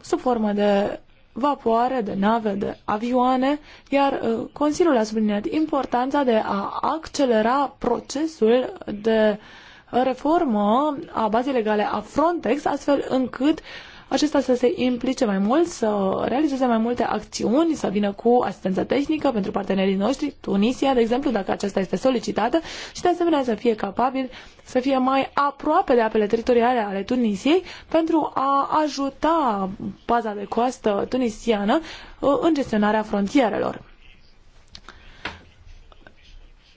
sub formă de vapoare, de nave, de avioane, iar uh, Consiliul a subliniat importanța de a accelera procesul de reformă a bazei legale a Frontex, astfel încât acesta să se implice mai mult, să realizeze mai multe acțiuni, să vină cu asistență tehnică pentru partenerii noștri, Tunisia, de exemplu, dacă aceasta este solicitată, și de asemenea să fie capabil să fie mai aproape de apele teritoriale ale Tunisiei pentru a ajuta baza de coastă tunisiană uh, în gestionarea frontierelor.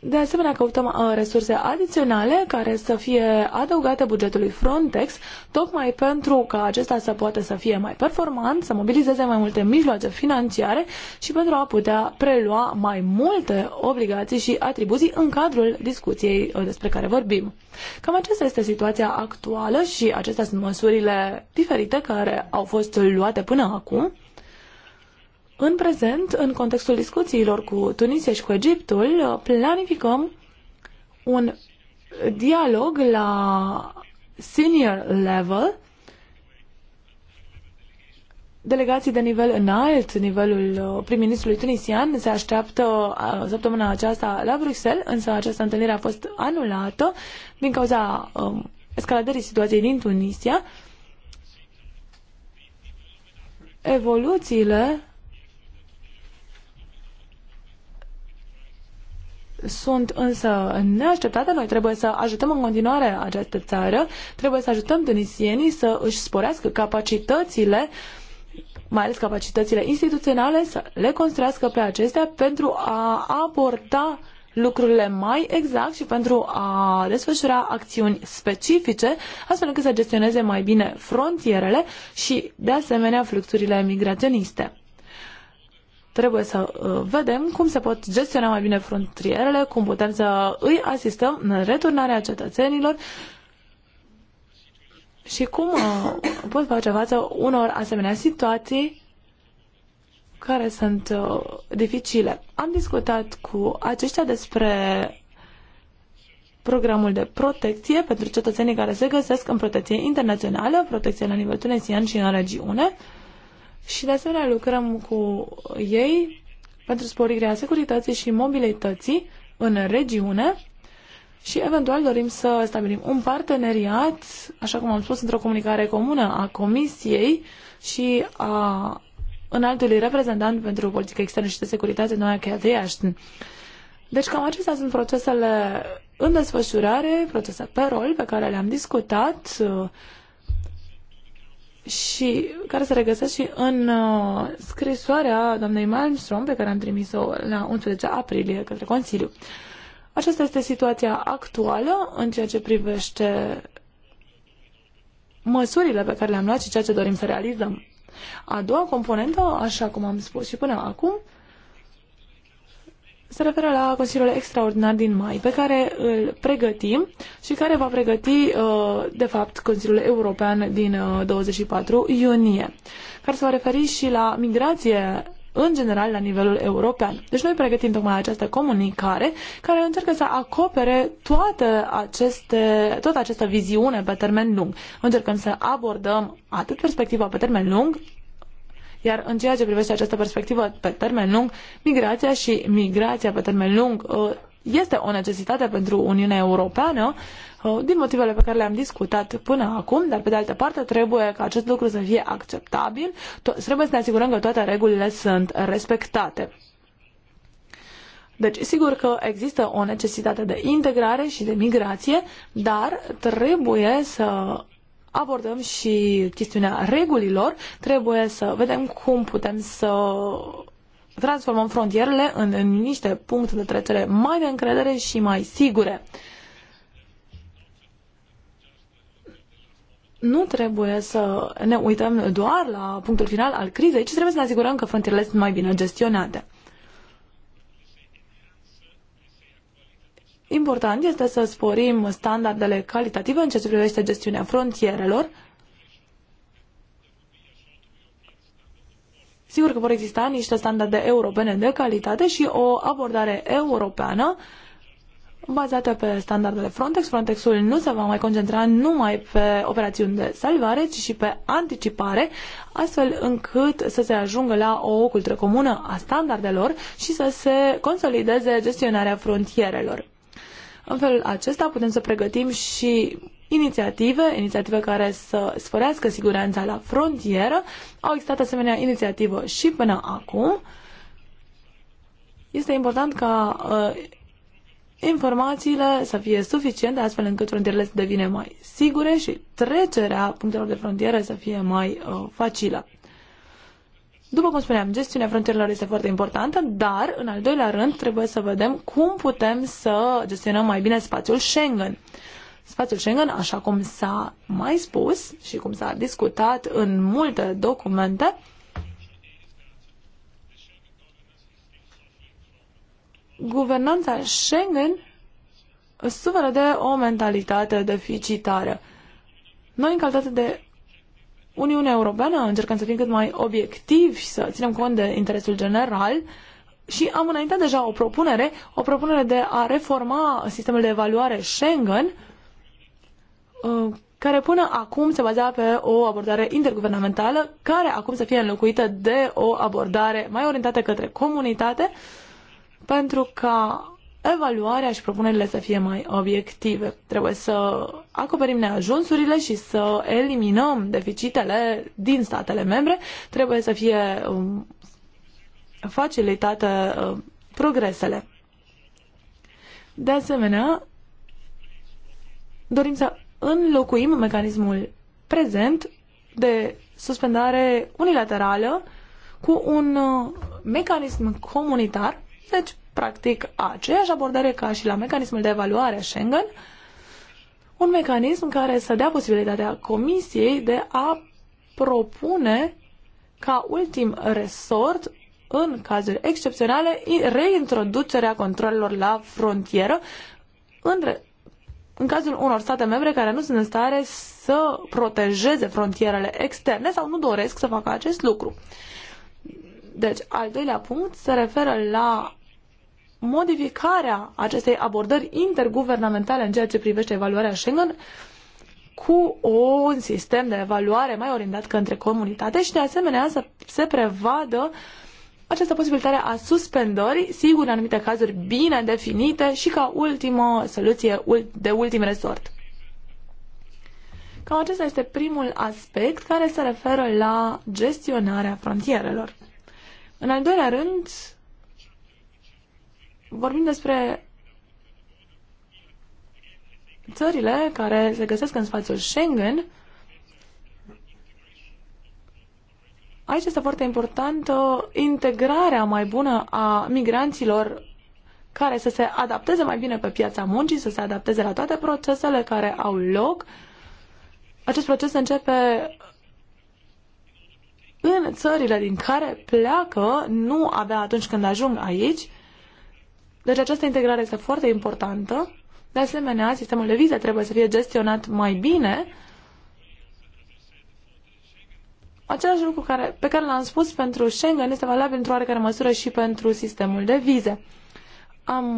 De asemenea, căutăm uh, resurse adiționale care să fie adăugate bugetului Frontex, tocmai pentru ca acesta să poată să fie mai performant, să mobilizeze mai multe mijloace financiare și pentru a putea prelua mai multe obligații și atribuții în cadrul discuției uh, despre care vorbim. Cam aceasta este situația actuală și acestea sunt măsurile diferite care au fost luate până acum. În prezent, în contextul discuțiilor cu Tunisia și cu Egiptul, planificăm un dialog la senior level, delegații de nivel înalt, nivelul uh, prim-ministrului tunisian, se așteaptă uh, săptămâna aceasta la Bruxelles, însă această întâlnire a fost anulată din cauza um, escaladării situației din Tunisia. Evoluțiile sunt însă neașteptate. Noi trebuie să ajutăm în continuare această țară, trebuie să ajutăm tunisienii să își sporească capacitățile mai ales capacitățile instituționale, să le construiască pe acestea pentru a aborda lucrurile mai exact și pentru a desfășura acțiuni specifice, astfel încât să gestioneze mai bine frontierele și, de asemenea, fluxurile migraționiste trebuie să uh, vedem cum se pot gestiona mai bine frontierele, cum putem să îi asistăm în returnarea cetățenilor și cum uh, pot face față unor asemenea situații care sunt uh, dificile. Am discutat cu aceștia despre programul de protecție pentru cetățenii care se găsesc în protecție internațională, protecție la nivel tunesian și în regiune și de asemenea lucrăm cu ei pentru sporirea securității și mobilității în regiune și eventual dorim să stabilim un parteneriat, așa cum am spus, într-o comunicare comună a Comisiei și a înaltului reprezentant pentru politică externă și de securitate, Noia Cathy Ashton. Deci cam acestea sunt procesele în desfășurare, procese pe rol pe care le-am discutat și care se regăsesc și în uh, scrisoarea doamnei Malmström pe care am trimis-o la 11 aprilie către Consiliu. Aceasta este situația actuală în ceea ce privește măsurile pe care le-am luat și ceea ce dorim să realizăm. A doua componentă, așa cum am spus și până acum, se referă la Consiliul Extraordinar din mai, pe care îl pregătim și care va pregăti, uh, de fapt, Consiliul European din 24 uh, iunie, care se va referi și la migrație în general la nivelul european. Deci noi pregătim tocmai această comunicare care încearcă să acopere toate aceste, toată această viziune pe termen lung. Încercăm să abordăm atât perspectiva pe termen lung, iar în ceea ce privește această perspectivă pe termen lung, migrația și migrația pe termen lung uh, este o necesitate pentru Uniunea Europeană uh, din motivele pe care le-am discutat până acum, dar pe de altă parte trebuie ca acest lucru să fie acceptabil, trebuie să ne asigurăm că toate regulile sunt respectate. Deci, sigur că există o necesitate de integrare și de migrație, dar trebuie să abordăm și chestiunea regulilor. Trebuie să vedem cum putem să transformăm frontierele în, în niște puncte de trecere mai de încredere și mai sigure. nu trebuie să ne uităm doar la punctul final al crizei, ci trebuie să ne asigurăm că frontierele sunt mai bine gestionate. Important este să sporim standardele calitative în ceea ce privește gestiunea frontierelor. Sigur că vor exista niște standarde europene de calitate și o abordare europeană bazată pe standardele Frontex. Frontexul nu se va mai concentra numai pe operațiuni de salvare, ci și pe anticipare, astfel încât să se ajungă la o cultură comună a standardelor și să se consolideze gestionarea frontierelor. În felul acesta putem să pregătim și inițiative, inițiative care să sporească siguranța la frontieră. Au existat asemenea inițiativă și până acum. Este important ca uh, informațiile să fie suficiente astfel încât frontierele să devină mai sigure și trecerea punctelor de frontieră să fie mai uh, facilă. După cum spuneam, gestiunea frontierelor este foarte importantă, dar, în al doilea rând, trebuie să vedem cum putem să gestionăm mai bine spațiul Schengen. Spațiul Schengen, așa cum s-a mai spus și cum s-a discutat în multe documente, guvernanța Schengen suferă de o mentalitate deficitară. Noi, în calitate de Uniunea Europeană, încercăm să fim cât mai obiectivi și să ținem cont de interesul general și am înaintat deja o propunere, o propunere de a reforma sistemul de evaluare Schengen, uh, care până acum se baza pe o abordare interguvernamentală, care acum să fie înlocuită de o abordare mai orientată către comunitate, pentru ca evaluarea și propunerile să fie mai obiective. Trebuie să acoperim neajunsurile și să eliminăm deficitele din statele membre. Trebuie să fie um, facilitate uh, progresele. De asemenea, dorim să înlocuim mecanismul prezent de suspendare unilaterală cu un uh, mecanism comunitar, deci practic aceeași abordare ca și la mecanismul de evaluare a Schengen, un mecanism care să dea posibilitatea Comisiei de a propune ca ultim resort în cazuri excepționale reintroducerea controlelor la frontieră în, în cazul unor state membre care nu sunt în stare să protejeze frontierele externe sau nu doresc să facă acest lucru. Deci, al doilea punct se referă la modificarea acestei abordări interguvernamentale în ceea ce privește evaluarea Schengen cu un sistem de evaluare mai orientat către comunitate și de asemenea să se prevadă această posibilitate a suspendării, sigur, în anumite cazuri bine definite și ca ultimă soluție de ultim resort. Cam acesta este primul aspect care se referă la gestionarea frontierelor. În al doilea rând, vorbim despre țările care se găsesc în spațiul Schengen, aici este foarte importantă integrarea mai bună a migranților care să se adapteze mai bine pe piața muncii, să se adapteze la toate procesele care au loc. Acest proces începe în țările din care pleacă, nu abia atunci când ajung aici, deci această integrare este foarte importantă. De asemenea, sistemul de vize trebuie să fie gestionat mai bine. Același lucru care, pe care l-am spus pentru Schengen este valabil într-o oarecare măsură și pentru sistemul de vize. Am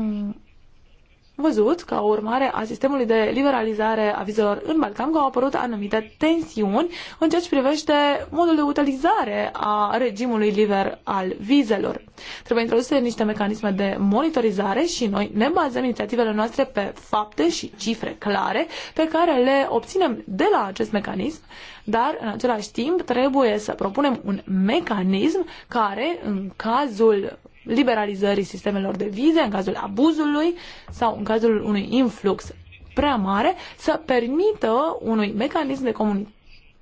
văzut, ca urmare a sistemului de liberalizare a vizelor în Balcan, că au apărut anumite tensiuni în ceea ce privește modul de utilizare a regimului liber al vizelor. Trebuie introduse niște mecanisme de monitorizare și noi ne bazăm inițiativele noastre pe fapte și cifre clare pe care le obținem de la acest mecanism, dar în același timp trebuie să propunem un mecanism care, în cazul liberalizării sistemelor de vize, în cazul abuzului sau în cazul unui influx prea mare, să permită unui mecanism de comun-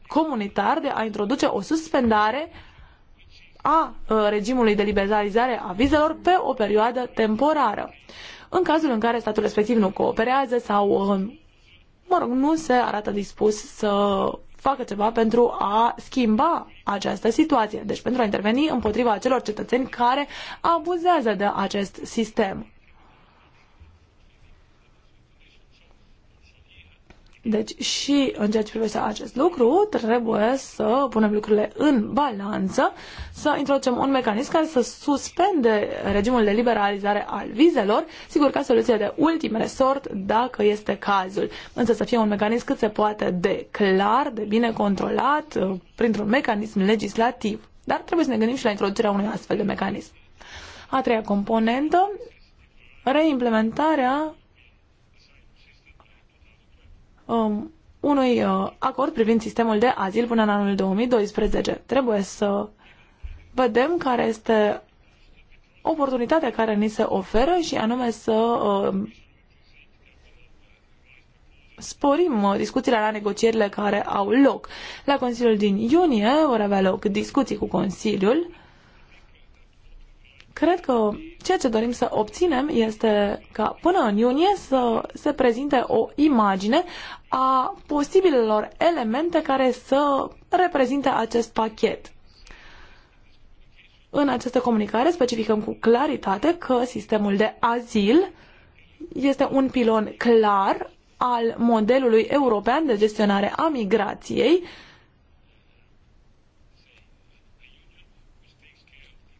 comunitar de a introduce o suspendare a uh, regimului de liberalizare a vizelor pe o perioadă temporară. În cazul în care statul respectiv nu cooperează sau, uh, mă rog, nu se arată dispus să facă ceva pentru a schimba această situație, deci pentru a interveni împotriva acelor cetățeni care abuzează de acest sistem. Deci și în ceea ce privește acest lucru, trebuie să punem lucrurile în balanță, să introducem un mecanism care să suspende regimul de liberalizare al vizelor, sigur ca soluție de ultim resort, dacă este cazul. Însă să fie un mecanism cât se poate de clar, de bine controlat, uh, printr-un mecanism legislativ. Dar trebuie să ne gândim și la introducerea unui astfel de mecanism. A treia componentă, reimplementarea um, unui uh, acord privind sistemul de azil până în anul 2012. Trebuie să vedem care este oportunitatea care ni se oferă și anume să uh, sporim uh, discuțiile la negocierile care au loc. La Consiliul din iunie vor avea loc discuții cu Consiliul cred că ceea ce dorim să obținem este ca până în iunie să se prezinte o imagine a posibilelor elemente care să reprezinte acest pachet. În această comunicare specificăm cu claritate că sistemul de azil este un pilon clar al modelului european de gestionare a migrației,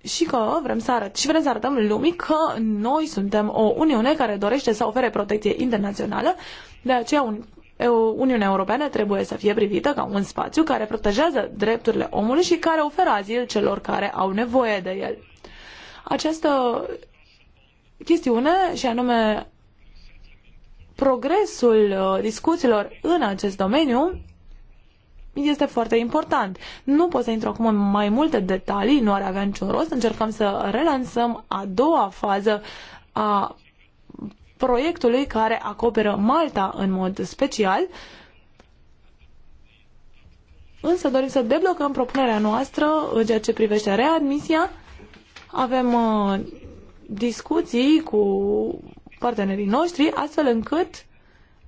și că vrem să arăt, și vrem să arătăm lumii că noi suntem o Uniune care dorește să ofere protecție internațională, de aceea un, Uniunea Europeană trebuie să fie privită ca un spațiu care protejează drepturile omului și care oferă azil celor care au nevoie de el. Această chestiune, și anume progresul uh, discuțiilor în acest domeniu, este foarte important. Nu pot să intru acum în mai multe detalii, nu are avea niciun rost. Încercăm să relansăm a doua fază a proiectului care acoperă Malta în mod special. Însă dorim să deblocăm propunerea noastră în ceea ce privește readmisia. Avem uh, discuții cu partenerii noștri, astfel încât,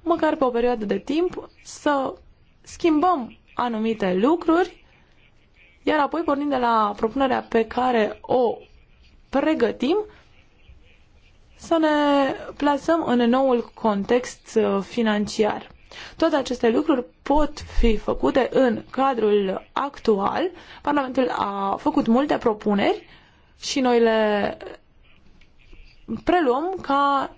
măcar pe o perioadă de timp, să schimbăm anumite lucruri, iar apoi, pornind de la propunerea pe care o pregătim, să ne plasăm în noul context uh, financiar. Toate aceste lucruri pot fi făcute în cadrul actual. Parlamentul a făcut multe propuneri și noi le preluăm ca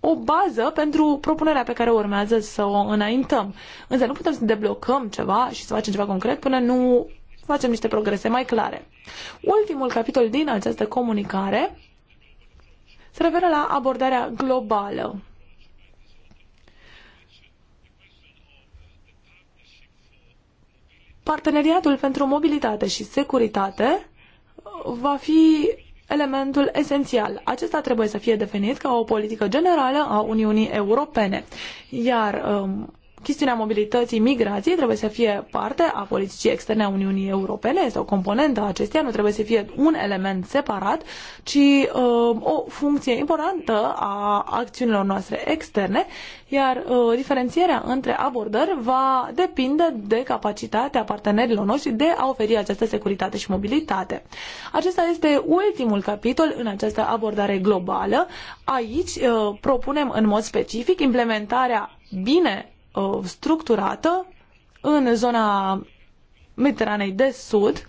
o bază pentru propunerea pe care urmează să o înaintăm. Însă nu putem să deblocăm ceva și să facem ceva concret până nu facem niște progrese mai clare. Ultimul capitol din această comunicare se referă la abordarea globală. Parteneriatul pentru mobilitate și securitate va fi elementul esențial. Acesta trebuie să fie definit ca o politică generală a Uniunii Europene. Iar um, chestiunea mobilității migrației trebuie să fie parte a politicii externe a Uniunii Europene, este o componentă a acesteia, nu trebuie să fie un element separat, ci uh, o funcție importantă a acțiunilor noastre externe, iar uh, diferențierea între abordări va depinde de capacitatea partenerilor noștri de a oferi această securitate și mobilitate. Acesta este ultimul capitol în această abordare globală. Aici uh, propunem în mod specific implementarea bine uh, structurată în zona Mediteranei de Sud.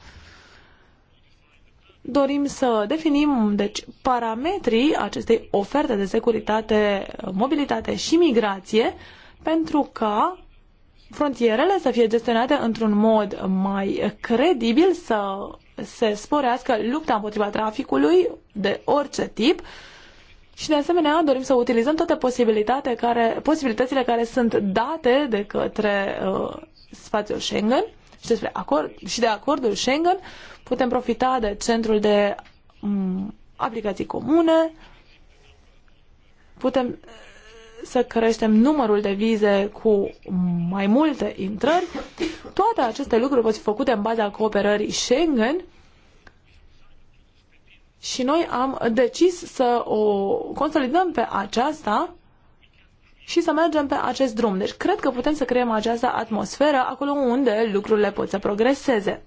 Dorim să definim deci, parametrii acestei oferte de securitate, mobilitate și migrație pentru ca frontierele să fie gestionate într-un mod mai credibil, să se sporească lupta împotriva traficului de orice tip, uh, și de asemenea dorim să utilizăm toate posibilitate care, posibilitățile care sunt date de către uh, spațiul Schengen și, despre acord, și de acordul Schengen. Putem profita de centrul de um, aplicații comune, putem uh, să creștem numărul de vize cu mai multe intrări. Toate aceste lucruri pot fi făcute în baza cooperării Schengen și noi am decis să o consolidăm pe aceasta și să mergem pe acest drum. Deci cred că putem să creăm această atmosferă acolo unde lucrurile pot să progreseze.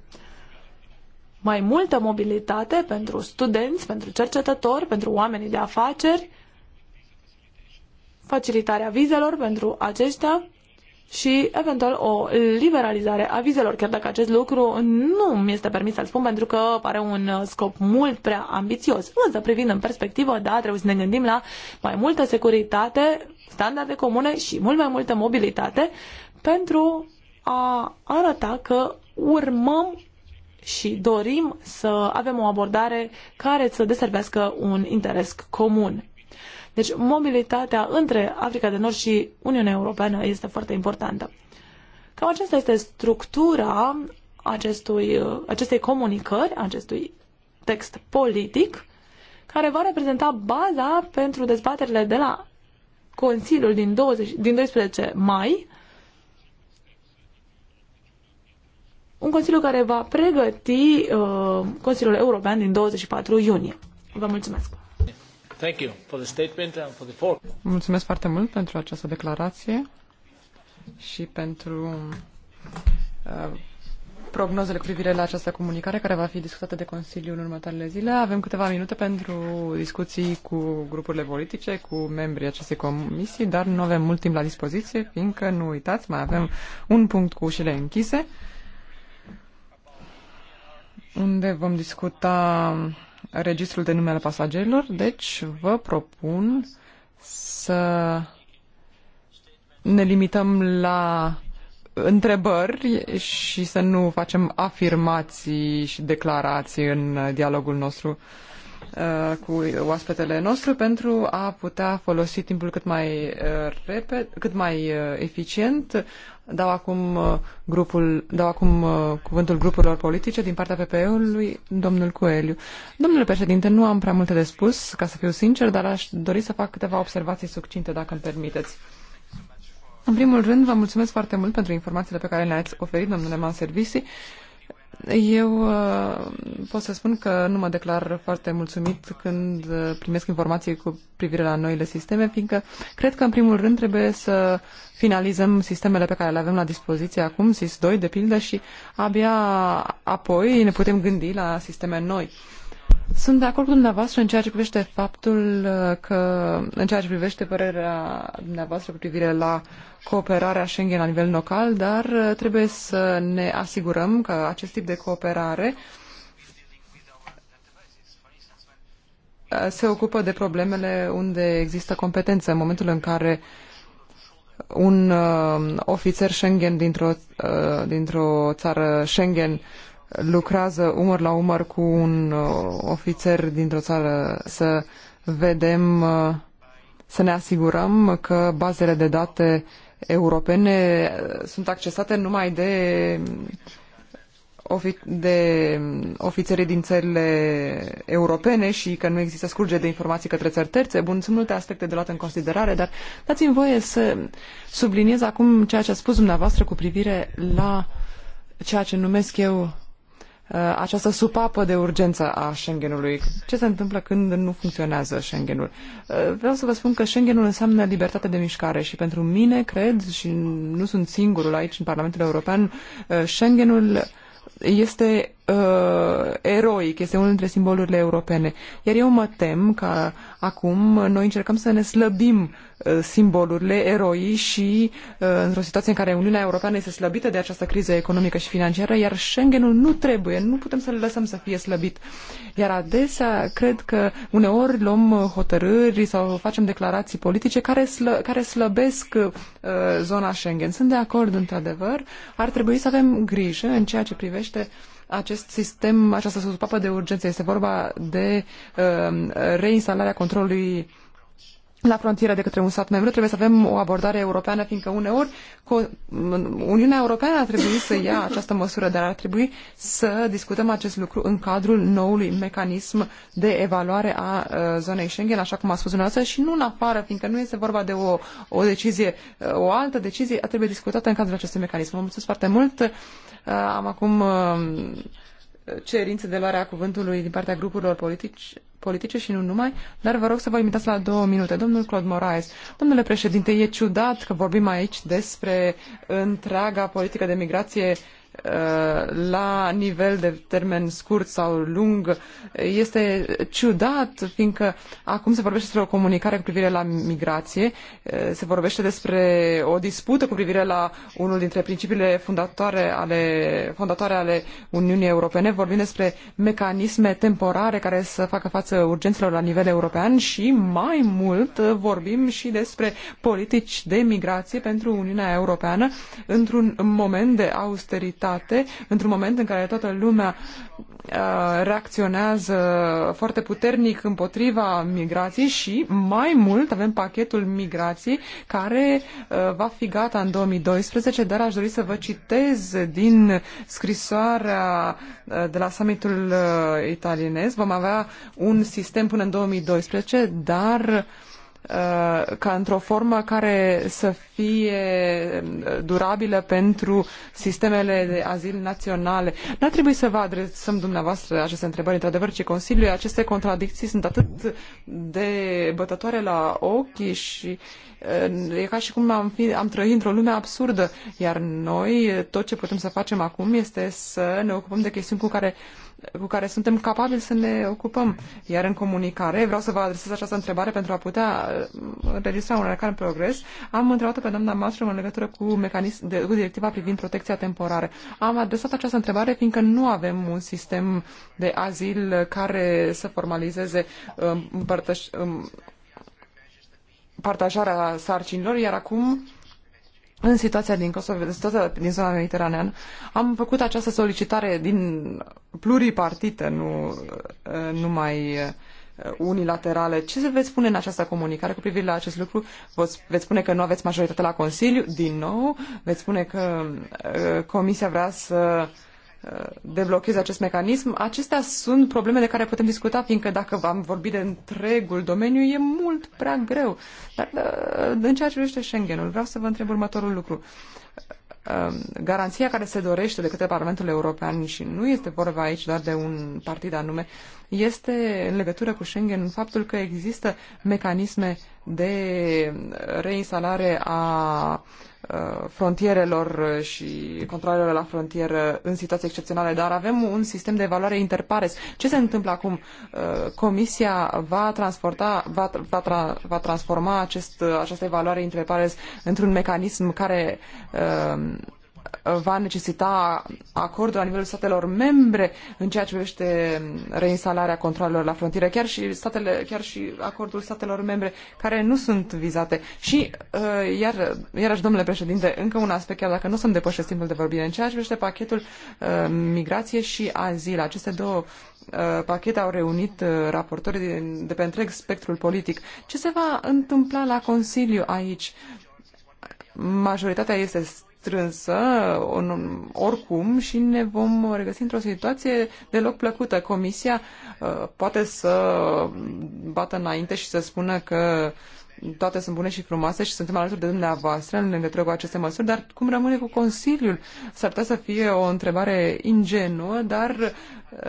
Mai multă mobilitate pentru studenți, pentru cercetători, pentru oamenii de afaceri, facilitarea vizelor pentru aceștia, și eventual o liberalizare a vizelor, chiar dacă acest lucru nu mi este permis să-l spun pentru că pare un uh, scop mult prea ambițios. Însă, privind în perspectivă, da, trebuie să ne gândim la mai multă securitate, standarde comune și mult mai multă mobilitate pentru a arăta că urmăm și dorim să avem o abordare care să deservească un interes comun. Deci mobilitatea între Africa de Nord și Uniunea Europeană este foarte importantă. Cam aceasta este structura acestui, acestei comunicări, acestui text politic, care va reprezenta baza pentru dezbaterile de la Consiliul din, 20, din 12 mai, un consiliu care va pregăti uh, Consiliul European din 24 iunie. Vă mulțumesc! Mulțumesc foarte mult pentru această declarație și pentru uh, prognozele cu privire la această comunicare care va fi discutată de Consiliu în următoarele zile. Avem câteva minute pentru discuții cu grupurile politice, cu membrii acestei comisii, dar nu avem mult timp la dispoziție, fiindcă, nu uitați, mai avem un punct cu ușile închise, unde vom discuta registrul de numele pasagerilor, deci vă propun să ne limităm la întrebări și să nu facem afirmații și declarații în dialogul nostru uh, cu oaspetele nostru pentru a putea folosi timpul cât mai uh, repede, cât mai uh, eficient. Dau acum, uh, grupul, dau acum uh, cuvântul grupurilor politice din partea PPE-ului, domnul Coeliu. Domnule președinte, nu am prea multe de spus, ca să fiu sincer, dar aș dori să fac câteva observații succinte, dacă îmi permiteți. În primul rând, vă mulțumesc foarte mult pentru informațiile pe care le-ați oferit, domnule Manservisi. Servisi eu uh, pot să spun că nu mă declar foarte mulțumit când uh, primesc informații cu privire la noile sisteme, fiindcă cred că, în primul rând, trebuie să finalizăm sistemele pe care le avem la dispoziție acum, SIS-2, de pildă, și abia apoi ne putem gândi la sisteme noi. Sunt de acord cu dumneavoastră în ceea ce privește faptul uh, că, în ceea ce privește părerea dumneavoastră cu privire la cooperarea Schengen la nivel local, dar uh, trebuie să ne asigurăm că acest tip de cooperare uh, se ocupă de problemele unde există competență. În momentul în care un uh, ofițer Schengen dintr-o, uh, dintr-o țară Schengen uh, lucrează umăr la umăr cu un uh, ofițer dintr-o țară, să vedem, uh, să ne asigurăm că bazele de date europene uh, sunt accesate numai de, um, ofi- de um, ofițerii din țările europene și că nu există scurge de informații către țări terțe. Bun, sunt multe aspecte de luat în considerare, dar dați-mi voie să subliniez acum ceea ce a spus dumneavoastră cu privire la ceea ce numesc eu Uh, această supapă de urgență a Schengenului. Ce se întâmplă când nu funcționează Schengenul? Uh, vreau să vă spun că Schengenul înseamnă libertate de mișcare și pentru mine, cred, și nu sunt singurul aici în Parlamentul European, uh, Schengenul este uh, eroic, este unul dintre simbolurile europene. Iar eu mă tem că Acum noi încercăm să ne slăbim uh, simbolurile, eroii și uh, într-o situație în care Uniunea Europeană este slăbită de această criză economică și financiară, iar Schengenul nu trebuie, nu putem să-l lăsăm să fie slăbit. Iar adesea cred că uneori luăm hotărâri sau facem declarații politice care, slă, care slăbesc uh, zona Schengen. Sunt de acord, într-adevăr, ar trebui să avem grijă în ceea ce privește uh, acest sistem, această supapă de urgență. Este vorba de uh, reinstalarea controlului la frontieră de către un stat membru, trebuie să avem o abordare europeană, fiindcă uneori Uniunea Europeană ar trebui să ia această măsură, dar ar trebui să discutăm acest lucru în cadrul noului mecanism de evaluare a uh, zonei Schengen, așa cum a spus dumneavoastră, și nu în afară, fiindcă nu este vorba de o, o decizie, uh, o altă decizie, trebuie discutată în cadrul acestui mecanism. Vă mulțumesc foarte mult. Uh, am acum cerințe de luare a cuvântului din partea grupurilor politici, politice și nu numai, dar vă rog să vă limitați la două minute. Domnul Claude Moraes, domnule președinte, e ciudat că vorbim aici despre întreaga politică de migrație uh, la nivel de termen scurt sau lung este ciudat, fiindcă acum se vorbește despre o comunicare cu privire la migrație, se vorbește despre o dispută cu privire la unul dintre principiile fondatoare ale, fondatoare ale Uniunii Europene, vorbim despre mecanisme temporare care să facă față urgențelor la nivel european și mai mult vorbim și despre politici de migrație pentru Uniunea Europeană într-un moment de austeritate dreptate într-un moment în care toată lumea uh, reacționează foarte puternic împotriva migrației și mai mult avem pachetul migrației care uh, va fi gata în 2012, dar aș dori să vă citez din scrisoarea uh, de la summitul italienez. Vom avea un sistem până în 2012, dar Uh, ca într-o formă care să fie uh, durabilă pentru sistemele de azil naționale. Nu ar trebui să vă adresăm dumneavoastră aceste întrebări. Într-adevăr, ce Consiliul, aceste contradicții sunt atât de bătătoare la ochi și E ca și cum am, fi, am trăit într-o lume absurdă, iar noi tot ce putem să facem acum este să ne ocupăm de chestiuni cu care cu care suntem capabili să ne ocupăm. Iar în comunicare, vreau să vă adresez această întrebare pentru a putea uh, înregistra un oarecare progres, am întrebat-o pe doamna Mastrom în legătură cu, mecanism, de, cu directiva privind protecția temporară. Am adresat această întrebare fiindcă nu avem un sistem de azil care să formalizeze uh, împărtăș, um, partajarea sarcinilor, iar acum în situația din Kosovo, în situația din zona mediteraneană, am făcut această solicitare din pluripartită, nu eh, numai eh, unilaterale. Ce se veți spune în această comunicare cu privire la acest lucru? Veți spune că nu aveți majoritate la Consiliu, din nou, veți spune că eh, Comisia vrea să uh, Uh, deblocheze acest mecanism. Acestea sunt probleme de care putem discuta, fiindcă dacă v-am vorbit de întregul domeniu, e mult prea greu. Dar uh, în ceea ce privește Schengenul, vreau să vă întreb următorul lucru. Uh, um, garanția care se dorește de către Parlamentul European și nu este vorba aici doar de un partid anume, este în legătură cu Schengen faptul că există mecanisme de reinstalare a uh, frontierelor și controlelor la frontieră în situații excepționale, dar avem un sistem de evaluare interpares. Ce se întâmplă acum? Uh, Comisia va, transporta, va, va, tra, va transforma acest, această evaluare interpares într-un mecanism care uh, va necesita acordul la nivelul statelor membre în ceea ce privește reinstalarea controlelor la frontieră, chiar și, statele, chiar și acordul statelor membre care nu sunt vizate. Și, uh, iar, iarăși, domnule președinte, încă un aspect, chiar dacă nu o să-mi depășesc timpul de vorbire, în ceea ce privește pachetul uh, migrație și azil, aceste două uh, pachete au reunit uh, raportorii de pe întreg spectrul politic. Ce se va întâmpla la Consiliu aici? Majoritatea este strânsă, oricum, și ne vom regăsi într-o situație deloc plăcută. Comisia uh, poate să bată înainte și să spună că toate sunt bune și frumoase și suntem alături de dumneavoastră în legătură cu aceste măsuri, dar cum rămâne cu Consiliul? S-ar putea să fie o întrebare ingenuă, dar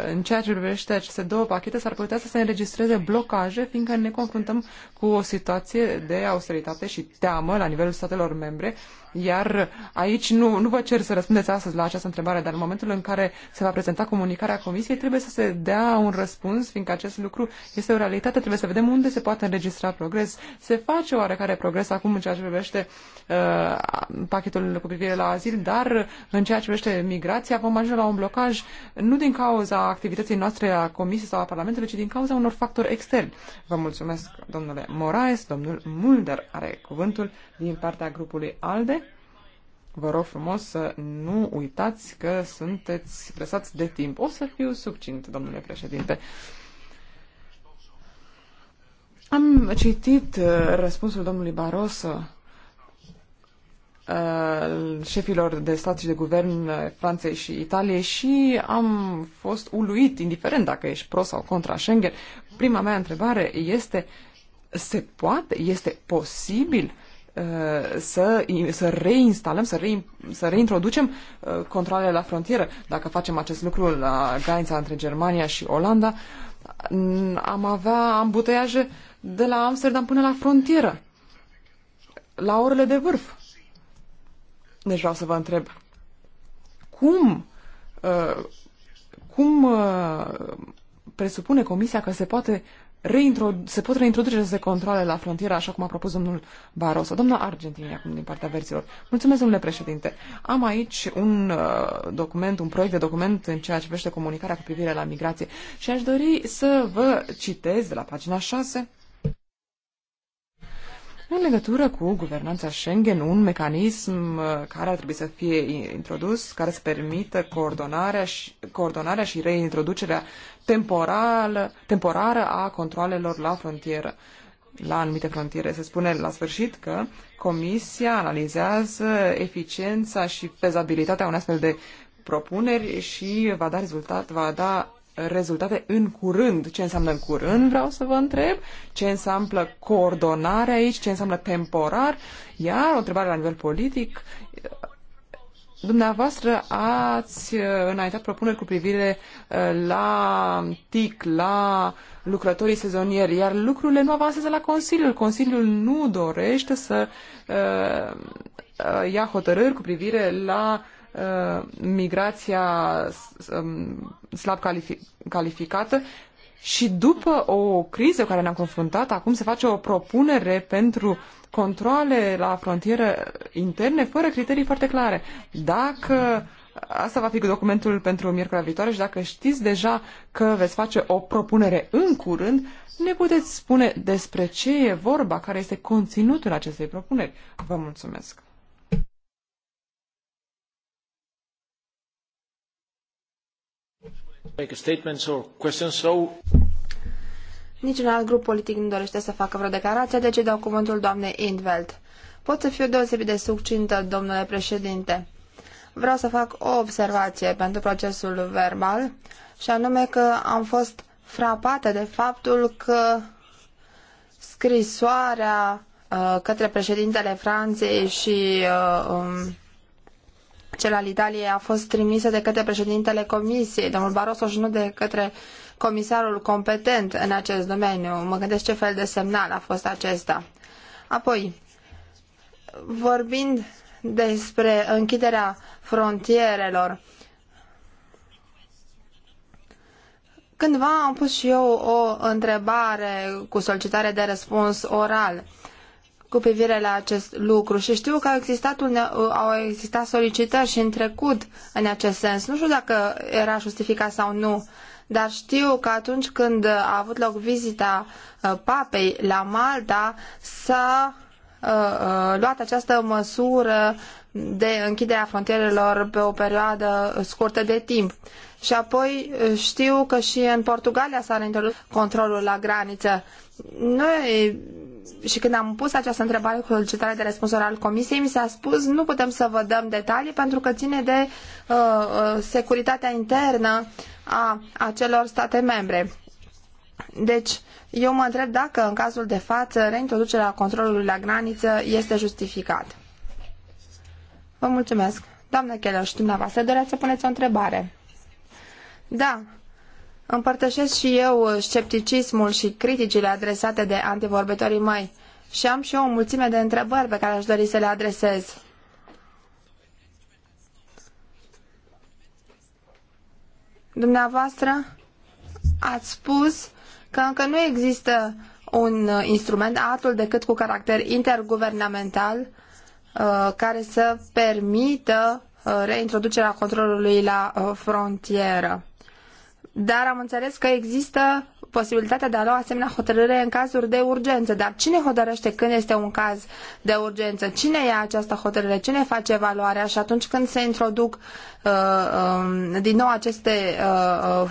în ceea ce privește aceste două pachete, s-ar putea să se înregistreze blocaje, fiindcă ne confruntăm cu o situație de austeritate și teamă la nivelul statelor membre, iar aici nu, nu vă cer să răspundeți astăzi la această întrebare, dar în momentul în care se va prezenta comunicarea Comisiei, trebuie să se dea un răspuns, fiindcă acest lucru este o realitate, trebuie să vedem unde se poate înregistra progres. Se face oarecare progres acum în ceea ce privește uh, pachetul cu privire la azil, dar în ceea ce privește migrația vom ajunge la un blocaj nu din cauza cauza activității noastre a Comisiei sau a Parlamentului, ci din cauza unor factori externi. Vă mulțumesc, domnule Moraes. Domnul Mulder are cuvântul din partea grupului ALDE. Vă rog frumos să nu uitați că sunteți presați de timp. O să fiu succint, domnule președinte. Am citit uh, răspunsul domnului Barroso Uh, șefilor de stat și de guvern Franței și Italiei și am fost uluit, indiferent dacă ești pro sau contra Schengen. Prima mea întrebare este, se poate, este posibil uh, să, să reinstalăm, să, re, să reintroducem uh, controlele la frontieră. Dacă facem acest lucru la granița între Germania și Olanda, am avea ambuteiaje de la Amsterdam până la frontieră, la orele de vârf. Deci vreau să vă întreb, cum, uh, cum uh, presupune Comisia că se poate se pot reintroduce aceste controle la frontieră, așa cum a propus domnul Barroso. Doamna Argentinii, acum, din partea verților. Mulțumesc, domnule președinte. Am aici un uh, document, un proiect de document în ceea ce privește comunicarea cu privire la migrație și aș dori să vă citez de la pagina 6 în legătură cu guvernanța Schengen, un mecanism uh, care ar trebui să fie introdus, care să permită coordonarea și, coordonarea și reintroducerea temporală, temporară a controlelor la frontieră la anumite frontiere. Se spune la sfârșit că Comisia analizează eficiența și fezabilitatea unei astfel de propuneri și va da rezultat, va da rezultate în curând. Ce înseamnă în curând, vreau să vă întreb, ce înseamnă coordonare aici, ce înseamnă temporar, iar o întrebare la nivel politic, Dumneavoastră ați uh, înaintat propuneri cu privire uh, la TIC, la lucrătorii sezonieri, iar lucrurile nu avansează la Consiliul. Consiliul nu dorește să uh, ia hotărâri cu privire la Uh, migrația um, slab calificată și după o criză cu care ne-am confruntat, acum se face o propunere pentru controle la frontieră interne fără criterii foarte clare. Dacă asta va fi documentul pentru miercurea viitoare și dacă știți deja că veți face o propunere în curând, ne puteți spune despre ce e vorba, care este conținutul acestei propuneri. Vă mulțumesc! Niciun alt grup politic nu dorește să facă vreo declarație, deci dau cuvântul doamnei Indveld. Pot să fiu deosebit de succintă, domnule președinte. Vreau să fac o observație pentru procesul verbal, și anume că am fost frapată de faptul că scrisoarea uh, către președintele Franței și uh, um, cel al Italiei a fost trimisă de către președintele Comisiei, domnul Barroso, și nu de către comisarul competent în acest domeniu. Mă gândesc ce fel de semnal a fost acesta. Apoi, vorbind despre închiderea frontierelor, cândva am pus și eu o întrebare cu solicitare de răspuns oral cu privire la acest lucru și știu că au existat, une, au existat solicitări și în trecut în acest sens. Nu știu dacă era justificat sau nu, dar știu că atunci când a avut loc vizita uh, papei la Malta s-a uh, uh, luat această măsură de închidere a frontierelor pe o perioadă scurtă de timp. Și apoi știu că și în Portugalia s-a reintrodus controlul la graniță. Noi, și când am pus această întrebare cu solicitarea de răspuns al Comisiei, mi s-a spus nu putem să vă dăm detalii pentru că ține de uh, securitatea internă a acelor state membre. Deci, eu mă întreb dacă, în cazul de față, reintroducerea controlului la graniță este justificat. Vă mulțumesc. Doamna Keller, și dumneavoastră doreați să puneți o întrebare. Da, împărtășesc și eu scepticismul și criticile adresate de antivorbitorii mei și am și eu o mulțime de întrebări pe care aș dori să le adresez. Dumneavoastră ați spus că încă nu există un instrument, altul decât cu caracter interguvernamental, uh, care să permită uh, reintroducerea controlului la uh, frontieră dar am înțeles că există posibilitatea de a lua asemenea hotărâre în cazuri de urgență. Dar cine hotărăște când este un caz de urgență? Cine ia această hotărâre? Cine face evaluarea? Și atunci când se introduc uh, um, din nou aceste uh, uh,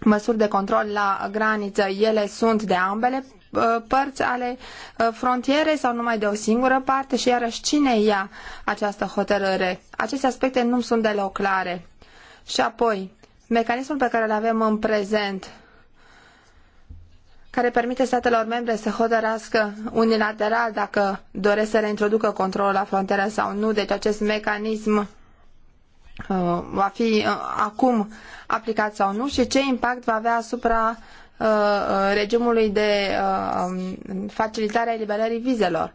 măsuri de control la graniță, ele sunt de ambele uh, părți ale uh, frontierei sau numai de o singură parte și iarăși cine ia această hotărâre? Aceste aspecte nu sunt deloc clare. Și apoi, mecanismul pe care îl avem în prezent care permite statelor membre să hotărască unilateral dacă doresc să reintroducă controlul la frontieră sau nu. Deci acest mecanism uh, va fi uh, acum aplicat sau nu și ce impact va avea asupra uh, uh regimului de uh, um, facilitare a eliberării vizelor.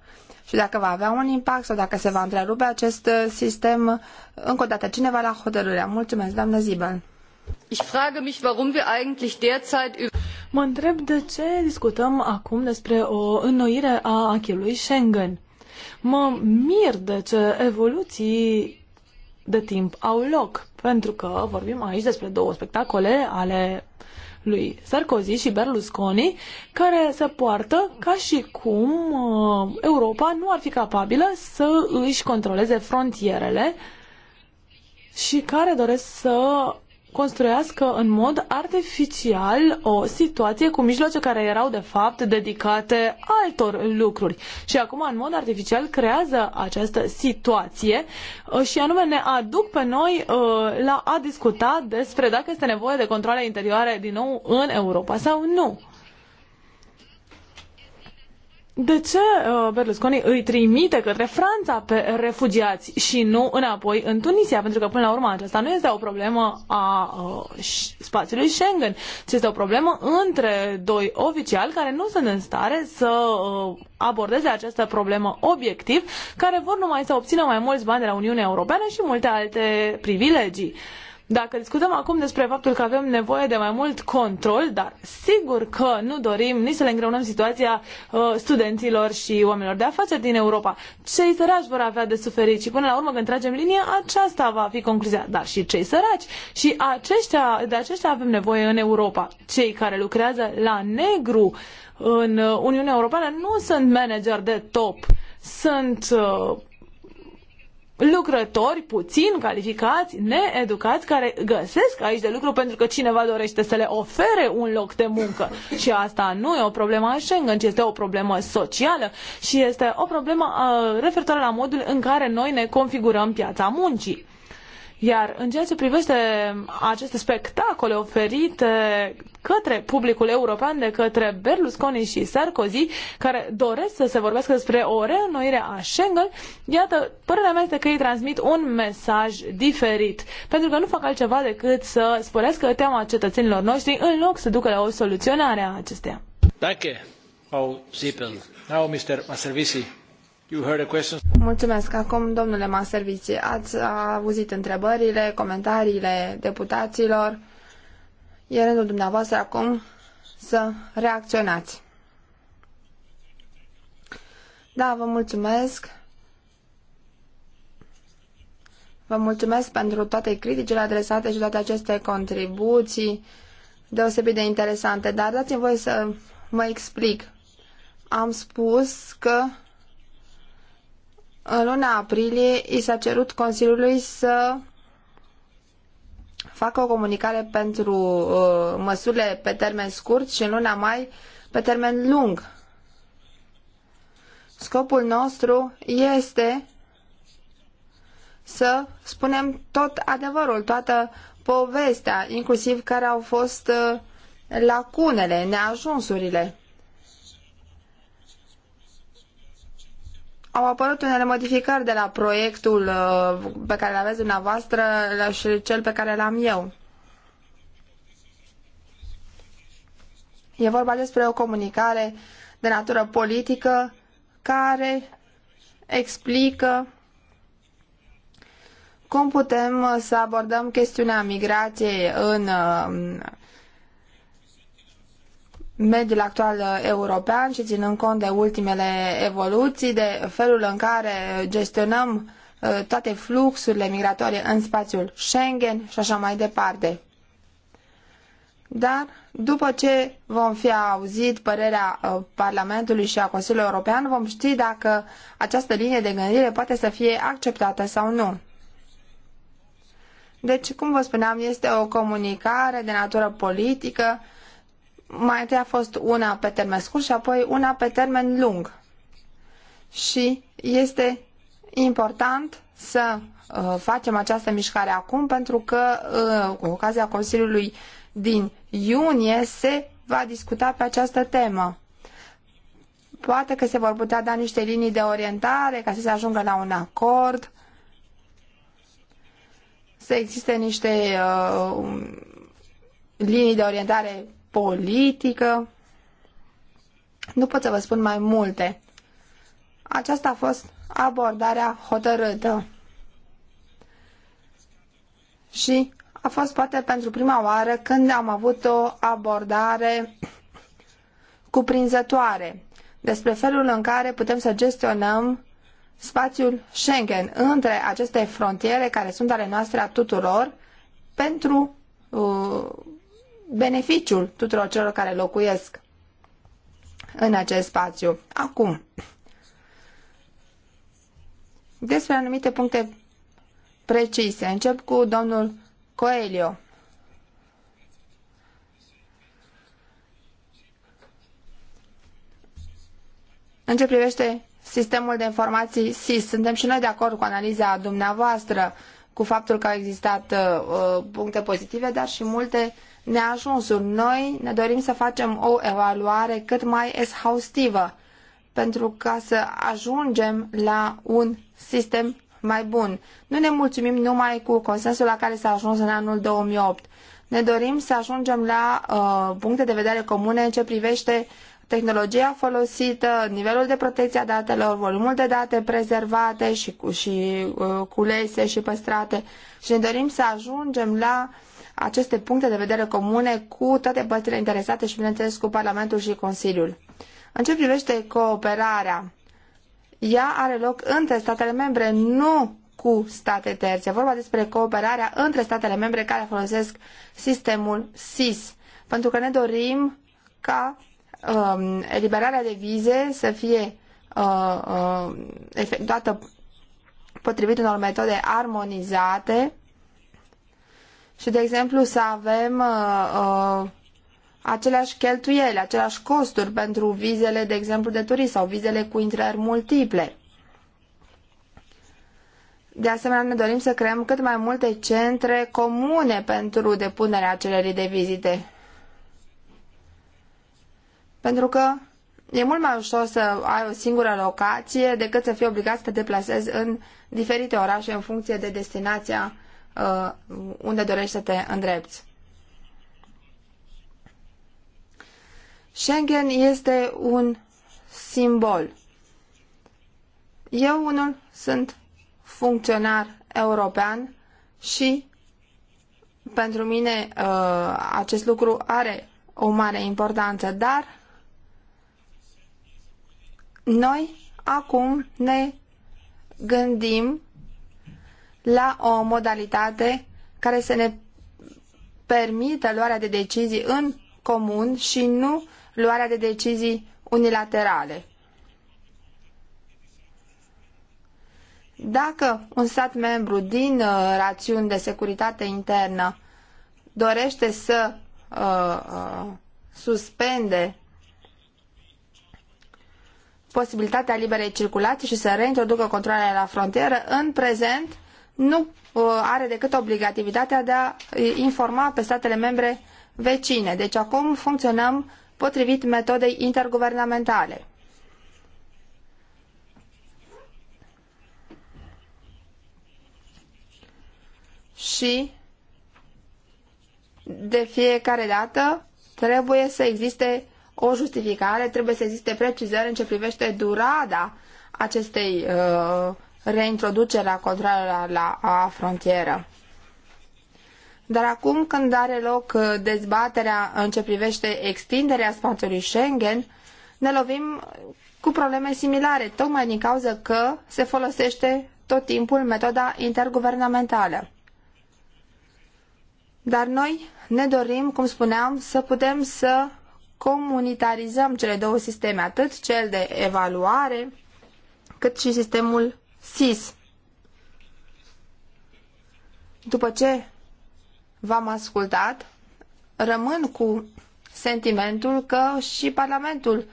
Și dacă va avea un impact sau dacă se va întrerupe acest uh, sistem, încă o dată, cine va la hotărârea? Mulțumesc, doamnă Zibel. Mă întreb de ce discutăm acum despre o înnoire a acelui Schengen. Mă mir de ce evoluții de timp au loc, pentru că vorbim aici despre două spectacole ale lui Sarkozy și Berlusconi, care se poartă ca și cum uh, Europa nu ar fi capabilă să își controleze frontierele și care doresc să construiască în mod artificial o situație cu mijloace care erau de fapt dedicate altor lucruri. Și acum în mod artificial creează această situație uh, și anume ne aduc pe noi uh, la a discuta despre dacă este nevoie de controle interioare din nou în Europa sau nu de ce uh, Berlusconi îi trimite către Franța pe refugiați și nu înapoi în Tunisia? Pentru că, până la urmă, aceasta nu este o problemă a uh, spațiului Schengen, ci este o problemă între doi oficiali care nu sunt în stare să uh, abordeze această problemă obiectiv, care vor numai să obțină mai mulți bani de la Uniunea Europeană și multe alte privilegii. Dacă discutăm acum despre faptul că avem nevoie de mai mult control, dar sigur că nu dorim nici să le îngreunăm situația uh, studenților și oamenilor de afaceri din Europa. Cei săraci vor avea de suferit și până la urmă când tragem linie, aceasta va fi concluzia. Dar și cei săraci și aceștia, de aceștia avem nevoie în Europa. Cei care lucrează la negru în Uniunea Europeană nu sunt manageri de top, sunt uh, lucrători puțin calificați, needucați, care găsesc aici de lucru pentru că cineva dorește să le ofere un loc de muncă. Și asta nu e o problemă a Schengen, ci este o problemă socială și este o problemă uh, referitoare la modul în care noi ne configurăm piața muncii. Iar în ceea ce privește aceste spectacole oferite către publicul european de către Berlusconi și Sarkozy, care doresc să se vorbească despre o reînnoire a Schengen, iată, părerea mea este că ei transmit un mesaj diferit, pentru că nu fac altceva decât să sporească teama cetățenilor noștri în loc să ducă la o soluționare a acesteia. Danke, Frau Siepel. Now, Mr. Maservisi. Mulțumesc. Acum, domnule Maservici, ați auzit întrebările, comentariile deputaților. E rândul dumneavoastră acum să reacționați. Da, vă mulțumesc. Vă mulțumesc pentru toate criticile adresate și toate aceste contribuții deosebit de interesante, dar dați-mi voie să mă explic. Am spus că în luna aprilie i s-a cerut Consiliului să facă o comunicare pentru uh, măsurile pe termen scurt și în luna mai pe termen lung. Scopul nostru este să spunem tot adevărul, toată povestea, inclusiv care au fost uh, lacunele, neajunsurile. Au apărut unele modificări de la proiectul uh, pe care îl aveți dumneavoastră și cel pe care l-am eu. E vorba despre o comunicare de natură politică care explică cum putem să abordăm chestiunea migrației în uh, mediul actual uh, european și ținând cont de ultimele evoluții, de felul în care gestionăm uh, toate fluxurile migratorii în spațiul Schengen și așa mai departe. Dar după ce vom fi auzit părerea uh, Parlamentului și a Consiliului European, vom ști dacă această linie de gândire poate să fie acceptată sau nu. Deci, cum vă spuneam, este o comunicare de natură politică mai întâi a fost una pe termen scurt și apoi una pe termen lung. Și este important să uh, facem această mișcare acum pentru că uh, cu ocazia Consiliului din iunie se va discuta pe această temă. Poate că se vor putea da niște linii de orientare ca să se ajungă la un acord, să existe niște uh, linii de orientare politică. Nu pot să vă spun mai multe. Aceasta a fost abordarea hotărâtă. Și a fost poate pentru prima oară când am avut o abordare cuprinzătoare despre felul în care putem să gestionăm spațiul Schengen între aceste frontiere care sunt ale noastre a tuturor pentru uh, beneficiul tuturor celor care locuiesc în acest spațiu. Acum, despre anumite puncte precise. Încep cu domnul Coelho. În ce privește sistemul de informații SIS, suntem și noi de acord cu analiza dumneavoastră, cu faptul că au existat uh, uh puncte pozitive, dar și multe uh, neajunsuri. Noi ne dorim să facem o evaluare cât mai exhaustivă pentru ca să ajungem la un sistem mai bun. Nu ne mulțumim numai cu consensul la care s-a ajuns în anul 2008. Ne dorim să ajungem la uh, puncte de vedere comune în ce privește tehnologia folosită, nivelul de protecție a datelor, volumul de date prezervate și, și uh, culese și păstrate și ne dorim să ajungem la uh, aceste puncte de vedere comune cu toate părțile interesate și, bineînțeles, cu Parlamentul și Consiliul. În ce privește cooperarea, ea are loc între statele membre, nu cu state terțe. Vorba despre cooperarea între statele membre care folosesc sistemul SIS, pentru că ne dorim ca um, eliberarea de vize să fie uh, uh, efectuată potrivit unor metode armonizate și, de exemplu, să avem uh, uh, aceleași cheltuieli, aceleași costuri pentru vizele, de exemplu, de turist sau vizele cu intrări multiple. De asemenea, ne dorim să creăm cât mai multe centre comune pentru depunerea cererii de vizite. Pentru că e mult mai ușor să ai o singură locație decât să fii obligat să te deplasezi în diferite orașe în funcție de destinația uh, unde dorești să te îndrepți. Schengen este un simbol. Eu unul sunt funcționar european și pentru mine uh, acest lucru are o mare importanță, dar noi acum ne gândim la o modalitate care să ne permită luarea de decizii în comun și nu luarea de decizii unilaterale. Dacă un stat membru din uh, rațiuni de securitate internă dorește să uh, uh, suspende posibilitatea liberei circulații și să reintroducă controlele la frontieră, în prezent nu uh, are decât obligativitatea de a uh, informa pe statele membre vecine. Deci acum funcționăm potrivit metodei interguvernamentale. Și de fiecare dată trebuie să existe o justificare, trebuie să existe precizări în ce privește durada acestei uh, reintroducerea controlelor la a frontieră. Dar acum când are loc uh, dezbaterea în ce privește extinderea spațiului Schengen, ne lovim cu probleme similare, tocmai din cauza că se folosește tot timpul metoda interguvernamentală. Dar noi ne dorim, cum spuneam, să putem să comunitarizăm cele două sisteme, atât cel de evaluare, cât și sistemul SIS. După ce v-am ascultat, rămân cu sentimentul că și Parlamentul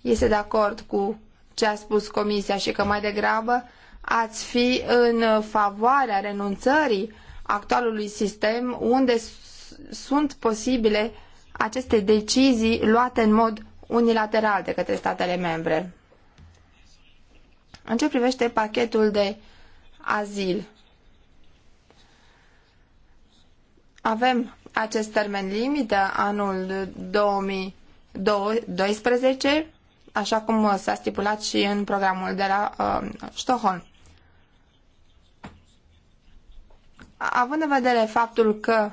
este de acord cu ce a spus Comisia și că mai degrabă ați fi în favoarea renunțării actualului sistem unde sunt posibile aceste decizii luate în mod unilateral de către statele membre. În ce privește pachetul de azil, avem acest termen limită, anul 2012, așa cum s-a stipulat și în programul de la uh, Stockholm. Având în vedere faptul că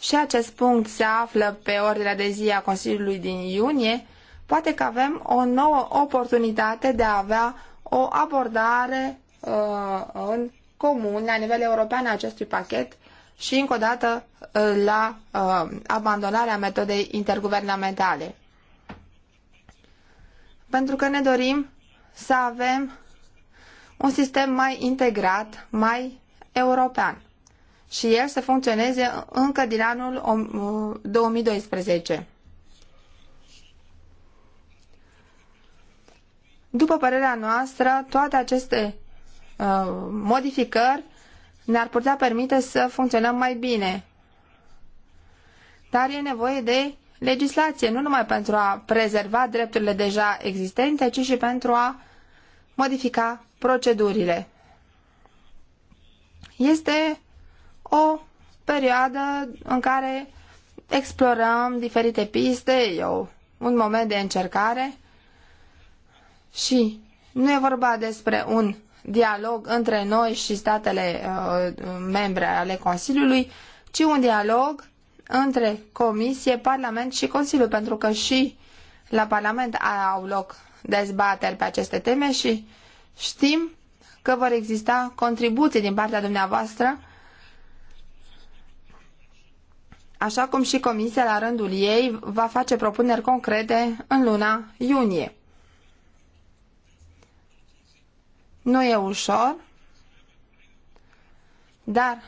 și acest punct se află pe ordinea de zi a Consiliului din iunie, poate că avem o nouă oportunitate de a avea o abordare uh, în comun la nivel european a acestui pachet și încă o dată uh, la uh, abandonarea metodei interguvernamentale. Pentru că ne dorim să avem un sistem mai integrat, mai european și el să funcționeze încă din anul 2012. După părerea noastră, toate aceste uh, modificări ne-ar putea permite să funcționăm mai bine. Dar e nevoie de legislație, nu numai pentru a prezerva drepturile deja existente, ci și pentru a modifica procedurile. Este o perioadă în care explorăm diferite piste, e un moment de încercare și nu e vorba despre un dialog între noi și statele uh, membre ale Consiliului, ci un dialog între Comisie, Parlament și Consiliu, pentru că și la Parlament au loc dezbateri pe aceste teme și știm că vor exista contribuții din partea dumneavoastră, așa cum și Comisia la rândul ei va face propuneri concrete în luna iunie. Nu e ușor, dar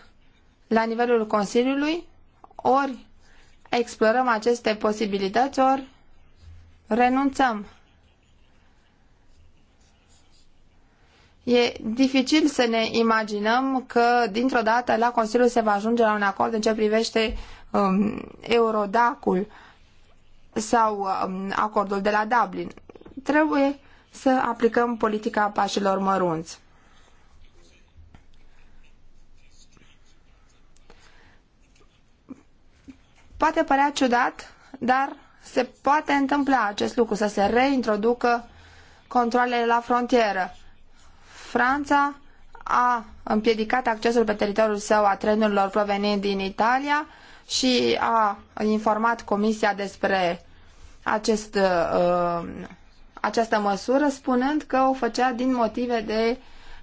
la nivelul Consiliului ori explorăm aceste posibilități, ori renunțăm. E dificil să ne imaginăm că dintr-o dată la Consiliu se va ajunge la un acord în ce privește um, Eurodacul sau um, acordul de la Dublin. Trebuie să aplicăm politica pașilor mărunți. Poate părea ciudat, dar se poate întâmpla acest lucru, să se reintroducă controlele la frontieră. Franța a împiedicat accesul pe teritoriul său a trenurilor provenind din Italia și a informat Comisia despre acest uh, această măsură spunând că o făcea din motive de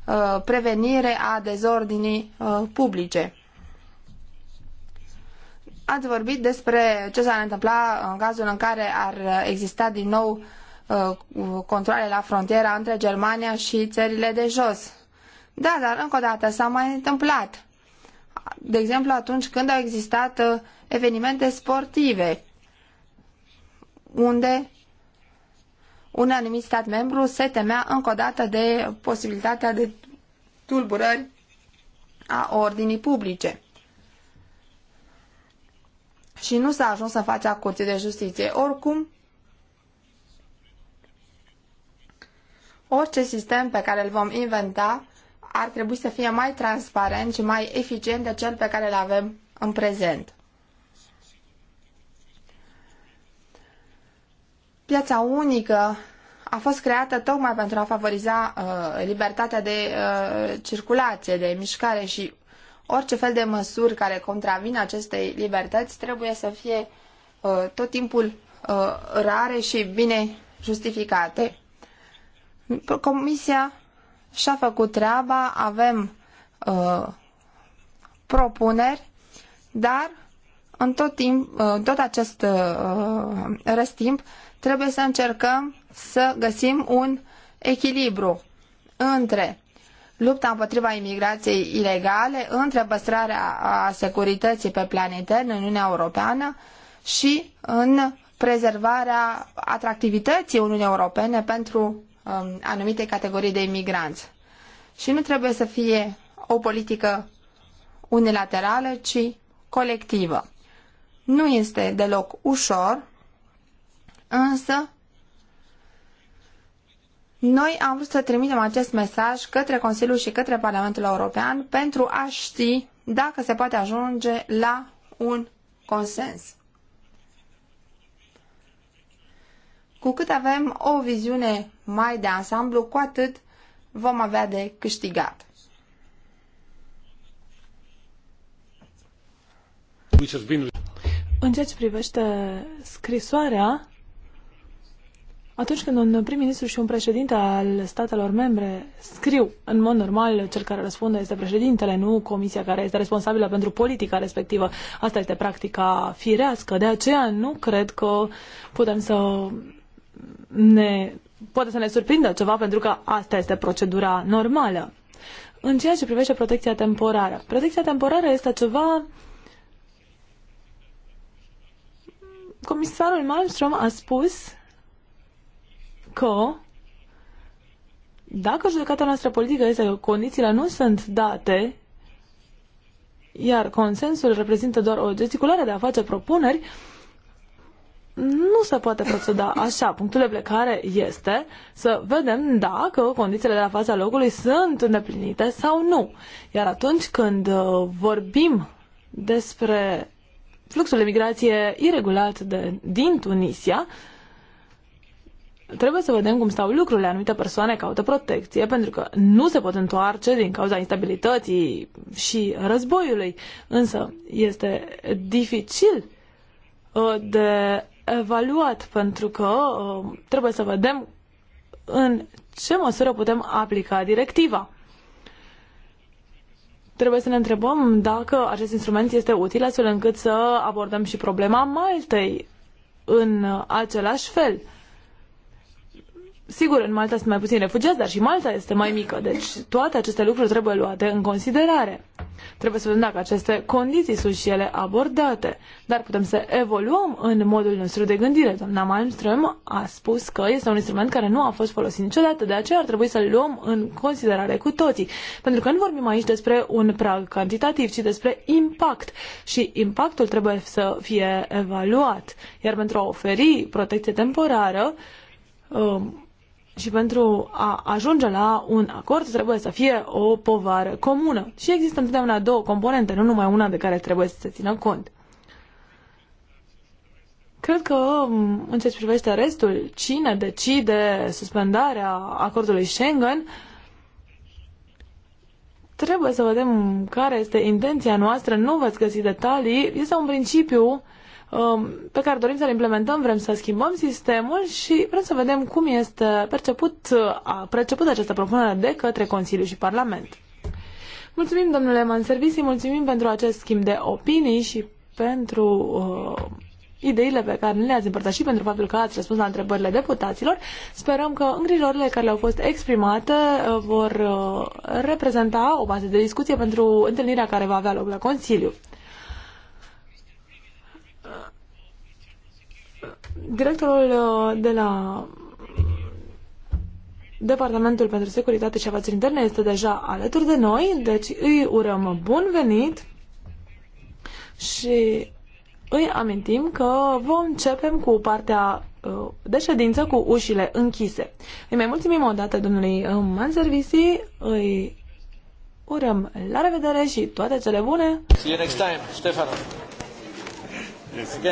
uh, prevenire a dezordinii uh, publice. Ați vorbit despre ce s-ar întâmpla în cazul în care ar exista din nou uh, controle la frontiera între Germania și țările de jos. Da, dar încă o dată s-a mai întâmplat. De exemplu, atunci când au existat uh, evenimente sportive, unde un anumit stat membru se temea încă o dată de posibilitatea de tulburări a ordinii publice. Și nu s-a ajuns în fața Curții de Justiție. Oricum, orice sistem pe care îl vom inventa ar trebui să fie mai transparent și mai eficient de cel pe care îl avem în prezent. Piața unică a fost creată tocmai pentru a favoriza uh, libertatea de uh, circulație, de mișcare și orice fel de măsuri care contravin acestei libertăți trebuie să fie uh, tot timpul uh, rare și bine justificate. Comisia și-a făcut treaba, avem uh, propuneri, dar în tot, timp, uh, tot acest uh, răstimp trebuie să încercăm să găsim un echilibru între lupta împotriva imigrației ilegale, între păstrarea a securității pe plan intern în Uniunea Europeană și în prezervarea atractivității Uniunii Europene pentru um, anumite categorii de imigranți. Și nu trebuie să fie o politică unilaterală, ci colectivă. Nu este deloc ușor însă noi am vrut să trimitem acest mesaj către Consiliu și către Parlamentul European pentru a ști dacă se poate ajunge la un consens. Cu cât avem o viziune mai de ansamblu, cu atât vom avea de câștigat. În ceea ce privește scrisoarea atunci când un prim-ministru și un președinte al statelor membre scriu, în mod normal, cel care răspunde este președintele, nu comisia care este responsabilă pentru politica respectivă. Asta este practica firească. De aceea nu cred că putem să ne, poate să ne surprindă ceva, pentru că asta este procedura normală. În ceea ce privește protecția temporară, protecția temporară este ceva Comisarul Malmström a spus că dacă judecata noastră politică este că condițiile nu sunt date, iar consensul reprezintă doar o gesticulare de a face propuneri, nu se poate proceda așa. Punctul de plecare este să vedem dacă condițiile de la fața locului sunt îndeplinite sau nu. Iar atunci când uh, vorbim despre fluxul de migrație iregulat de, din Tunisia, trebuie să vedem cum stau lucrurile. Anumite persoane caută protecție pentru că nu se pot întoarce din cauza instabilității și războiului. Însă este dificil uh, de evaluat pentru că uh, trebuie să vedem în ce măsură putem aplica directiva. Trebuie să ne întrebăm dacă acest instrument este util astfel încât să abordăm și problema Maltei în uh, același fel. Sigur, în Malta sunt mai puțini refugiați, dar și Malta este mai mică, deci toate aceste lucruri trebuie luate în considerare. Trebuie să vedem dacă aceste condiții sunt și ele abordate, dar putem să evoluăm în modul nostru de gândire. Doamna Malmström a spus că este un instrument care nu a fost folosit niciodată, de aceea ar trebui să-l luăm în considerare cu toții, pentru că nu vorbim aici despre un prag cantitativ, ci despre impact și impactul trebuie să fie evaluat, iar pentru a oferi protecție temporară, um, și pentru a ajunge la un acord trebuie să fie o povară comună. Și există întotdeauna două componente, nu numai una de care trebuie să se țină cont. Cred că, mm, în ce privește restul, cine decide suspendarea acordului Schengen, trebuie să vedem care este intenția noastră, nu veți găsi detalii, este un principiu uh, Um, pe care dorim să l implementăm, vrem să schimbăm sistemul și vrem să vedem cum este perceput, uh, a perceput această propunere de către Consiliu și Parlament. Mulțumim, domnule Manservisi, mulțumim pentru acest schimb de opinii și pentru uh, ideile pe care ne le-ați împărtășit și pentru faptul că ați răspuns la întrebările deputaților. Sperăm că îngrijorările care le-au fost exprimate uh, vor uh, reprezenta o bază de discuție pentru întâlnirea care va avea loc la Consiliu. Directorul uh, de la Departamentul pentru Securitate și Afaceri Interne este deja alături de noi, deci îi urăm bun venit și îi amintim că vom începem cu partea uh, de ședință cu ușile închise. Îi mai mulțumim o dată domnului uh, Manservisi, îi urăm la revedere și toate cele bune! See you next time, Stefan! Yes. Again.